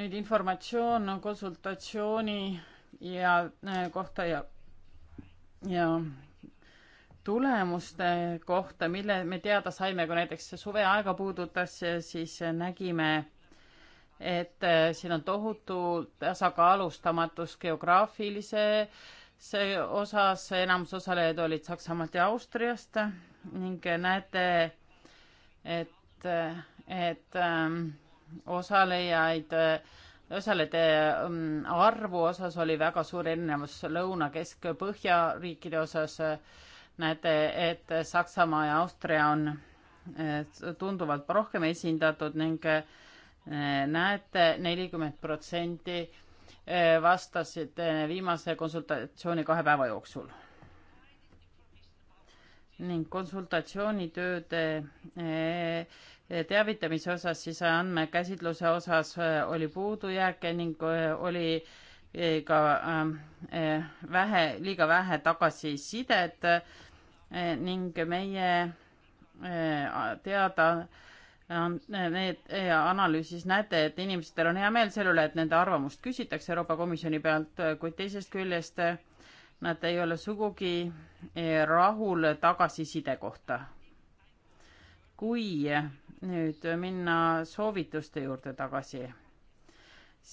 nüüd informatsioon konsultatsiooni ja kohta ja, ja tulemuste kohta, mille me teada saime, kui näiteks suveaega puudutas, siis nägime, et siin on tohutu tasakaalustamatus geograafilise see osas, enamus osalejaid olid Saksamaalt ja Austriast ning näete, et, et ähm, osalejaid, osalejate ähm, arvu osas oli väga suur erinevus Lõuna, Kesk, Põhja riikide osas näete, et Saksamaa ja Austria on eh, tunduvalt rohkem esindatud ning eh, näete, nelikümmend protsenti eh, vastasid viimase konsultatsiooni kahe päeva jooksul. ning konsultatsioonitööde teavitamise osas, siseandmekäsitluse osas oli puudujääke ning oli ka ähm, äh, vähe, liiga vähe tagasisidet äh, ning meie äh, teada need analüüsis näete, et inimestel on hea meel selle üle, et nende arvamust küsitakse Euroopa Komisjoni pealt, kuid teisest küljest nad ei ole sugugi rahul tagasiside kohta. kui nüüd minna soovituste juurde tagasi,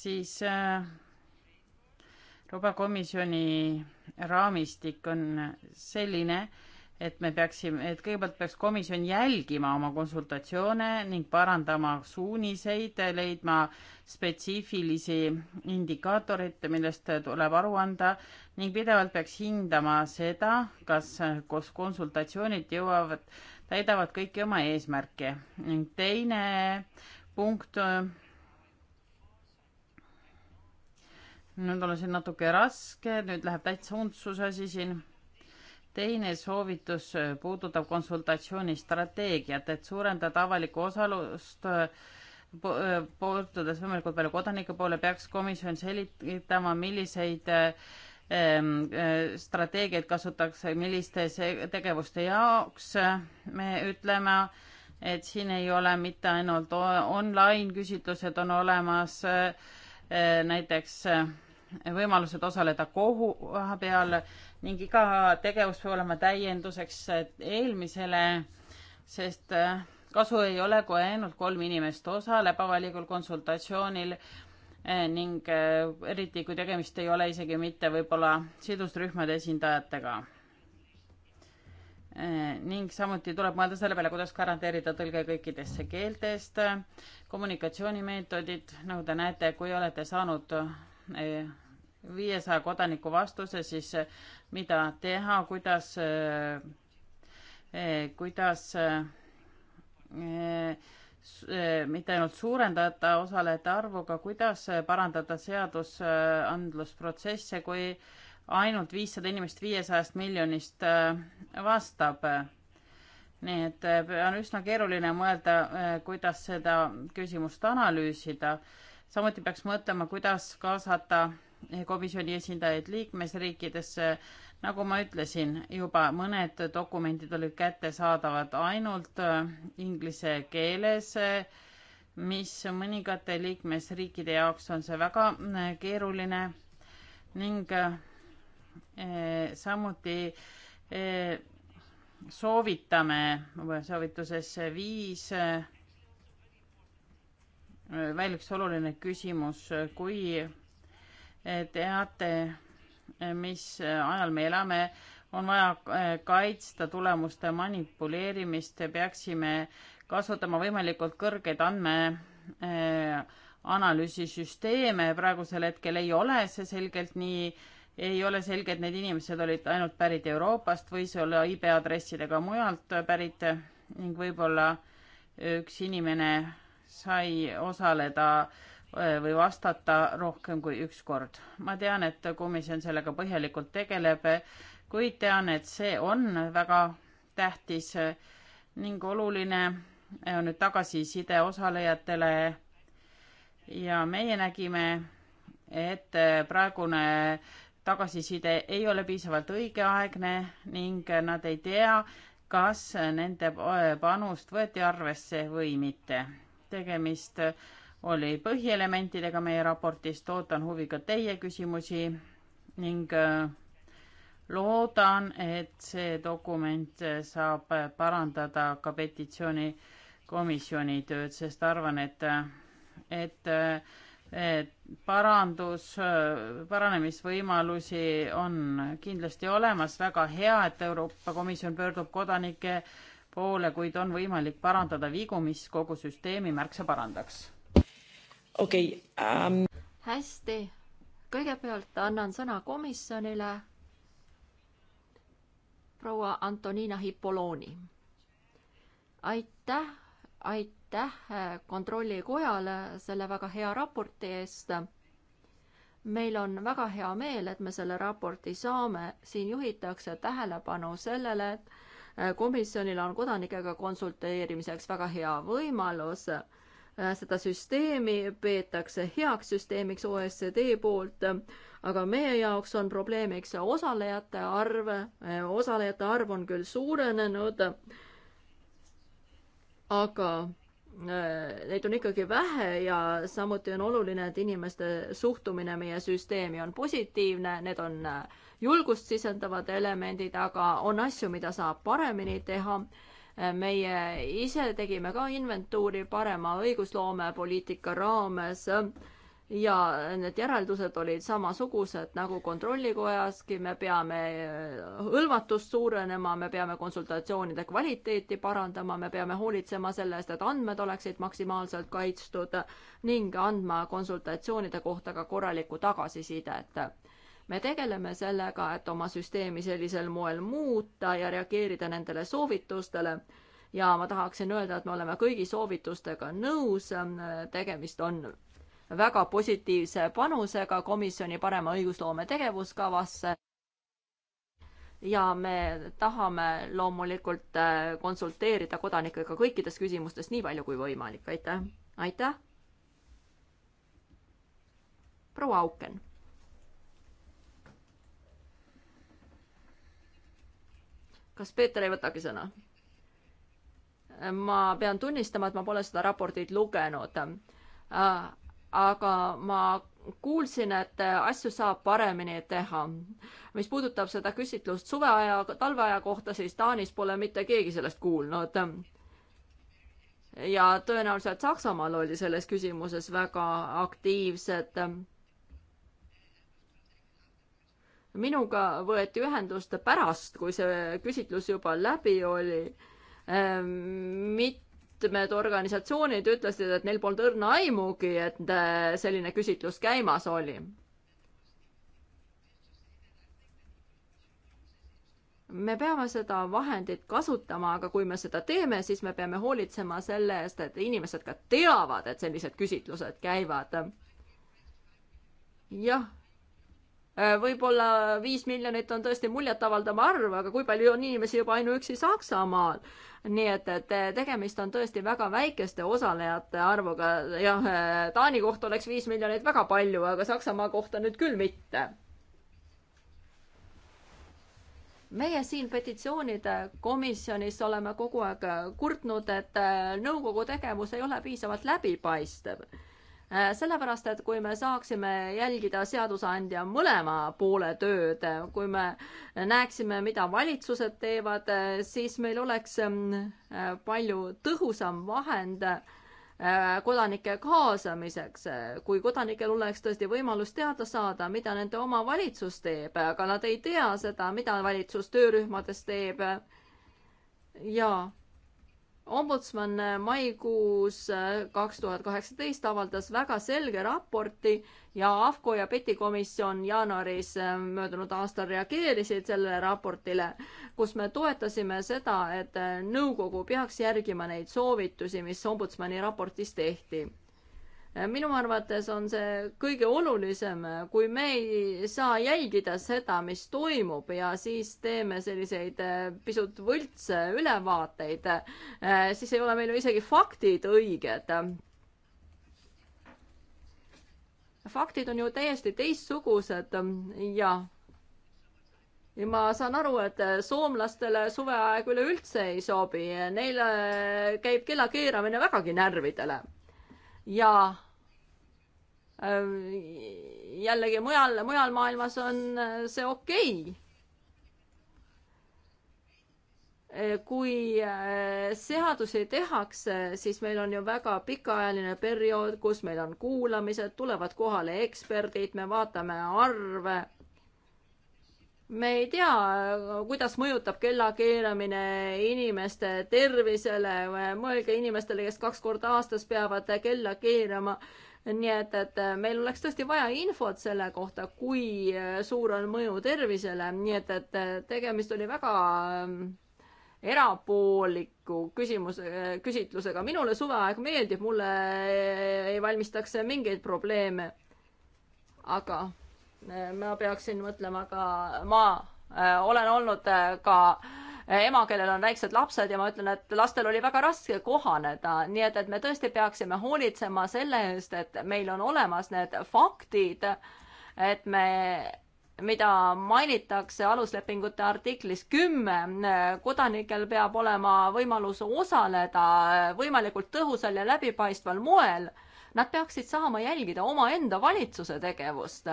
siis äh, lubakomisjoni raamistik on selline, et me peaksime, et kõigepealt peaks komisjon jälgima oma konsultatsioone ning parandama suuniseid, leidma spetsiifilisi indikaatoreid, millest tuleb aru anda ning pidevalt peaks hindama seda, kas koos konsultatsioonid jõuavad, täidavad kõiki oma eesmärke. ning teine punkt nüüd olen siin natuke raske, nüüd läheb täitsa untsuse asi siin. teine soovitus puudutab konsultatsioonistrateegiat, et suurendada avalikku osalust äh, puutudes äh, võimalikult palju kodanike poole, peaks komisjon selgitama, milliseid äh, ähm, strateegiaid kasutatakse, milliste tegevuste jaoks me ütleme, et siin ei ole mitte ainult online küsitlused on olemas näiteks võimalused osaleda koha peal ning iga tegevus peab olema täienduseks eelmisele, sest äh, kasu ei ole, kui ainult kolm inimest osaleb avalikul konsultatsioonil äh, ning äh, eriti, kui tegemist ei ole isegi mitte võib-olla sidusrühmade esindajatega. ning samuti tuleb mõelda selle peale, kuidas garanteerida tõlge kõikidesse keeltest, kommunikatsioonimeetodid, nagu te näete, kui olete saanud viiesaja kodaniku vastuse siis, mida teha, kuidas, eh, eh, kuidas eh, mitte ainult suurendada osalejate arvu, aga kuidas parandada seadusandlusprotsesse, kui ainult viissada inimest viiesajast miljonist vastab. nii et on üsna keeruline mõelda, kuidas seda küsimust analüüsida. samuti peaks mõtlema, kuidas kaasata komisjoni esindajaid liikmesriikidesse. nagu ma ütlesin, juba mõned dokumendid olid kättesaadavad ainult äh, inglise keeles, äh, mis mõningate liikmesriikide jaoks on see väga äh, keeruline ning samuti soovitame, soovituses viis veel üks oluline küsimus, kui teate, mis ajal me elame, on vaja eh, kaitsta tulemuste manipuleerimist, peaksime kasutama võimalikult kõrgeid andmeanalüüsisüsteeme, eh, praegusel hetkel ei ole see selgelt nii, ei ole selge, et need inimesed olid ainult pärit Euroopast või see oli IP aadressidega mujalt pärit ning võib-olla üks inimene sai osaleda äh, Eh, või vastata rohkem kui üks kord. ma tean, et komisjon sellega põhjalikult tegeleb, kuid tean, et see on väga tähtis ning oluline on eh, nüüd tagasiside osalejatele. ja meie nägime, et praegune tagasiside ei ole piisavalt õigeaegne ning nad ei tea, kas nende eh, panust võeti arvesse või mitte. tegemist oli põhielementidega meie raportist, ootan huviga teie küsimusi ning äh, loodan, et see dokument saab parandada ka petitsioonikomisjoni tööd, sest arvan, et, et, et parandus, paranemisvõimalusi on kindlasti olemas, väga hea, et Euroopa Komisjon pöördub kodanike poole, kuid on võimalik parandada vigu, mis kogu süsteemi märksa parandaks okei okay, um.... Ähm, hästi, kõigepealt annan sõna komisjonile. proua Antonina Hippoloni. aitäh, aitäh äh, Kontrollikojale selle väga hea raporti eest meil on väga hea meel, et me selle raporti saame, siin juhitakse tähelepanu sellele, et äh, komisjonil on kodanikega konsulteerimiseks väga hea võimalus Äh, seda süsteemi peetakse heaks süsteemiks OECD poolt, aga meie jaoks on probleemiks osalejate arv, äh, osalejate arv on küll suurenenud, aga äh, neid on ikkagi vähe ja samuti on oluline, et inimeste suhtumine meie süsteemi on positiivne, need on julgust sisendavad elemendid, aga on asju, mida saab paremini teha meie ise tegime ka inventuuri parema õigusloomepoliitika raames ja need järeldused olid samasugused nagu Kontrollikojaski, me peame äh, hõlvatust suurenema, me peame konsultatsioonide kvaliteeti parandama, me peame hoolitsema selle eest, et andmed oleksid maksimaalselt kaitstud ning andma konsultatsioonide kohta ka korralikku tagasisidet me tegeleme sellega, et oma süsteemi sellisel moel muuta ja reageerida nendele soovitustele. ja ma tahaksin öelda, et me oleme kõigi soovitustega nõus, tegemist on väga positiivse panusega komisjoni parema õigusloome tegevuskavasse. ja me tahame loomulikult äh, konsulteerida kodanikega kõikides küsimustes nii palju kui võimalik, aitäh, aitäh. proua Auken kas Peeter ei võtagi sõna? ma pean tunnistama, et ma pole seda raportit lugenud. Äh, aga ma kuulsin, et asju saab paremini teha. mis puudutab seda küsitlust suveaja, talveaja kohta, siis Taanis pole mitte keegi sellest kuulnud. ja tõenäoliselt Saksamaal oli selles küsimuses väga aktiivsed minuga võeti ühendust pärast, kui see küsitlus juba läbi oli. Ähm, mitmed organisatsioonid ütlesid, et neil polnud õrna aimugi, et äh, selline küsitlus käimas oli. me peame seda vahendit kasutama, aga kui me seda teeme, siis me peame hoolitsema selle eest, et inimesed ka teavad, et sellised küsitlused käivad. jah Äh, võib-olla viis miljonit on tõesti muljetavaldam arv, aga kui palju on inimesi juba ainuüksi Saksamaal. nii et, et äh, tegemist on tõesti väga väikeste osalejate arvuga, jah, äh, Taani kohta oleks viis miljonit väga palju, aga Saksamaa kohta nüüd küll mitte. meie siin petitsioonide komisjonis oleme kogu aeg kurtnud, et nõukogu tegevus ei ole piisavalt läbipaistev Äh, sellepärast, et kui me saaksime jälgida seadusandja mõlema poole tööd, kui me näeksime, mida valitsused teevad, siis meil oleks ähm, palju tõhusam vahend äh, kodanike kaasamiseks, kui kodanikel oleks tõesti võimalus teada saada, mida nende oma valitsus teeb, aga nad ei tea seda, mida valitsus töörühmades teeb. jaa ombudsman äh, maikuus äh, kaks tuhat kaheksateist avaldas väga selge raporti ja AFCO ja PETI komisjon jaanuaris äh, möödunud aastal reageerisid sellele raportile, kus me toetasime seda, et nõukogu peaks järgima neid soovitusi, mis ombudsmani raportis tehti Äh, minu arvates on see kõige olulisem, äh, kui me ei saa jälgida seda, mis toimub ja siis teeme selliseid äh, pisut võltse ülevaateid, siis ei ole meil ju isegi faktid õiged. faktid on ju täiesti teistsugused ja ja ma saan aru, et soomlastele suveaeg üleüldse ei sobi, neile käib kella keeramine vägagi närvidele ja Äh, jällegi mujal, mujal maailmas on äh, see okei okay.. Äh, kui seadusi tehakse, siis meil on ju väga pikaajaline periood, kus meil on kuulamised, tulevad kohale eksperdid, me vaatame arve me ei tea, kuidas mõjutab kellakeeramine inimeste tervisele, mõelge inimestele, kes kaks korda aastas peavad kella keerama nii et, et äh, meil oleks tõesti vaja infot selle kohta, kui äh, suur on mõju tervisele, nii et, et äh, tegemist oli väga erapooliku küsimuse, küsitlusega. minule suveaeg meeldib, mulle ei valmistaks mingeid probleeme. aga ma peaksin mõtlema ka, ma olen olnud ka äh, ema, kellel on väiksed lapsed ja ma ütlen, et lastel oli väga raske kohaneda, nii et, et me tõesti peaksime hoolitsema selle eest, et meil on olemas need faktid, et me mida mainitakse aluslepingute artiklis kümme, kodanikel peab olema võimalus osaleda võimalikult tõhusal ja läbipaistval moel. Nad peaksid saama jälgida omaenda valitsuse tegevust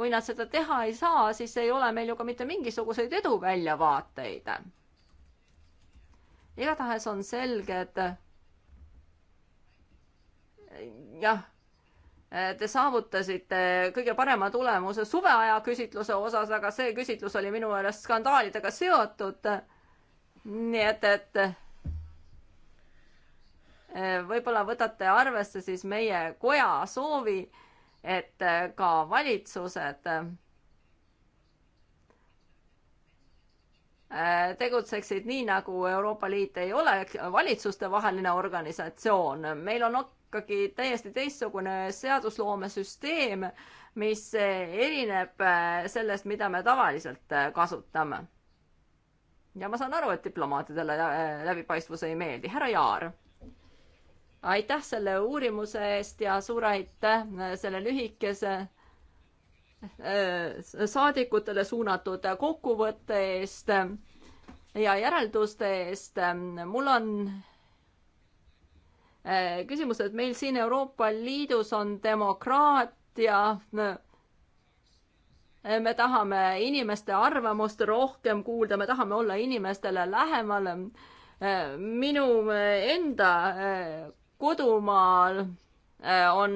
kui nad seda teha ei saa, siis ei ole meil ju ka mitte mingisuguseid eduväljavaateid. igatahes on selge, et jah, te saavutasite kõige parema tulemuse suveaja küsitluse osas, aga see küsitlus oli minu meelest skandaalidega seotud. nii et, et eh, võib-olla võtate arvesse siis meie koja soovi et äh, ka valitsused äh, tegutseksid nii, nagu Euroopa Liit ei ole valitsustevaheline organisatsioon. meil on ikkagi täiesti teistsugune seadusloomesüsteem, mis äh, erineb sellest, mida me tavaliselt kasutame. ja ma saan aru, et diplomaatidele läbipaistvus ei meeldi. härra Jaar aitäh selle uurimuse eest ja suur aitäh äh, selle lühikese äh, saadikutele suunatud kokkuvõtte eest ja järelduste eest. mul on äh, küsimus, et meil siin Euroopa Liidus on demokraatia. me tahame inimeste arvamust rohkem kuulda, me tahame olla inimestele lähemal minu enda kodumaal äh, on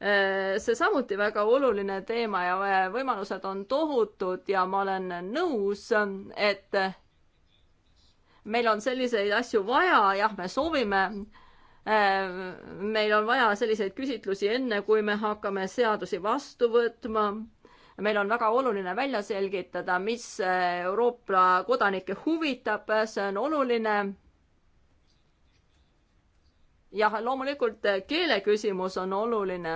äh, see samuti väga oluline teema ja äh, võimalused on tohutud ja ma olen nõus, et meil on selliseid asju vaja, jah, me soovime, meil on vaja selliseid küsitlusi enne, kui me hakkame seadusi vastu võtma. meil on väga oluline välja selgitada, mis Euroopa kodanikke huvitab, see on oluline jah, loomulikult eh, keele küsimus on oluline.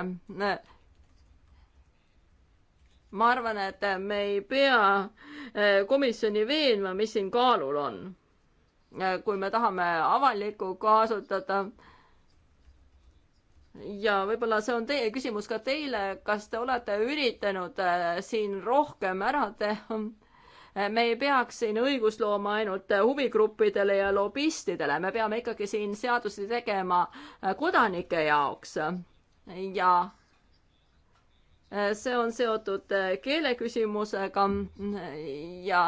ma arvan, et eh, me ei pea eh, komisjoni veenma, mis siin kaalul on. kui me tahame avalikku kaasutada ja võib-olla see on teie küsimus ka teile, kas te olete üritanud siin rohkem ära teha? Äh, me ei peaks siin õigust looma ainult äh, huvigruppidele ja lobistidele, me peame ikkagi siin seadusi tegema äh, kodanike jaoks ja see on seotud keeleküsimusega ja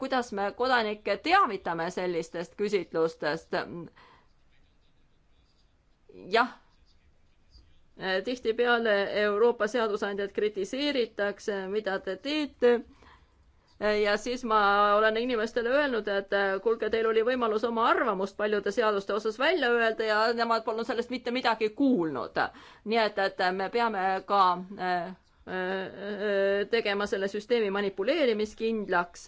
kuidas me kodanikke teavitame sellistest küsitlustest. jah tihtipeale Euroopa seadusandjad kritiseeritakse, mida te teete ja siis ma olen inimestele öelnud, et äh, kuulge, teil oli võimalus oma arvamust paljude seaduste osas välja öelda ja nemad polnud sellest mitte midagi kuulnud. nii et, et äh, me peame ka äh, tegema selle süsteemi manipuleerimiskindlaks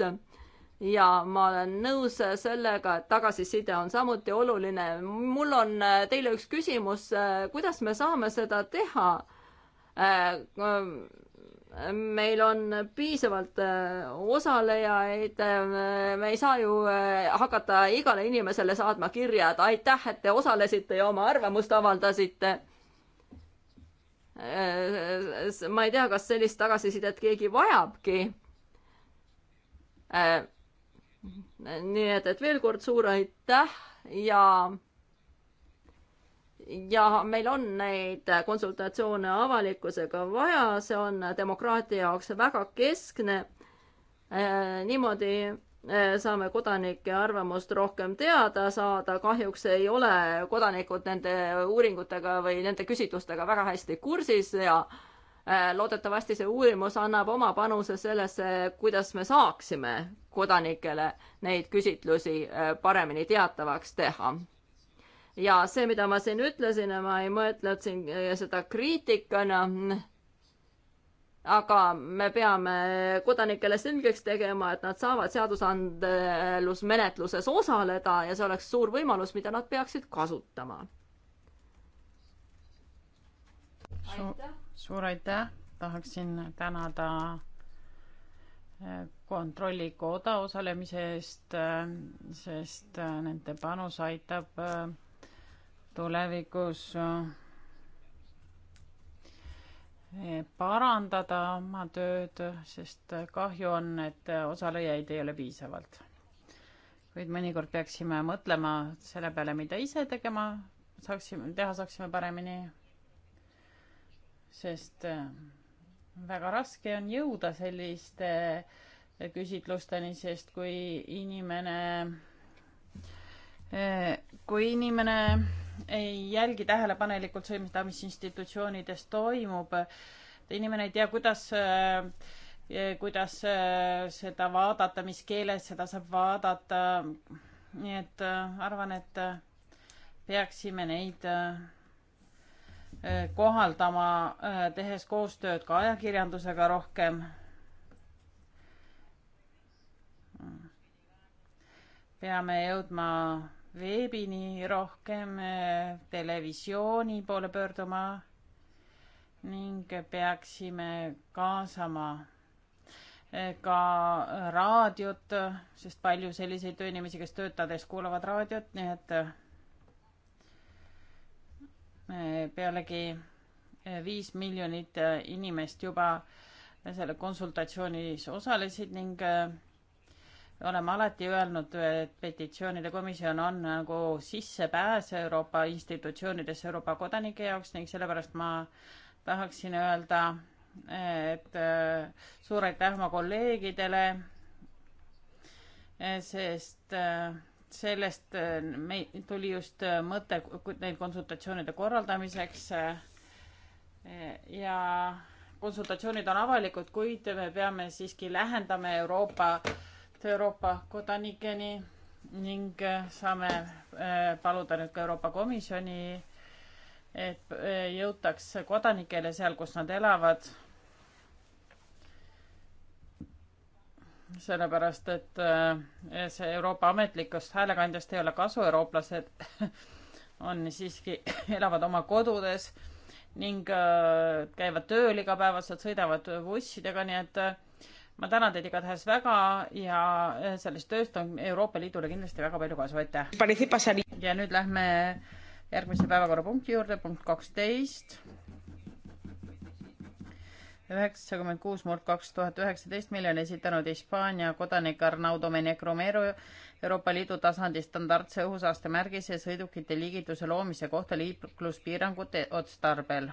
ja ma olen nõus sellega, et tagasiside on samuti oluline. mul on teile üks küsimus, kuidas me saame seda teha? meil on piisavalt äh, osalejaid, äh, me ei saa ju äh, hakata igale inimesele saatma kirja, et aitäh, et te osalesite ja oma arvamust avaldasite. ma ei tea, kas sellist tagasisidet keegi vajabki. nii et, et veel kord suur aitäh ja ja meil on neid konsultatsioone avalikkusega vaja, see on demokraatia jaoks väga keskne. Äh, niimoodi äh, saame kodanike arvamust rohkem teada saada, kahjuks ei ole kodanikud nende uuringutega või nende küsitlustega väga hästi kursis ja äh, loodetavasti see uurimus annab oma panuse sellesse, kuidas me saaksime kodanikele neid küsitlusi paremini teatavaks teha ja see, mida ma siin ütlesin, ma ei mõelnud siin äh, seda kriitikana, aga me peame kodanikele selgeks tegema, et nad saavad seadusandlusmenetluses osaleda ja see oleks suur võimalus, mida nad peaksid kasutama. suur aitäh, tahaksin tänada äh, kontrollikoda osalemise eest, äh, sest nende panus aitab tulevikus eh, parandada oma tööd, sest kahju on, et osalejaid ei ole piisavalt. kuid mõnikord peaksime mõtlema selle peale, mida ise tegema saaksime, teha saaksime paremini. sest eh, väga raske on jõuda selliste küsitlusteni, sest kui inimene, eh, kui inimene ei jälgi tähelepanelikult sõimida, mis institutsioonides toimub. inimene ei tea, kuidas, äh, kuidas äh, seda vaadata, mis keeles seda saab vaadata. nii et äh, arvan, et peaksime neid kohaldama, tehes koostööd ka ajakirjandusega rohkem. peame jõudma veebini rohkem eh, televisiooni poole pöörduma ning peaksime kaasama eh, ka raadiot, sest palju selliseid tööinimesi, kes töötades kuulavad raadiot, nii et eh, pealegi viis miljonit inimest juba selle konsultatsioonis osalesid ning oleme alati öelnud, et petitsioonide komisjon on nagu sissepääs Euroopa institutsioonidesse Euroopa kodanike jaoks ning sellepärast ma tahaksin öelda, et äh, suur aitäh oma kolleegidele, äh, sest äh, sellest meil tuli just mõte neil konsultatsioonide korraldamiseks ja konsultatsioonid on avalikud, kuid me peame siiski lähendama Euroopa Euroopa kodanikeni ning äh, saame äh, paluda nüüd ka Euroopa Komisjoni, et äh, jõutaks kodanikele seal, kus nad elavad. sellepärast, et see Euroopa ametlikust häälekandjast ei ole kasu, eurooplased *laughs* on siiski, *clears throat* elavad oma kodudes ning käivad tööl igapäevaselt, sõidavad bussidega, nii et ma tänan teid igatahes väga ja äh, sellest tööst on Euroopa Liidule kindlasti väga palju kasu, aitäh. ja nüüd lähme järgmise päevakorrapunkti juurde, punkt kaksteist. üheksakümmend kuus murd kaks tuhat üheksateist miljon esitanud Hispaania kodanik Arnaldo Menec Romero Euroopa Liidu tasandi standardse õhusaaste märgise sõidukite liigituse loomise kohta liikluspiirangute otstarbel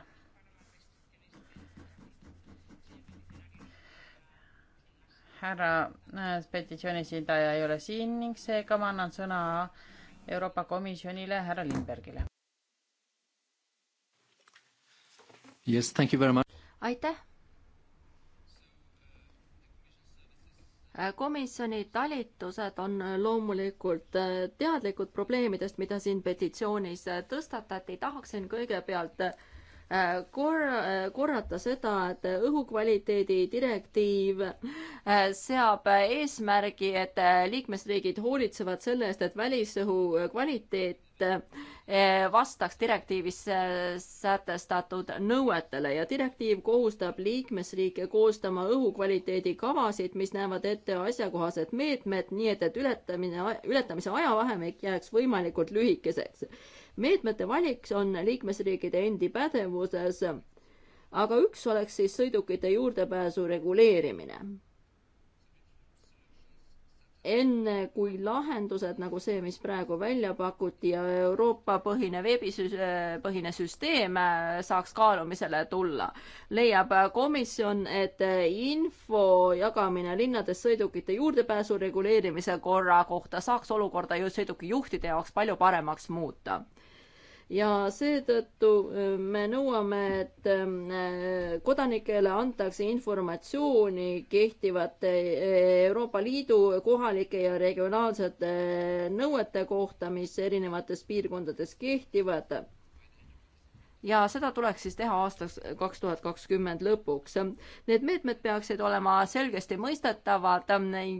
härra äh, petitsiooni esindaja ei ole siin ning seega ma annan sõna Euroopa Komisjonile härra Lindbergile. Yes, thank you very much. aitäh. Äh, komisjoni talitused on loomulikult äh, teadlikud probleemidest, mida siin petitsioonis tõstatati, tahaksin kõigepealt äh, Äh, kor-, äh, korrata seda, et õhukvaliteedi direktiiv äh, seab eesmärgi, et liikmesriigid hoolitsevad selle eest, et välisõhu kvaliteet vastaks direktiivis sätestatud nõuetele ja direktiiv kohustab liikmesriike koostama õhukvaliteedi kavasid, mis näevad ette asjakohased meetmed, nii et, et ületamine, ületamise ajavahemik jääks võimalikult lühikeseks meetmete valiks on liikmesriikide endi pädevuses, aga üks oleks siis sõidukite juurdepääsu reguleerimine. enne kui lahendused nagu see, mis praegu välja pakuti ja Euroopa põhine veebipõhine süsteem äh, saaks kaalumisele tulla, leiab komisjon, et info jagamine linnades sõidukite juurdepääsu reguleerimise korra kohta saaks olukorda ju sõidukijuhtide jaoks palju paremaks muuta ja seetõttu äh, me nõuame, et äh, kodanikele antakse informatsiooni kehtivate äh, Euroopa Liidu kohalike ja regionaalsete nõuete kohta, mis erinevates piirkondades kehtivad ja seda tuleks siis teha aastaks kaks tuhat kakskümmend lõpuks. Need meetmed peaksid olema selgesti mõistetavad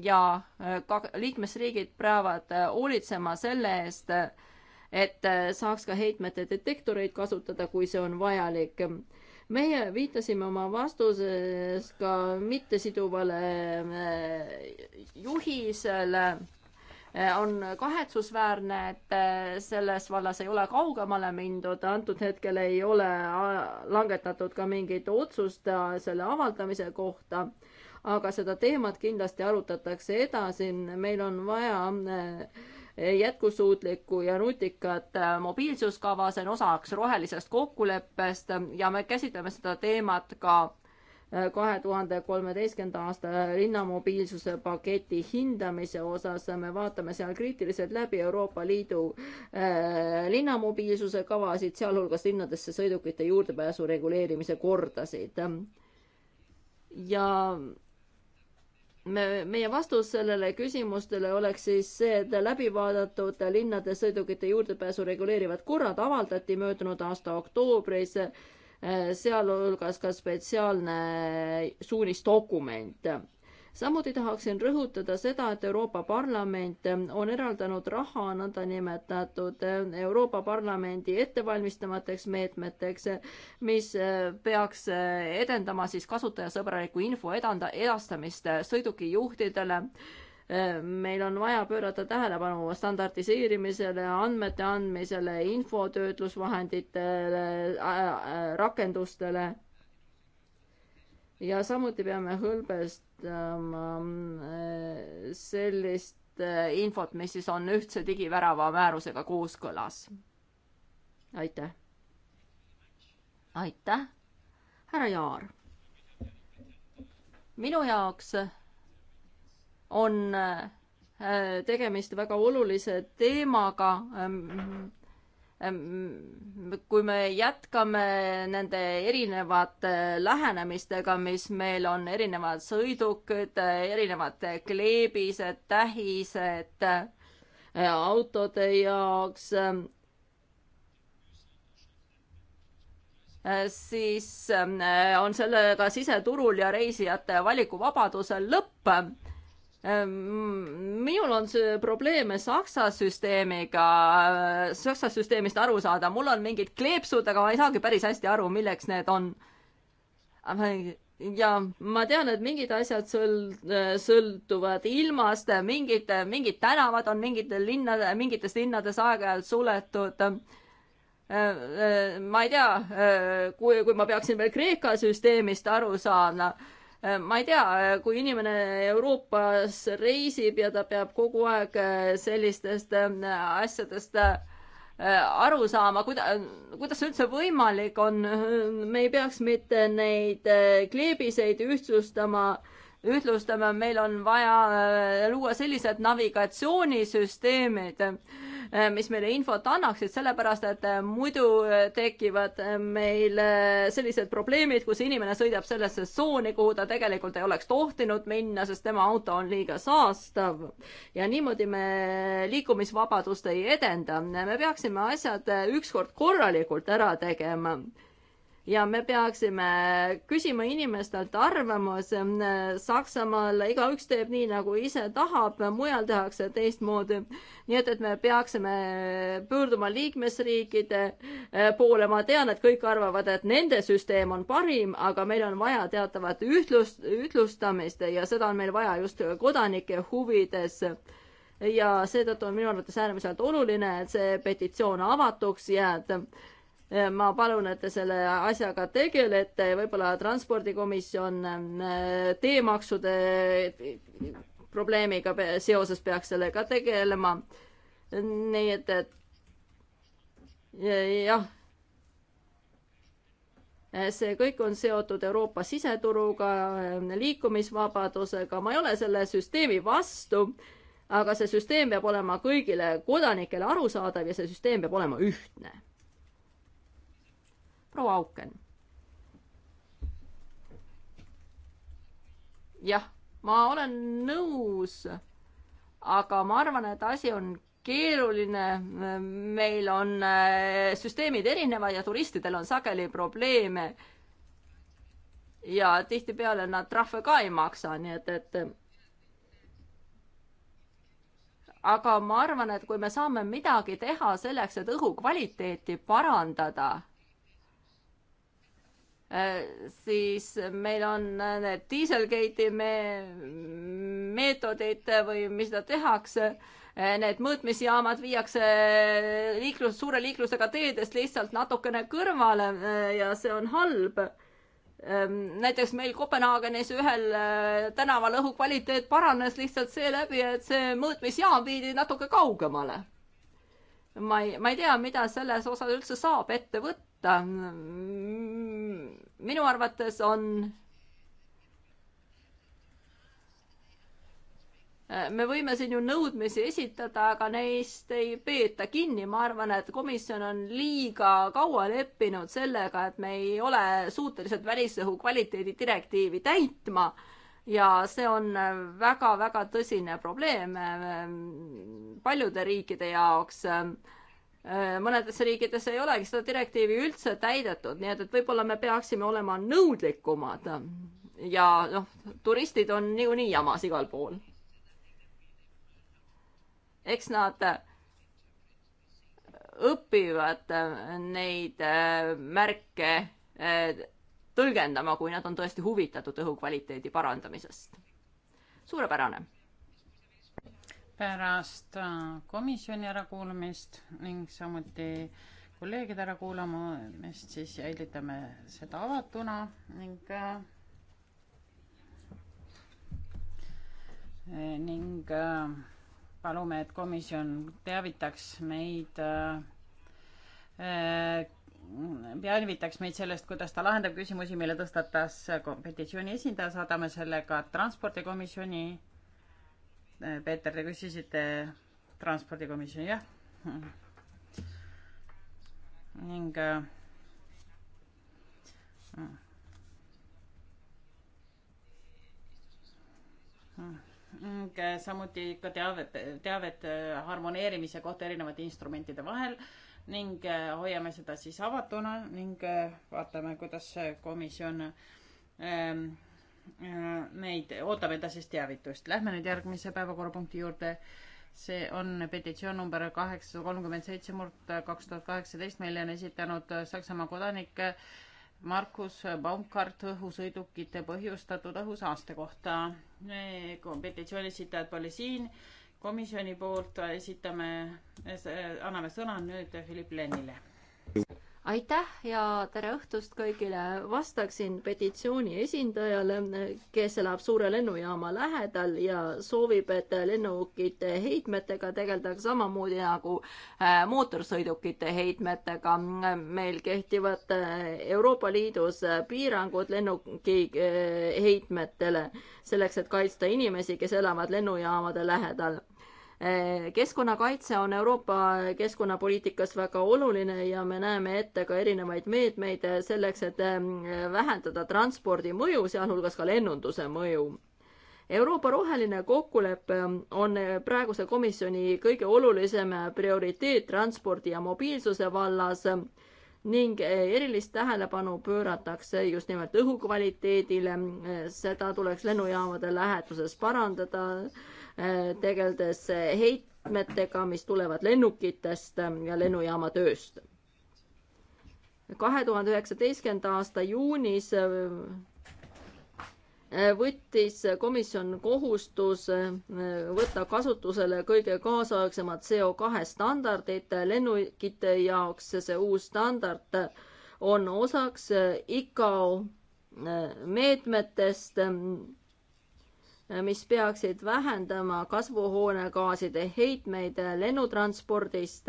ja ka liikmesriigid peavad hoolitsema selle eest, et äh, saaks ka heitmete detektoreid kasutada, kui see on vajalik. meie viitasime oma vastuses ka mittesiduvale äh, juhisele äh, on kahetsusväärne, et selles vallas ei ole kaugemale mindud, antud hetkel ei ole langetatud ka mingit otsust selle avaldamise kohta, aga seda teemat kindlasti arutatakse edasi, meil on vaja jätkusuutlikku ja nutikat mobiilsuskava, see on osaks rohelisest kokkuleppest ja me käsitleme seda teemat ka äh, kahe tuhande kolmeteistkümnenda aasta linnamobiilsuse paketi hindamise osas. me vaatame seal kriitiliselt läbi Euroopa Liidu äh, linnamobiilsuse kavasid, sealhulgas linnadesse sõidukite juurdepääsu reguleerimise kordasid. ja me, meie vastus sellele küsimustele oleks siis see, et läbivaadatud linnade sõidukite juurdepääsu reguleerivad korrad avaldati möödunud aasta oktoobris, eh, sealhulgas ka spetsiaalne suunisdokument samuti tahaksin rõhutada seda, et Euroopa Parlament on eraldanud raha nõndanimetatud Euroopa Parlamendi ettevalmistamateks meetmeteks, mis peaks edendama siis kasutajasõbraliku info edanda, edastamist sõidukijuhtidele meil on vaja pöörata tähelepanu standardiseerimisele, andmete andmisele, infotöötlusvahenditele, rakendustele ja samuti peame hõlbestama äh, sellist äh, infot, mis siis on ühtse digivärava määrusega kooskõlas. aitäh. aitäh, härra Jaar. minu jaoks on äh, tegemist väga olulise teemaga ähm, kui me jätkame nende erinevate lähenemistega, mis meil on, erinevad sõidukid, erinevad kleebised, tähised eh, autode jaoks, eh, siis eh, on sellega siseturul ja reisijate valikuvabadusel lõpp Ehm, minul on see probleeme Saksa süsteemiga, Saksa süsteemist aru saada, mul on mingid kleepsud, aga ma ei saagi päris hästi aru, milleks need on. ja ma tean, et mingid asjad sõl-, sõltuvad ilmast, mingid, mingid tänavad on mingitel linnade, mingites linnades aeg-ajalt suletud ehm, ehm, ma ei tea, kui, kui ma peaksin veel Kreeka süsteemist aru saama, Äh, ma ei tea, äh, kui inimene Euroopas reisib ja ta peab kogu aeg äh, sellistest asjadest aru saama, kuida-, kuidas see üldse võimalik on, me ei peaks mitte neid kleebiseid ühtsustama, ühtlustama, meil on vaja luua sellised navigatsioonisüsteemid, Äh, mis meile infot annaksid, sellepärast et äh, muidu äh, tekivad meil sellised probleemid, kus inimene sõidab sellesse tsooni, kuhu ta tegelikult ei oleks tohtinud minna, sest tema auto on liiga saastav. ja niimoodi me liikumisvabadust ei edenda. me peaksime asjad ükskord korralikult ära tegema ja me peaksime küsima inimestelt arvamuse. Saksamaal igaüks teeb nii, nagu ise tahab, mujal tehakse teistmoodi. nii et, et me peaksime pöörduma liikmesriikide eh, poole. ma tean, et kõik arvavad, et nende süsteem on parim, aga meil on vaja teatavat ühtlust, ühtlustamist ja seda on meil vaja just kodanike huvides ja seetõttu on minu arvates äärmiselt oluline, et see petitsioon avatuks jääb ma palun, et te selle asjaga tegelete ja võib-olla transpordikomisjon äh, teemaksude probleemiga seoses peaks sellega tegelema. nii et, et jah, see kõik on seotud Euroopa siseturuga, liikumisvabadusega, ma ei ole selle süsteemi vastu, aga see süsteem peab olema kõigile kodanikele arusaadav ja see süsteem peab olema ühtne proua Auken. jah, ma olen nõus, aga ma arvan, et asi on keeruline, meil on äh, süsteemid erinevad ja turistidel on sageli probleeme. ja tihtipeale nad trahve ka ei maksa, nii et, et aga ma arvan, et kui me saame midagi teha selleks, et õhu kvaliteeti parandada, Äh, siis meil on äh, need Dieselgate'i me-, meetodid äh, või mis seda tehakse, need mõõtmisjaamad viiakse liiklus, suure liiklusega teedest lihtsalt natukene kõrvale ja see on halb. Ähm, näiteks meil Kopenhaagenis ühel tänaval õhu kvaliteet paranes lihtsalt seeläbi, et see mõõtmisjaam viidi natuke kaugemale. ma ei, ma ei tea, mida selles osas üldse saab ette võtta minu arvates on äh, me võime siin ju nõudmisi esitada, aga neist ei peeta kinni, ma arvan, et komisjon on liiga kaua leppinud sellega, et me ei ole suutelised välisõhu kvaliteedi direktiivi täitma ja see on väga-väga tõsine probleem äh, paljude riikide jaoks Äh, mõnedes riikides ei olegi seda direktiivi üldse täidetud, nii et, et võib-olla me peaksime olema nõudlikumad. ja noh, turistid on niikuinii jamas igal pool. eks nad õpivad neid äh, märke äh, tõlgendama, kui nad on tõesti huvitatud õhukvaliteedi parandamisest. suurepärane pärast äh, komisjoni ärakuulamist ning samuti kolleegide ärakuulamist, siis jälgitame seda avatuna ning äh, ning äh, palume, et komisjon teavitaks meid teavitaks meid sellest, kuidas ta lahendab küsimusi, mille tõstatas petitsiooni esindaja, saadame selle ka transpordikomisjoni Peeter, te küsisite transpordikomisjoni, jah. ning äh, ning samuti ka teavet, teavet äh, harmoneerimise kohta erinevate instrumentide vahel ning äh, hoiame seda siis avatuna ning vaatame, kuidas komisjon ähm, Äh, meid ootab edasist teavitust. Lähme nüüd järgmise päevakorrapunkti juurde. see on petitsioon number kaheksasada kolmkümmend seitse murd kaks tuhat kaheksateist, mille on esitanud Saksamaa kodanik Markus Baumkart õhusõidukite põhjustatud õhusaaste kohta. petitsiooni esitajad pole siin. komisjoni poolt esitame, anname sõna nüüd Philipp Lennile aitäh ja tere õhtust kõigile. vastaksin petitsiooni esindajale, kes elab suure lennujaama lähedal ja soovib, et lennukite heitmetega tegeldaks samamoodi nagu äh, mootorsõidukite heitmetega. meil kehtivad äh, Euroopa Liidus piirangud lennuki äh, heitmetele selleks, et kaitsta inimesi, kes elavad lennujaamade lähedal Eh, keskkonnakaitse on Euroopa keskkonnapoliitikas väga oluline ja me näeme ette ka erinevaid meetmeid selleks, et ehm, vähendada transpordi mõju, sealhulgas ka lennunduse mõju. Euroopa roheline kokkulepe on praeguse komisjoni kõige olulisem prioriteet transpordi ja mobiilsuse vallas ning erilist tähelepanu pööratakse just nimelt õhukvaliteedile, seda tuleks lennujaamade lähetuses parandada Äh, tegeldes heitmetega, mis tulevad lennukitest äh, ja lennujaama tööst. kahe tuhande üheksateistkümnenda aasta juunis äh, võttis komisjon kohustus võtta kasutusele kõige kaasaegsemad CO2 standardid lennukite jaoks. see uus standard on osaks ICAO meetmetest mis peaksid vähendama kasvuhoonegaaside heitmeid lennutranspordist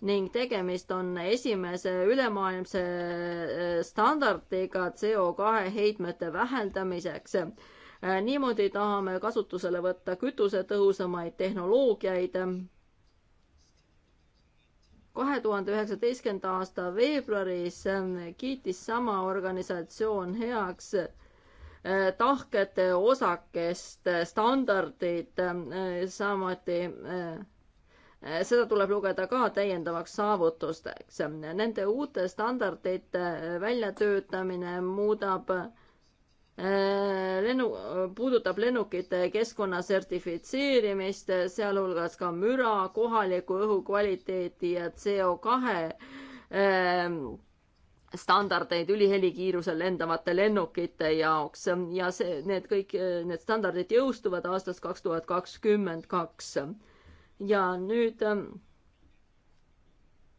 ning tegemist on esimese ülemaailmse eh, standardiga CO2 heitmete vähendamiseks. Eh, niimoodi tahame kasutusele võtta kütusetõhusamaid tehnoloogiaid. kahe tuhande üheksateistkümnenda aasta veebruaris eh, kiitis sama organisatsioon heaks Äh, tahkete osakeste äh, standardid, äh, samuti seda tuleb lugeda ka täiendavaks saavutusteks. Nende uute standardite väljatöötamine muudab lennu, puudutab lennukite keskkonna sertifitseerimist, sealhulgas ka müra, kohaliku õhu kvaliteeti ja CO kahe standardeid ülihelikiirusel lendavate lennukite jaoks ja see, need kõik, need standardid jõustuvad aastast kaks tuhat kakskümmend kaks. ja nüüd ähm,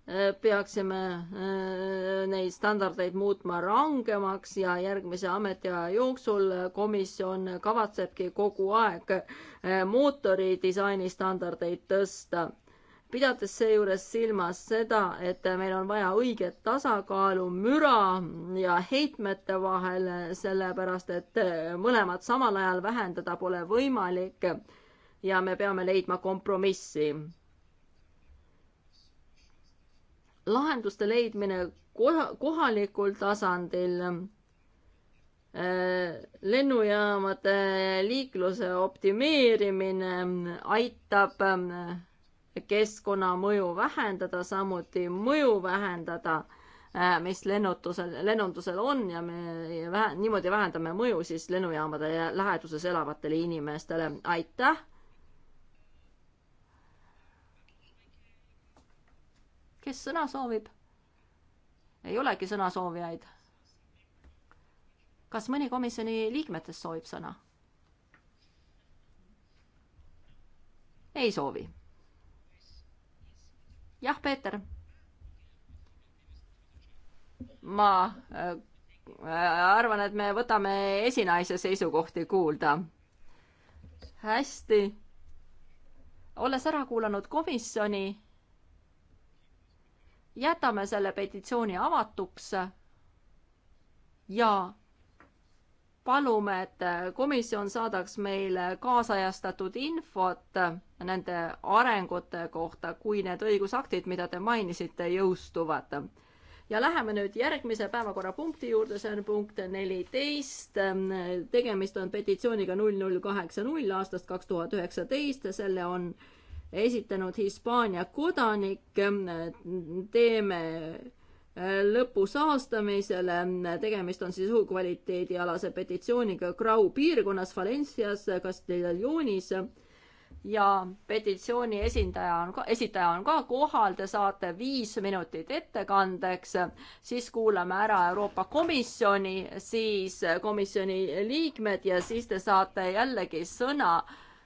äh, peaksime äh, neid standardeid muutma rangemaks ja järgmise ametiaja jooksul komisjon kavatsebki kogu aeg äh, mootori disainistandardeid tõsta pidades seejuures silmas seda, et meil on vaja õiget tasakaalu müra ja heitmete vahel, sellepärast et mõlemat samal ajal vähendada pole võimalik ja me peame leidma kompromissi. lahenduste leidmine kohalikul tasandil lennujaamade liikluse optimeerimine aitab keskkonnamõju vähendada, samuti mõju vähendada, äh, mis lennutusel, lennundusel on ja me vähe, niimoodi vähendame mõju siis lennujaamade läheduses elavatele inimestele. aitäh! kes sõna soovib? ei olegi sõnasoovijaid. kas mõni komisjoni liikmetest soovib sõna? ei soovi jah, Peeter? ma äh, arvan, et me võtame esinaise seisukohti kuulda. hästi. olles ära kuulanud komisjoni, jätame selle petitsiooni avatuks ja palume, et komisjon saadaks meile kaasajastatud infot nende arengute kohta, kui need õigusaktid, mida te mainisite, jõustuvad. ja läheme nüüd järgmise päevakorrapunkti juurde, see on punkt neliteist. tegemist on petitsiooniga null null kaheksa null aastast kaks tuhat üheksateist ja selle on esitanud Hispaania kodanik. teeme lõpusaastamisele. tegemist on siis õhukvaliteedialase petitsiooniga Grau piirkonnas Valencias, Castellonis ja petitsiooni esindaja on ka, esitaja on ka kohal, te saate viis minutit ettekandeks, siis kuulame ära Euroopa Komisjoni, siis komisjoni liikmed ja siis te saate jällegi sõna.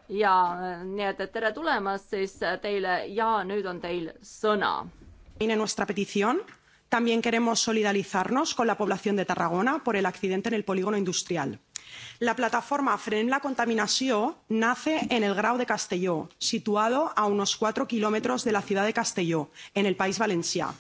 ja nii et, et tere tulemast siis teile ja nüüd on teil sõna. Nuestra petición también queremos solidarizarnos con la población de tarragona por el accidente en el polígono industrial. la plataforma frenem la contaminació nace en el grau de castelló situado a unos cuatro kilómetros de la ciudad de castelló en el país valencià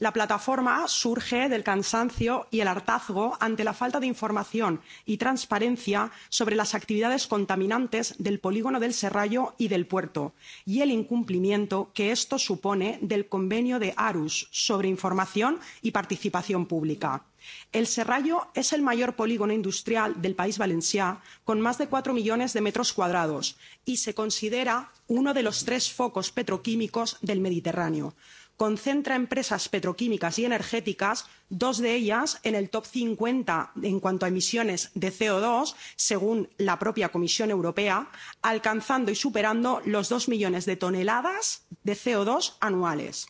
la plataforma surge del cansancio y el hartazgo ante la falta de información y transparencia sobre las actividades contaminantes del polígono del serrallo y del puerto y el incumplimiento que esto supone del convenio de aarhus sobre información y participación pública. el serrallo es el mayor polígono industrial del país valenciano con más de cuatro millones de metros cuadrados y se considera uno de los tres focos petroquímicos del mediterráneo concentra empresas petroquímicas y energéticas dos de ellas en el top cincuenta en cuanto a emisiones de co dos según la propia comisión europea alcanzando y superando los dos millones de toneladas de co dos anuales.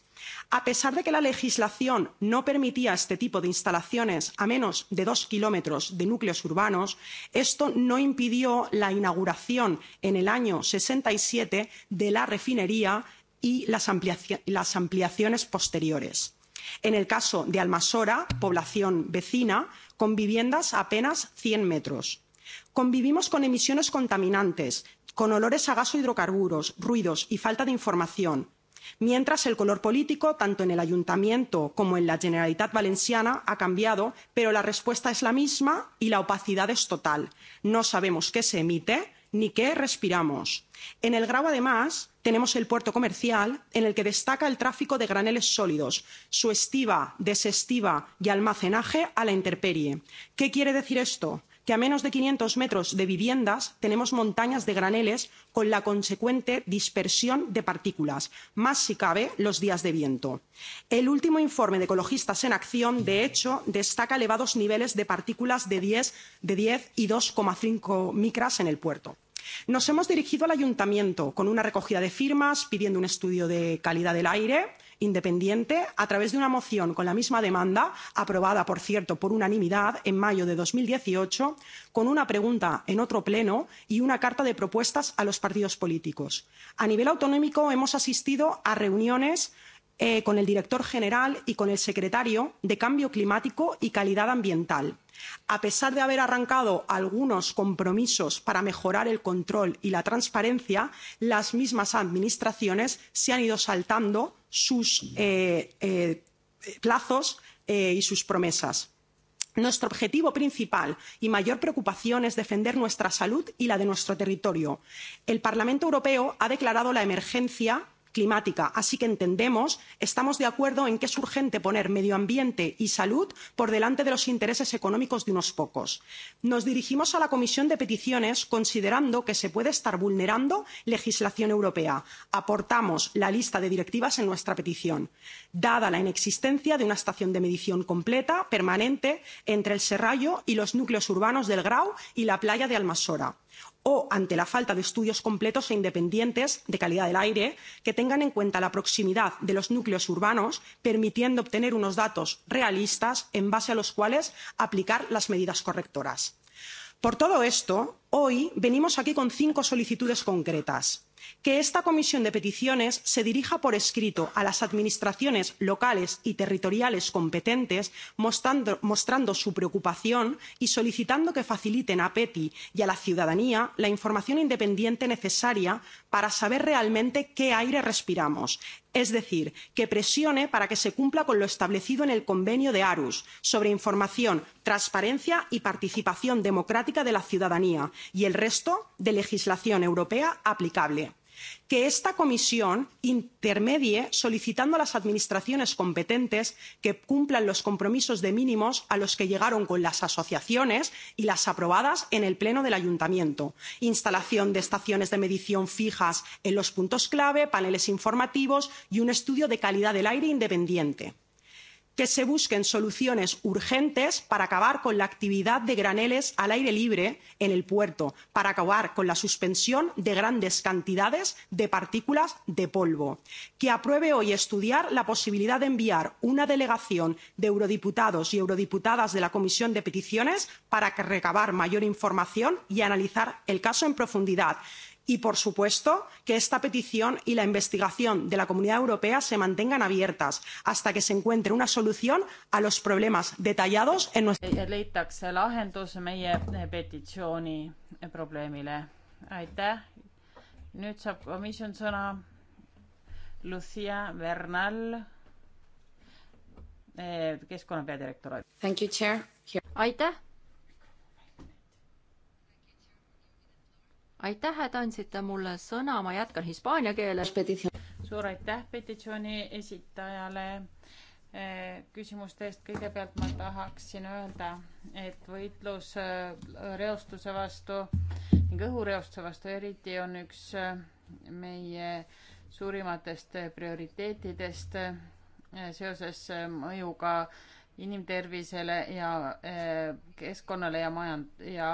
a pesar de que la legislación no permitía este tipo de instalaciones a menos de dos kilómetros de núcleos urbanos esto no impidió la inauguración en el año mil novecientos sesenta y siete de la refinería y las, ampliaci las ampliaciones posteriores. En el caso de Almasora, población vecina, con viviendas a apenas 100 metros. Convivimos con emisiones contaminantes, con olores a gas o hidrocarburos, ruidos y falta de información. Mientras el color político, tanto en el ayuntamiento como en la Generalitat Valenciana, ha cambiado, pero la respuesta es la misma y la opacidad es total. No sabemos qué se emite, ni qué respiramos. En el grao además tenemos el puerto comercial en el que destaca el tráfico de graneles sólidos su estiva desestiva y almacenaje a la intemperie. qué quiere decir esto? que a menos de quinientos metros de viviendas tenemos montañas de graneles con la consecuente dispersión de partículas más si cabe los días de viento. el último informe de ecologistas en acción de hecho destaca elevados niveles de partículas de diez y dos cinco micras en el puerto. nos hemos dirigido al ayuntamiento con una recogida de firmas pidiendo un estudio de calidad del aire independiente a través de una moción con la misma demanda aprobada por cierto por unanimidad en mayo de dos mil dieciocho con una pregunta en otro pleno y una carta de propuestas a los partidos políticos. a nivel autonómico hemos asistido a reuniones con Eh, con el director general y con el secretario de cambio climático y calidad ambiental. a pesar de haber arrancado algunos compromisos para mejorar el control y la transparencia las mismas administraciones se han ido saltando sus eh, eh, plazos y sus promesas. nuestro objetivo principal y mayor preocupación es defender nuestra salud y la de nuestro territorio. el parlamento europeo ha declarado la emergencia climática. Así que entendemos, estamos de acuerdo en que es urgente poner medio ambiente y salud por delante de los intereses económicos de unos pocos. Nos dirigimos a la Comisión de Peticiones considerando que se puede estar vulnerando legislación europea. Aportamos la lista de directivas en nuestra petición. Dada la inexistencia de una estación de medición completa, permanente, entre el Serrallo y los núcleos urbanos del Grau y la playa de Almasora o ante la falta de estudios completos e independientes de calidad del aire que tengan en cuenta la proximidad de los núcleos urbanos permitiendo obtener unos datos realistas en base a los cuales aplicar las medidas correctoras. por todo esto hoy venimos aquí con cinco solicitudes concretas que esta comisión de peticiones se dirija por escrito a las administraciones locales y territoriales competentes mostrando su preocupación y solicitando que faciliten a peti y a la ciudadanía la información independiente necesaria para saber realmente qué aire respiramos es decir que presione para que se cumpla con lo establecido en el convenio de aarhus sobre información transparencia y participación democrática de la ciudadanía y el resto de legislación europea aplicable que esta comisión intermedie solicitando a las administraciones competentes que cumplan los compromisos de mínimos a los que llegaron con las asociaciones y los aprobados en el pleno del ayuntamiento instalación de estaciones de medición fijas en los puntos clave paneles informativos y un estudio de calidad del aire independiente que se busquen soluciones urgentes para acabar con la actividad de graneles al aire libre en el puerto para acabar con la suspensión de grandes cantidades de partículas de polvo; que apruebe hoy estudiar la posibilidad de enviar una delegación de eurodiputados y eurodiputadas de la comisión de peticiones para recabar mayor información y analizar el caso en profundidad; y por supuesto que esta petición y la investigación de la comunidad europea se mantengan abiertas hasta que se encuentre una solución a los problemas detallados en nuestra. Eh, eh, leitakse lahendus meie eh, petitsiooni probleemile. aitäh. nüüd saab komisjon sõna Lucia Bernal keskkonna peadirektor. aitäh aitäh, et andsite mulle sõna, ma jätkan hispaania keeles. suur aitäh petitsiooni esitajale eh, küsimuste eest. kõigepealt ma tahaksin öelda, et võitlus eh, reostuse vastu ning õhureostuse vastu eriti on üks eh, meie suurimatest prioriteetidest seoses mõjuga inimtervisele ja keskkonnale ja majand- ja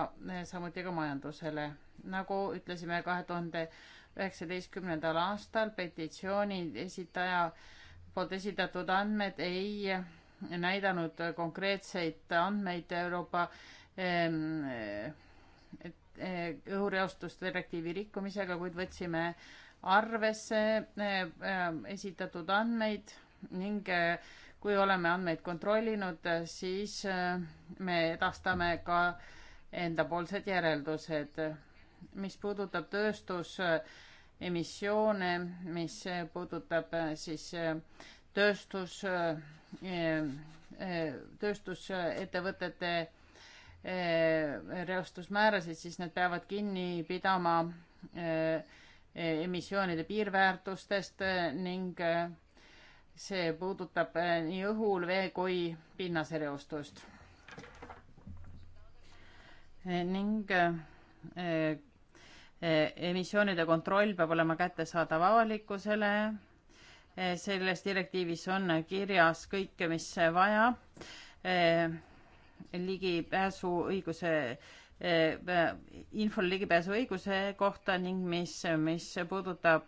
samuti ka majandusele nagu ütlesime kahe tuhande üheksateistkümnendal aastal, petitsiooni esitaja poolt esitatud andmed ei näidanud konkreetseid andmeid Euroopa ehm, õhureostust direktiivi rikkumisega, kuid võtsime arvesse ehm, esitatud andmeid ning kui oleme andmeid kontrollinud, siis me edastame ka endapoolsed järeldused mis puudutab tööstusemissioone, mis puudutab äh, siis äh, tööstus, äh, tööstusettevõtete reostusmäärasid, siis nad peavad kinni pidama emissioonide piirväärtustest ning see puudutab nii õhul, vee kui pinnase reostust. ning emissioonide kontroll peab olema kättesaadav avalikkusele. Eh, selles direktiivis on kirjas kõike, mis vaja. Eh, ligipääsuõiguse, eh, infole ligipääsuõiguse kohta ning mis, mis puudutab.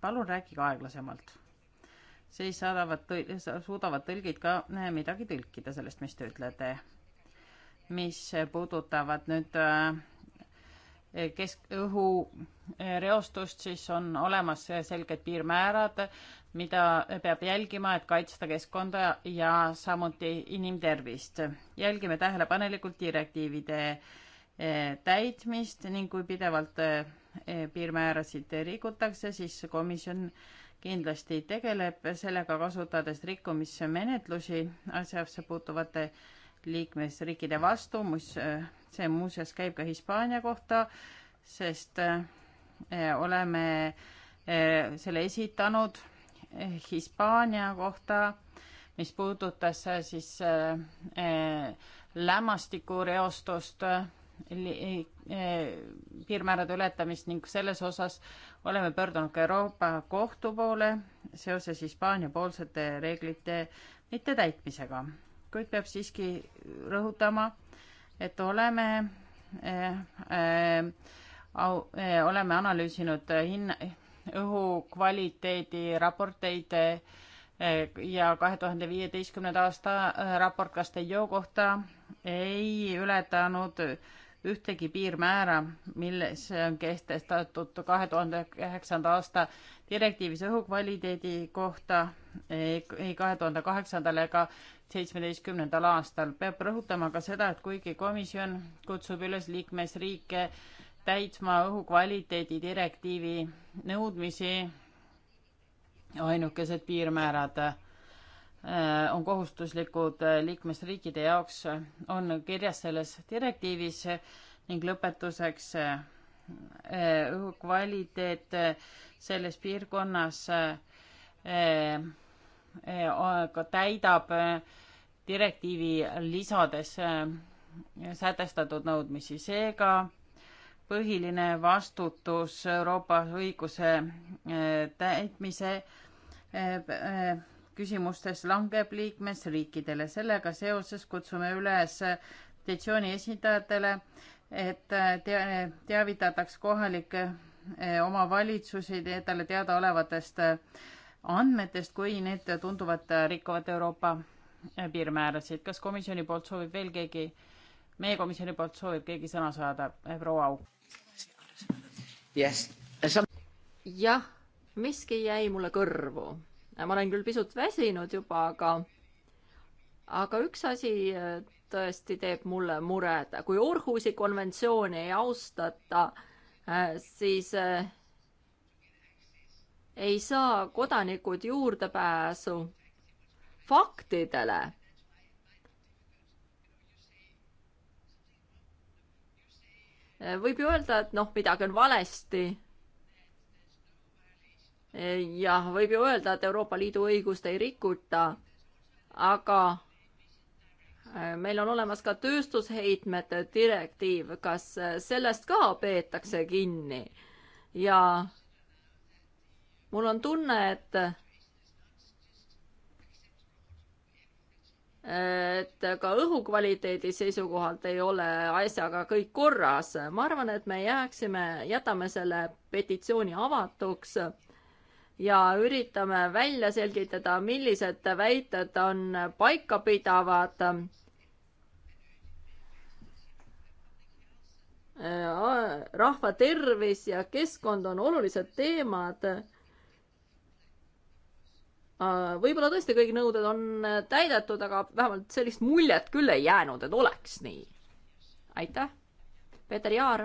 palun rääkige aeglasemalt siis saadavad, suudavad tõlgid ka midagi tõlkida sellest, mis te ütlete mis puudutavad nüüd äh, keskõhu äh, reostust, siis on olemas äh, selged piirmäärad, mida peab jälgima, et kaitsta keskkonda ja samuti inimtervist. jälgime tähelepanelikult direktiivide täitmist ning kui pidevalt piirmäärasid rikutakse, siis komisjon kindlasti tegeleb sellega, kasutades rikkumismenetlusi asjasse puutuvate liikmesriikide vastu, mis, see muuseas käib ka Hispaania kohta, sest eh, oleme eh, selle esitanud Hispaania kohta, mis puudutas eh, siis lämmastikureostust piirmäärade ületamist ning selles osas oleme pöördunud ka Euroopa Kohtu poole seoses Hispaania poolsete reeglite mittetäitmisega kuid peab siiski rõhutama, et oleme äh, äh, au, äh, oleme analüüsinud hinna, õhukvaliteedi raporteid ja kahe tuhande viieteistkümnenda aasta raport Castello kohta ei ületanud ühtegi piirmäära, milles on kehtestatud kahe tuhande üheksanda aasta direktiivis õhukvaliteedi kohta ei kahe tuhande kaheksandal ega seitsmeteistkümnendal aastal. peab rõhutama ka seda, et kuigi komisjon kutsub üles liikmesriike täitma õhukvaliteedi direktiivi nõudmisi, ainukesed piirmäärad äh, on kohustuslikud liikmesriikide jaoks, on kirjas selles direktiivis ning lõpetuseks äh, õhukvaliteet äh, selles piirkonnas ka täidab äh, direktiivi lisades äh, sätestatud nõudmisi. seega põhiline vastutus Euroopa õiguse äh, täitmise küsimustes langeb liikmesriikidele. sellega seoses kutsume üles petitsiooni esindajatele, et teavitataks kohalikke omavalitsusi talle teadaolevatest andmetest, kui need tunduvad rikkuvat Euroopa piirmäärasid. kas komisjoni poolt soovib veel keegi, meie komisjoni poolt soovib keegi sõna saada? proua Auk. jah, miski jäi mulle kõrvu. ma olen küll pisut väsinud juba, aga, aga üks asi äh, tõesti teeb mulle muret. kui Orhusi konventsiooni ei austata, äh, siis äh, ei saa kodanikud juurdepääsu faktidele võib ju öelda, et noh, midagi on valesti. jah, võib ju öelda, et Euroopa Liidu õigust ei rikuta, aga äh, meil on olemas ka tööstusheitmete direktiiv, kas äh, sellest ka peetakse kinni ja mul on tunne, et et ka õhukvaliteedi seisukohalt ei ole asjaga kõik korras. ma arvan, et me jääksime, jätame selle petitsiooni avatuks ja üritame välja selgitada, millised väited on paikapidavad. rahva tervis ja keskkond on olulised teemad Äh, võib-olla tõesti kõik nõuded on äh, täidetud, aga vähemalt sellist muljet küll ei jäänud, et oleks nii. aitäh, Peeter Jaar.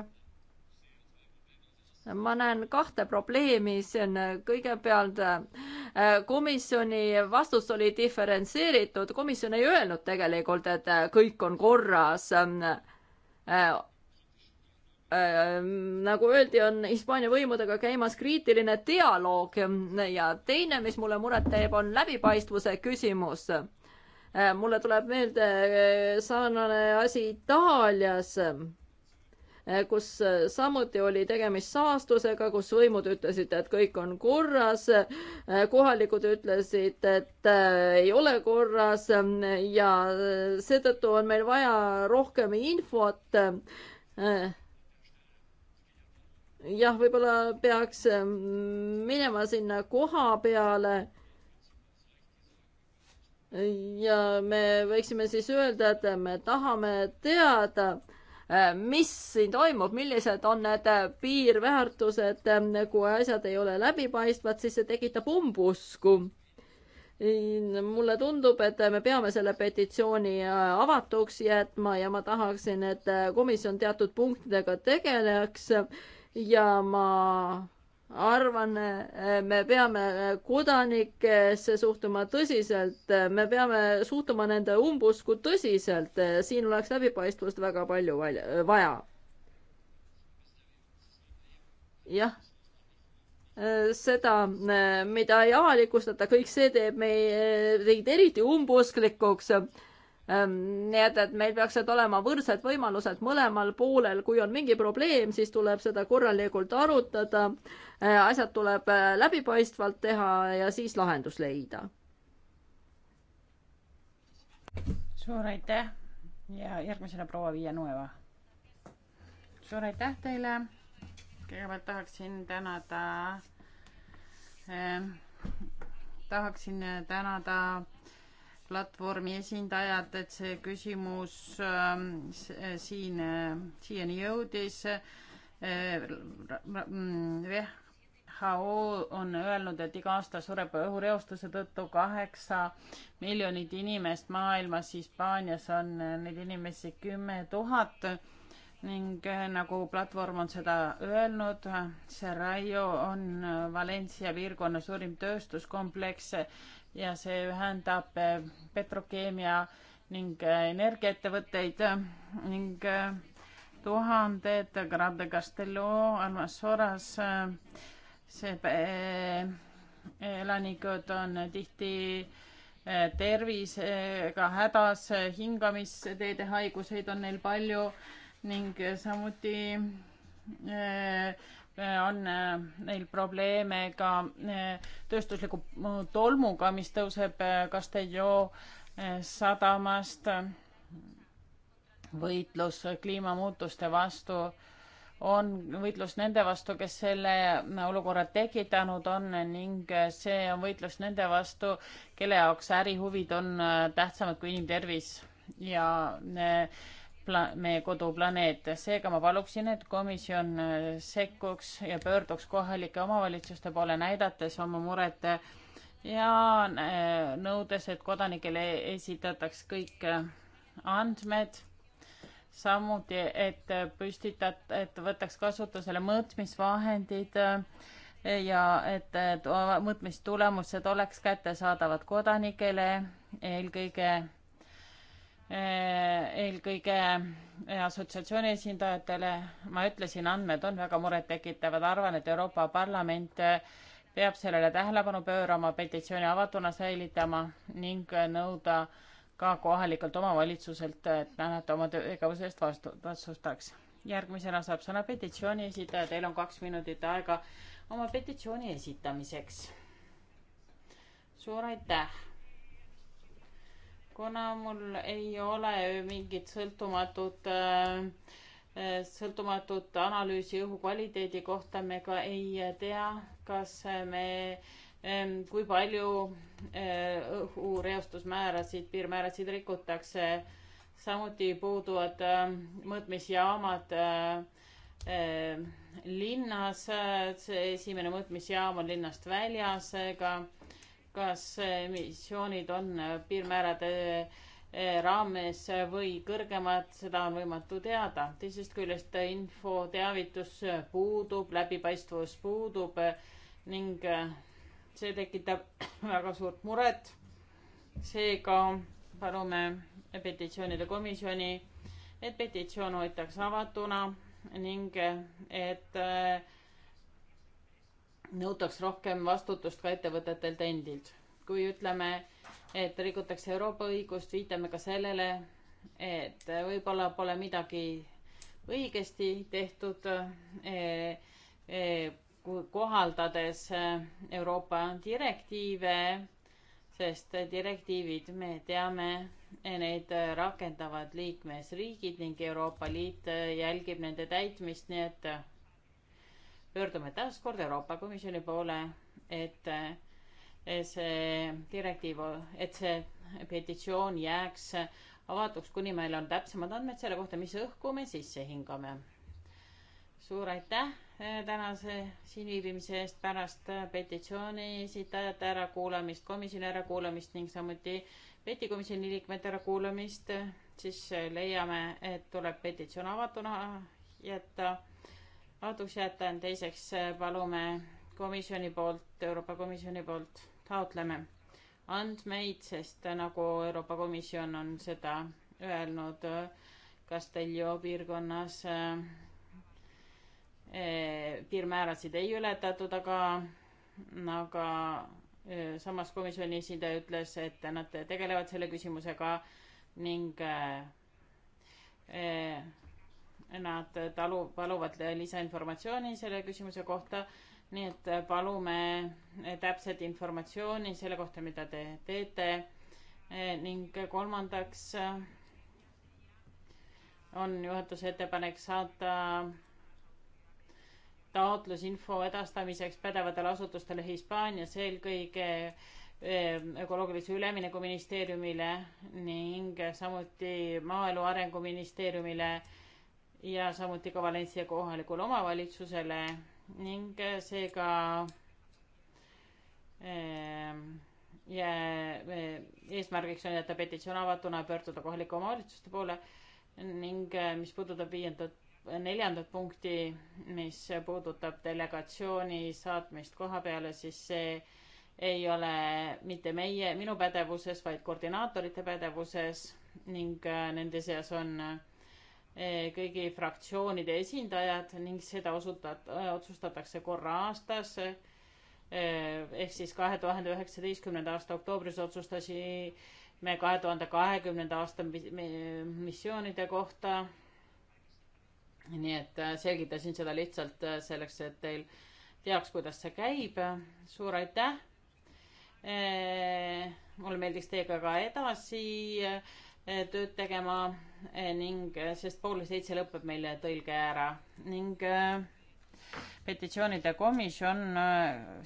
ma näen kahte probleemi, see on äh, kõigepealt komisjoni vastus oli diferentseeritud, komisjon ei öelnud tegelikult, et kõik on korras Äh, nagu öeldi, on Hispaania võimudega käimas kriitiline dialoog ja teine, mis mulle muret teeb, on läbipaistvuse küsimus. Äh, mulle tuleb meelde äh, sarnane asi Itaalias, kus samuti oli tegemist saastusega, kus võimud ütlesid, et kõik on korras, kohalikud ütlesid, et ei ole korras ja seetõttu on meil vaja rohkem infot jah, võib-olla peaks ähm, minema sinna koha peale. ja me võiksime siis öelda, et me tahame teada, äh, mis siin toimub, millised on need äh, piirväärtused, äh, kui asjad ei ole läbipaistvad, siis see tekitab umbusku mulle tundub, et me peame selle petitsiooni avatuks jätma ja ma tahaksin, et komisjon teatud punktidega tegeleks ja ma arvan, me peame kodanikesse suhtuma tõsiselt, me peame suhtuma nende umbusku tõsiselt, siin oleks läbipaistvust väga palju vaja. jah, seda, mida ei avalikustata, kõik see teeb meid eriti umbusklikuks Ehm, nii et, et meil peaksid olema võrdsed võimalused mõlemal poolel, kui on mingi probleem, siis tuleb seda korralikult arutada, äh, asjad tuleb äh, läbipaistvalt teha ja siis lahendus leida. suur aitäh ja järgmisena proua Villanueva. suur aitäh teile. kõigepealt tahaksin tänada eh,, tahaksin tänada eh, platvormi esindajad, et see küsimus äh, siin äh,, siiani jõudis äh,. WHO mm, on öelnud, et iga aasta sureb õhureostuse tõttu kaheksa miljonit inimest maailmas, Hispaanias on äh, neid inimesi kümme tuhat ning äh, nagu platvorm on seda öelnud, äh, Serraio on Valencia piirkonna suurim tööstuskompleks ja see ühendab eh, petrokeemia ning eh, energiaettevõtteid eh, ning tuhanded Grande Castello Almasoras see elanikud on tihti tervisega hädas, hingamisteede haiguseid on neil palju ning samuti on äh, neil probleeme ka äh, tööstusliku äh, tolmuga, mis tõuseb Castello sadamast. võitlus kliimamuutuste vastu on võitlus nende vastu, kes selle olukorra tekitanud on ning see on võitlus nende vastu, kelle jaoks ärihuvid on tähtsamad kui inimtervis ja pla-, meie koduplaneet. seega ma paluksin, et komisjon äh, sekkuks ja pöörduks kohalike omavalitsuste poole, näidates oma muret ja äh, nõudes, et kodanikele esitataks kõik äh, andmed, samuti, et püstitat-, et võtaks kasutusele mõõtmisvahendid ja et mõõtmistulemused oleks kättesaadavad kodanikele, eelkõige Eh, eelkõige eh, assotsiatsiooni esindajatele. ma ütlesin, andmed on väga murettekitavad, arvan, et Euroopa Parlament eh, peab sellele tähelepanu pöörama, petitsiooni avatuna säilitama ning nõuda ka kohalikult omavalitsuselt, et nad oma tegevuse eest vastu, vastutaks. järgmisena saab sõna petitsiooni esitaja, teil on kaks minutit aega oma petitsiooni esitamiseks. suur aitäh kuna mul ei ole mingit sõltumatut äh, sõltumatut analüüsi õhukvaliteedi kohta me ka ei tea, kas me, ähm, kui palju äh, õhureostusmäärasid, piirmäärasid rikutakse. samuti puuduvad ähm, mõõtmisjaamad äh, linnas, see esimene mõõtmisjaam on linnast väljas, ega kas emissioonid on piirmäärade eh, raames või kõrgemad, seda on võimatu teada. teisest küljest info teavitus puudub, läbipaistvus puudub eh, ning eh, see tekitab *clears throat* väga suurt muret. seega palume petitsioonide komisjoni, et petitsioon hoitaks avatuna ning et äh, nõutaks rohkem vastutust ka ettevõtetelt endilt. kui ütleme, et rikutakse Euroopa õigust, viitame ka sellele, et võib-olla pole midagi õigesti tehtud eh, eh, kohaldades Euroopa direktiive, sest direktiivid, me teame, e, neid rakendavad liikmesriigid ning Euroopa Liit jälgib nende täitmist, nii et pöördume taas kord Euroopa Komisjoni poole, et see direktiiv, et see petitsioon jääks avatuks, kuni meil on täpsemad andmed selle kohta, mis õhku me sisse hingame. suur aitäh eh, tänase siinviibimise eest pärast eh, petitsiooni esitajate ärakuulamist, komisjoni ärakuulamist ning samuti petikomisjoni liikmete ärakuulamist, siis eh, leiame, et tuleb petitsioon avatuna jätta aduks jätta, teiseks äh, palume komisjoni poolt, Euroopa Komisjoni poolt taotleme andmeid, sest nagu Euroopa Komisjon on seda öelnud Castello piirkonnas äh, äh, piirmäärasid ei ületatud, aga, aga äh, samas komisjoni esindaja ütles, et nad tegelevad selle küsimusega ning äh, äh Nad talu, paluvad lisainformatsiooni selle küsimuse kohta, nii et palume täpset informatsiooni selle kohta, mida te teete ning kolmandaks on juhatuse ettepanek saata taotlus info edastamiseks pädevatele asutustele Hispaanias, eelkõige eh, ökoloogilise ülemineku ministeeriumile ning samuti Maaelu Arengu Ministeeriumile ja samuti ka Valencia kohalikule omavalitsusele ning seega ehm, ja eh, eesmärgiks on jätta petitsioon avatuna ja pöörduda kohalike omavalitsuste poole ning eh, mis puudutab viiendat, neljandat punkti, mis puudutab delegatsiooni saatmist koha peale, siis see ei ole mitte meie, minu pädevuses, vaid koordinaatorite pädevuses ning eh, nende seas on äh, Eh, kõigi fraktsioonide esindajad ning seda osutat-, eh, otsustatakse korra aastas. Eh, ehk siis kahe tuhande üheksateistkümnenda aasta oktoobris otsustasime kahe tuhande kahekümnenda aasta missioonide kohta. nii et selgitasin seda lihtsalt selleks, et teil teaks, kuidas see käib. suur aitäh. mulle meeldiks teiega ka edasi tööd tegema eh, ning eh, sest pool seitse lõpeb meil tõlge ära ning eh, petitsioonide komisjon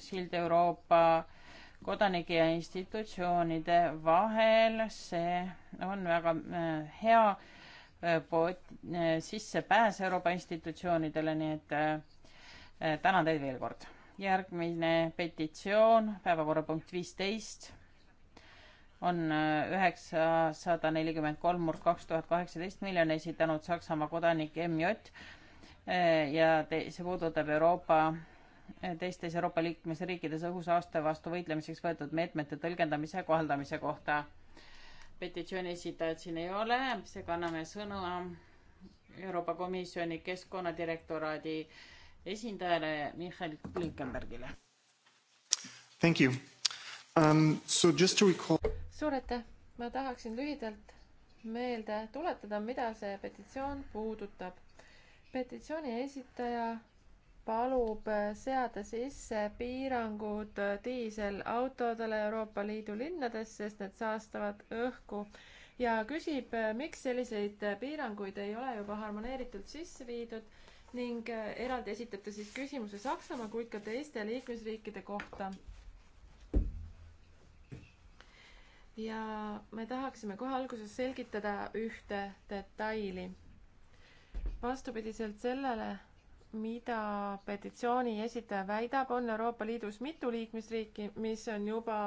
Sild Euroopa kodanike ja institutsioonide vahel, see on väga hea poot, sissepääs Euroopa institutsioonidele, nii et tänan teid veel kord. järgmine petitsioon, päevakorrapunkt viisteist on äh, üheksasada nelikümmend kolm murd kaks tuhat kaheksateist miljon esitanud Saksamaa kodanik MJ äh, ja te-, see puudutab Euroopa, äh, teistes Euroopa liikmesriikides õhusaaste vastu võitlemiseks võetud meetmete tõlgendamise ja kohaldamise kohta. petitsiooni esitajat siin ei ole, seega anname sõna Euroopa Komisjoni keskkonnadirektoraadi esindajale Michael Blinkenbergile. Thank you um,. Recall... suur aitäh, ma tahaksin lühidalt meelde tuletada, mida see petitsioon puudutab. petitsiooni esitaja palub seada sisse piirangud diiselautodele Euroopa Liidu linnades, sest need saastavad õhku ja küsib, miks selliseid piiranguid ei ole juba harmoneeritult sisse viidud ning eraldi esitab ta siis küsimuse Saksamaa kui ka teiste liikmesriikide kohta ja me tahaksime kohe alguses selgitada ühte detaili. vastupidiselt sellele, mida petitsiooni esitaja väidab, on Euroopa Liidus mitu liikmesriiki, mis on juba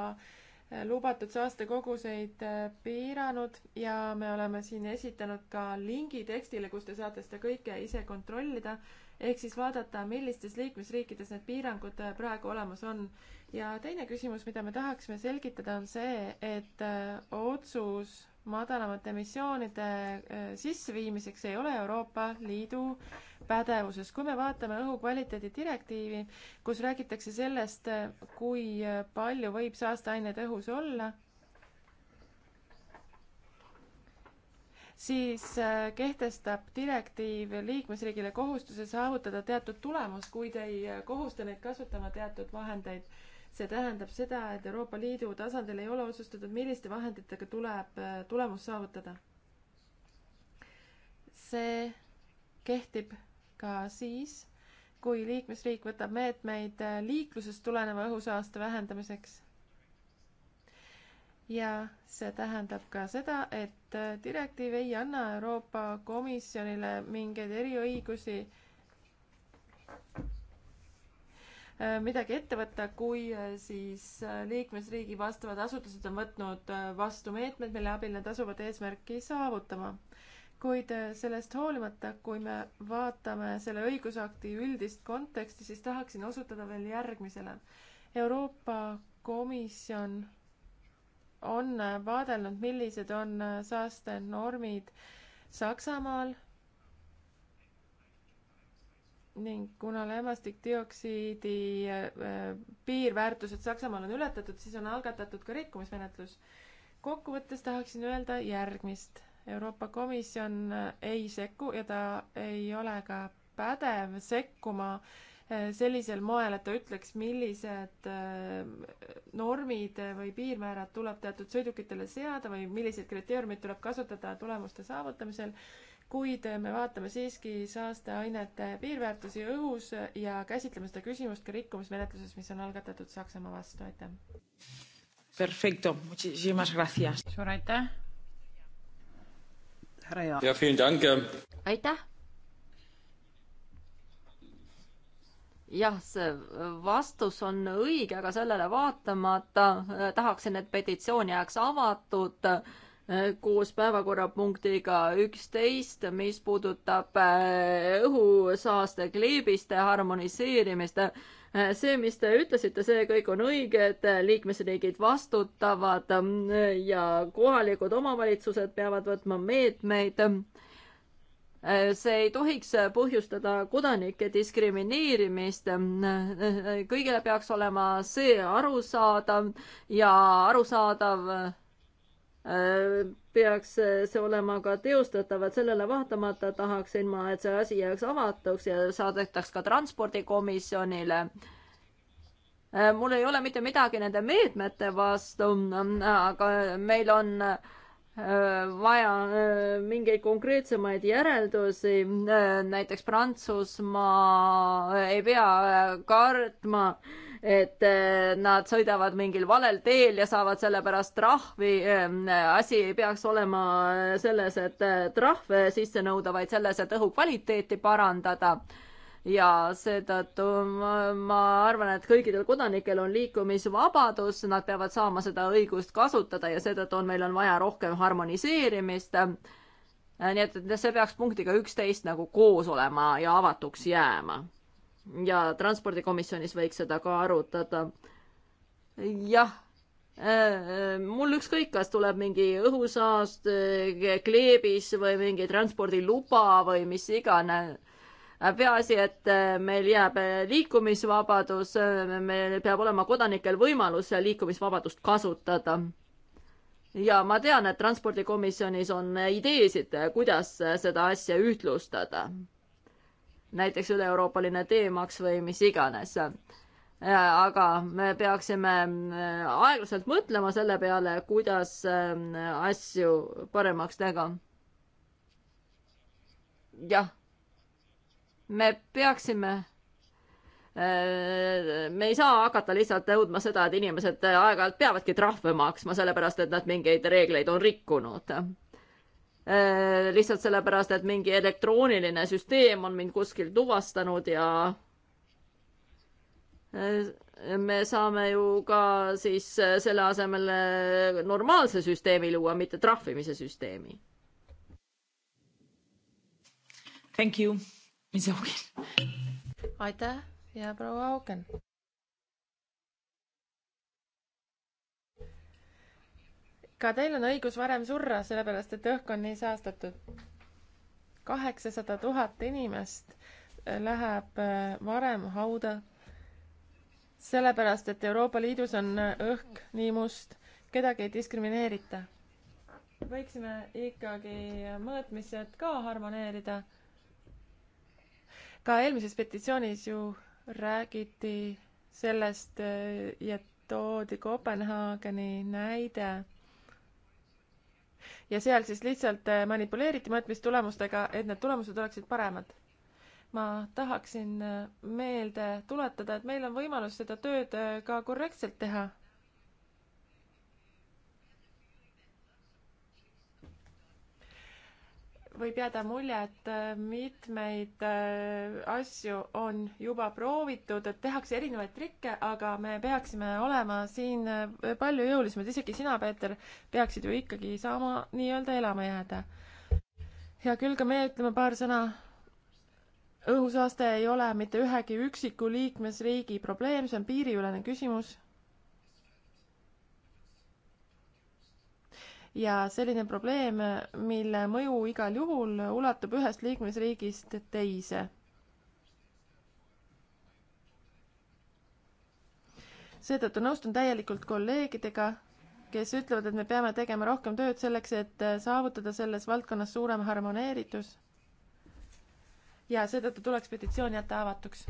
eh, lubatud saastekoguseid eh, piiranud ja me oleme siin esitanud ka lingi tekstile, kus te saate seda kõike ise kontrollida, ehk siis vaadata, millistes liikmesriikides need piirangud eh, praegu olemas on ja teine küsimus, mida me tahaksime selgitada, on see, et äh, otsus madalamate emissioonide äh, sisseviimiseks ei ole Euroopa Liidu pädevuses. kui me vaatame õhukvaliteedi direktiivi, kus räägitakse sellest, äh, kui palju võib saasteaineid õhus olla, siis kehtestab direktiiv liikmesriigile kohustuse saavutada teatud tulemus, kuid ei kohusta neid kasutama teatud vahendeid see tähendab seda, et Euroopa Liidu tasandil ei ole otsustatud, milliste vahenditega tuleb äh, tulemus saavutada. see kehtib ka siis, kui liikmesriik võtab meetmeid äh, liiklusest tuleneva õhusaaste vähendamiseks. ja see tähendab ka seda, et äh, direktiiv ei anna Euroopa Komisjonile mingeid eriõigusi Äh, midagi ette võtta, kui äh, siis äh, liikmesriigi vastavad asutused on võtnud vastu meetmed, mille abil nad asuvad eesmärki saavutama. kuid sellest hoolimata, kui me vaatame selle õigusakti üldist konteksti, siis tahaksin osutada veel järgmisele. Euroopa Komisjon on vaadelnud, millised on saastenormid Saksamaal ning kuna lämmastikdioksiidi äh, piirväärtused Saksamaal on ületatud, siis on algatatud ka rikkumismenetlus. kokkuvõttes tahaksin öelda järgmist. Euroopa Komisjon äh, ei sekku ja ta ei ole ka pädev sekkuma äh, sellisel moel, et ta ütleks, millised normid või piirmäärad tuleb teatud sõidukitele seada või milliseid kriteeriumeid tuleb kasutada tulemuste saavutamisel kuid me vaatame siiski saasteainete piirväärtusi õhus ja käsitleme seda küsimust ka rikkumismenetluses, mis on algatatud Saksamaa vastu, aitäh. Perfecto, muchísimas gracias. suur aitäh. härra Jaak. aitäh. jah, see vastus on õige, aga sellele vaatamata äh, tahaksin, et petitsioon jääks avatud Äh, koos päevakorrapunktiga üksteist, mis puudutab äh, õhusaaste kleebiste harmoniseerimist. Äh, see, mis te ütlesite, see kõik on õige, et liikmesriigid vastutavad mm, ja kohalikud omavalitsused peavad võtma meetmeid see ei tohiks põhjustada kodanike diskrimineerimist. kõigile peaks olema see arusaadav ja arusaadav peaks see olema ka teostatav, et sellele vaatamata tahaksin ma, et see asi jääks avatuks ja saadetaks ka transpordikomisjonile. mul ei ole mitte midagi nende meetmete vastu, aga meil on äh, Äh, vaja äh, mingeid konkreetsemaid järeldusi, äh, näiteks Prantsusmaa ei pea kartma, et nad sõidavad mingil valel teel ja saavad selle pärast trahvi. asi ei peaks olema selles, et trahve sisse nõuda, vaid selles, et õhukvaliteeti parandada ja seetõttu ma, ma arvan, et kõikidel kodanikel on liikumisvabadus, nad peavad saama seda õigust kasutada ja seetõttu on, meil on vaja rohkem harmoniseerimist. nii et, et see peaks punktiga üksteist nagu koos olema ja avatuks jääma. ja transpordikomisjonis võiks seda ka arutada. jah äh, äh, mul ükskõik, kas tuleb mingi õhusaast, äh, kleebis või mingi transpordiluba või mis iganes. Äh, peaasi, et äh, meil jääb äh, liikumisvabadus, meil peab olema kodanikel võimalus liikumisvabadust kasutada. ja ma tean, et transpordikomisjonis on ideesid, kuidas seda asja ühtlustada. näiteks üle-euroopaline teemaks või mis iganes aga me peaksime aeglaselt mõtlema selle peale, kuidas asju paremaks teha. jah, me peaksime äh, me ei saa hakata lihtsalt nõudma seda, et inimesed äh, aeg-ajalt peavadki trahve maksma, sellepärast et nad mingeid reegleid on rikkunud. Äh, lihtsalt sellepärast, et mingi elektrooniline süsteem on mind kuskil tuvastanud ja me saame ju ka siis selle asemel normaalse süsteemi luua, mitte trahvimise süsteemi. Thank you mis Augen. aitäh ja proua Augen. ka teil on õigus varem surra, sellepärast et õhk on nii saastatud. kaheksasada tuhat inimest äh, läheb äh, varem hauda, sellepärast et Euroopa Liidus on äh, õhk nii must, kedagi ei diskrimineerita. võiksime ikkagi mõõtmised ka harmoneerida ka eelmises petitsioonis ju räägiti sellest eh, ja toodi Kopenhaageni näide. ja seal siis lihtsalt eh, manipuleeriti mõõtmistulemustega, et need tulemused oleksid paremad. ma tahaksin eh, meelde tuletada, et meil on võimalus seda tööd ka korrektselt teha võib jääda mulje, et äh, mitmeid äh, asju on juba proovitud, et tehakse erinevaid trikke, aga me peaksime olema siin äh, palju jõulisemad, isegi sina, Peeter, peaksid ju ikkagi saama nii-öelda elama jääda. hea küll, ka meie ütleme paar sõna. õhusaaste ei ole mitte ühegi üksiku liikmesriigi probleem, see on piiriülene küsimus ja selline probleem, mille mõju igal juhul ulatub ühest liikmesriigist teise. seetõttu nõustun täielikult kolleegidega, kes ütlevad, et me peame tegema rohkem tööd selleks, et saavutada selles valdkonnas suurem harmoneeritus. ja seetõttu tuleks petitsioon jätta avatuks.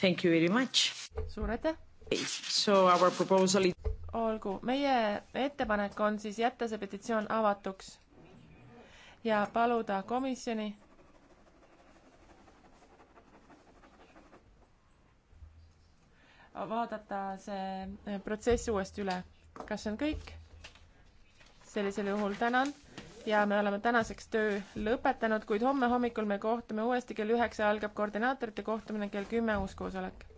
Thank you very much. suur aitäh Proposal... olgu, meie ettepanek on siis jätta see petitsioon avatuks ja paluda komisjoni vaadata see protsess uuesti üle. kas see on kõik? sellisel juhul tänan ja me oleme tänaseks töö lõpetanud, kuid homme hommikul me kohtume uuesti, kell üheksa algab koordinaatorite kohtumine, kell kümme uus koosolek.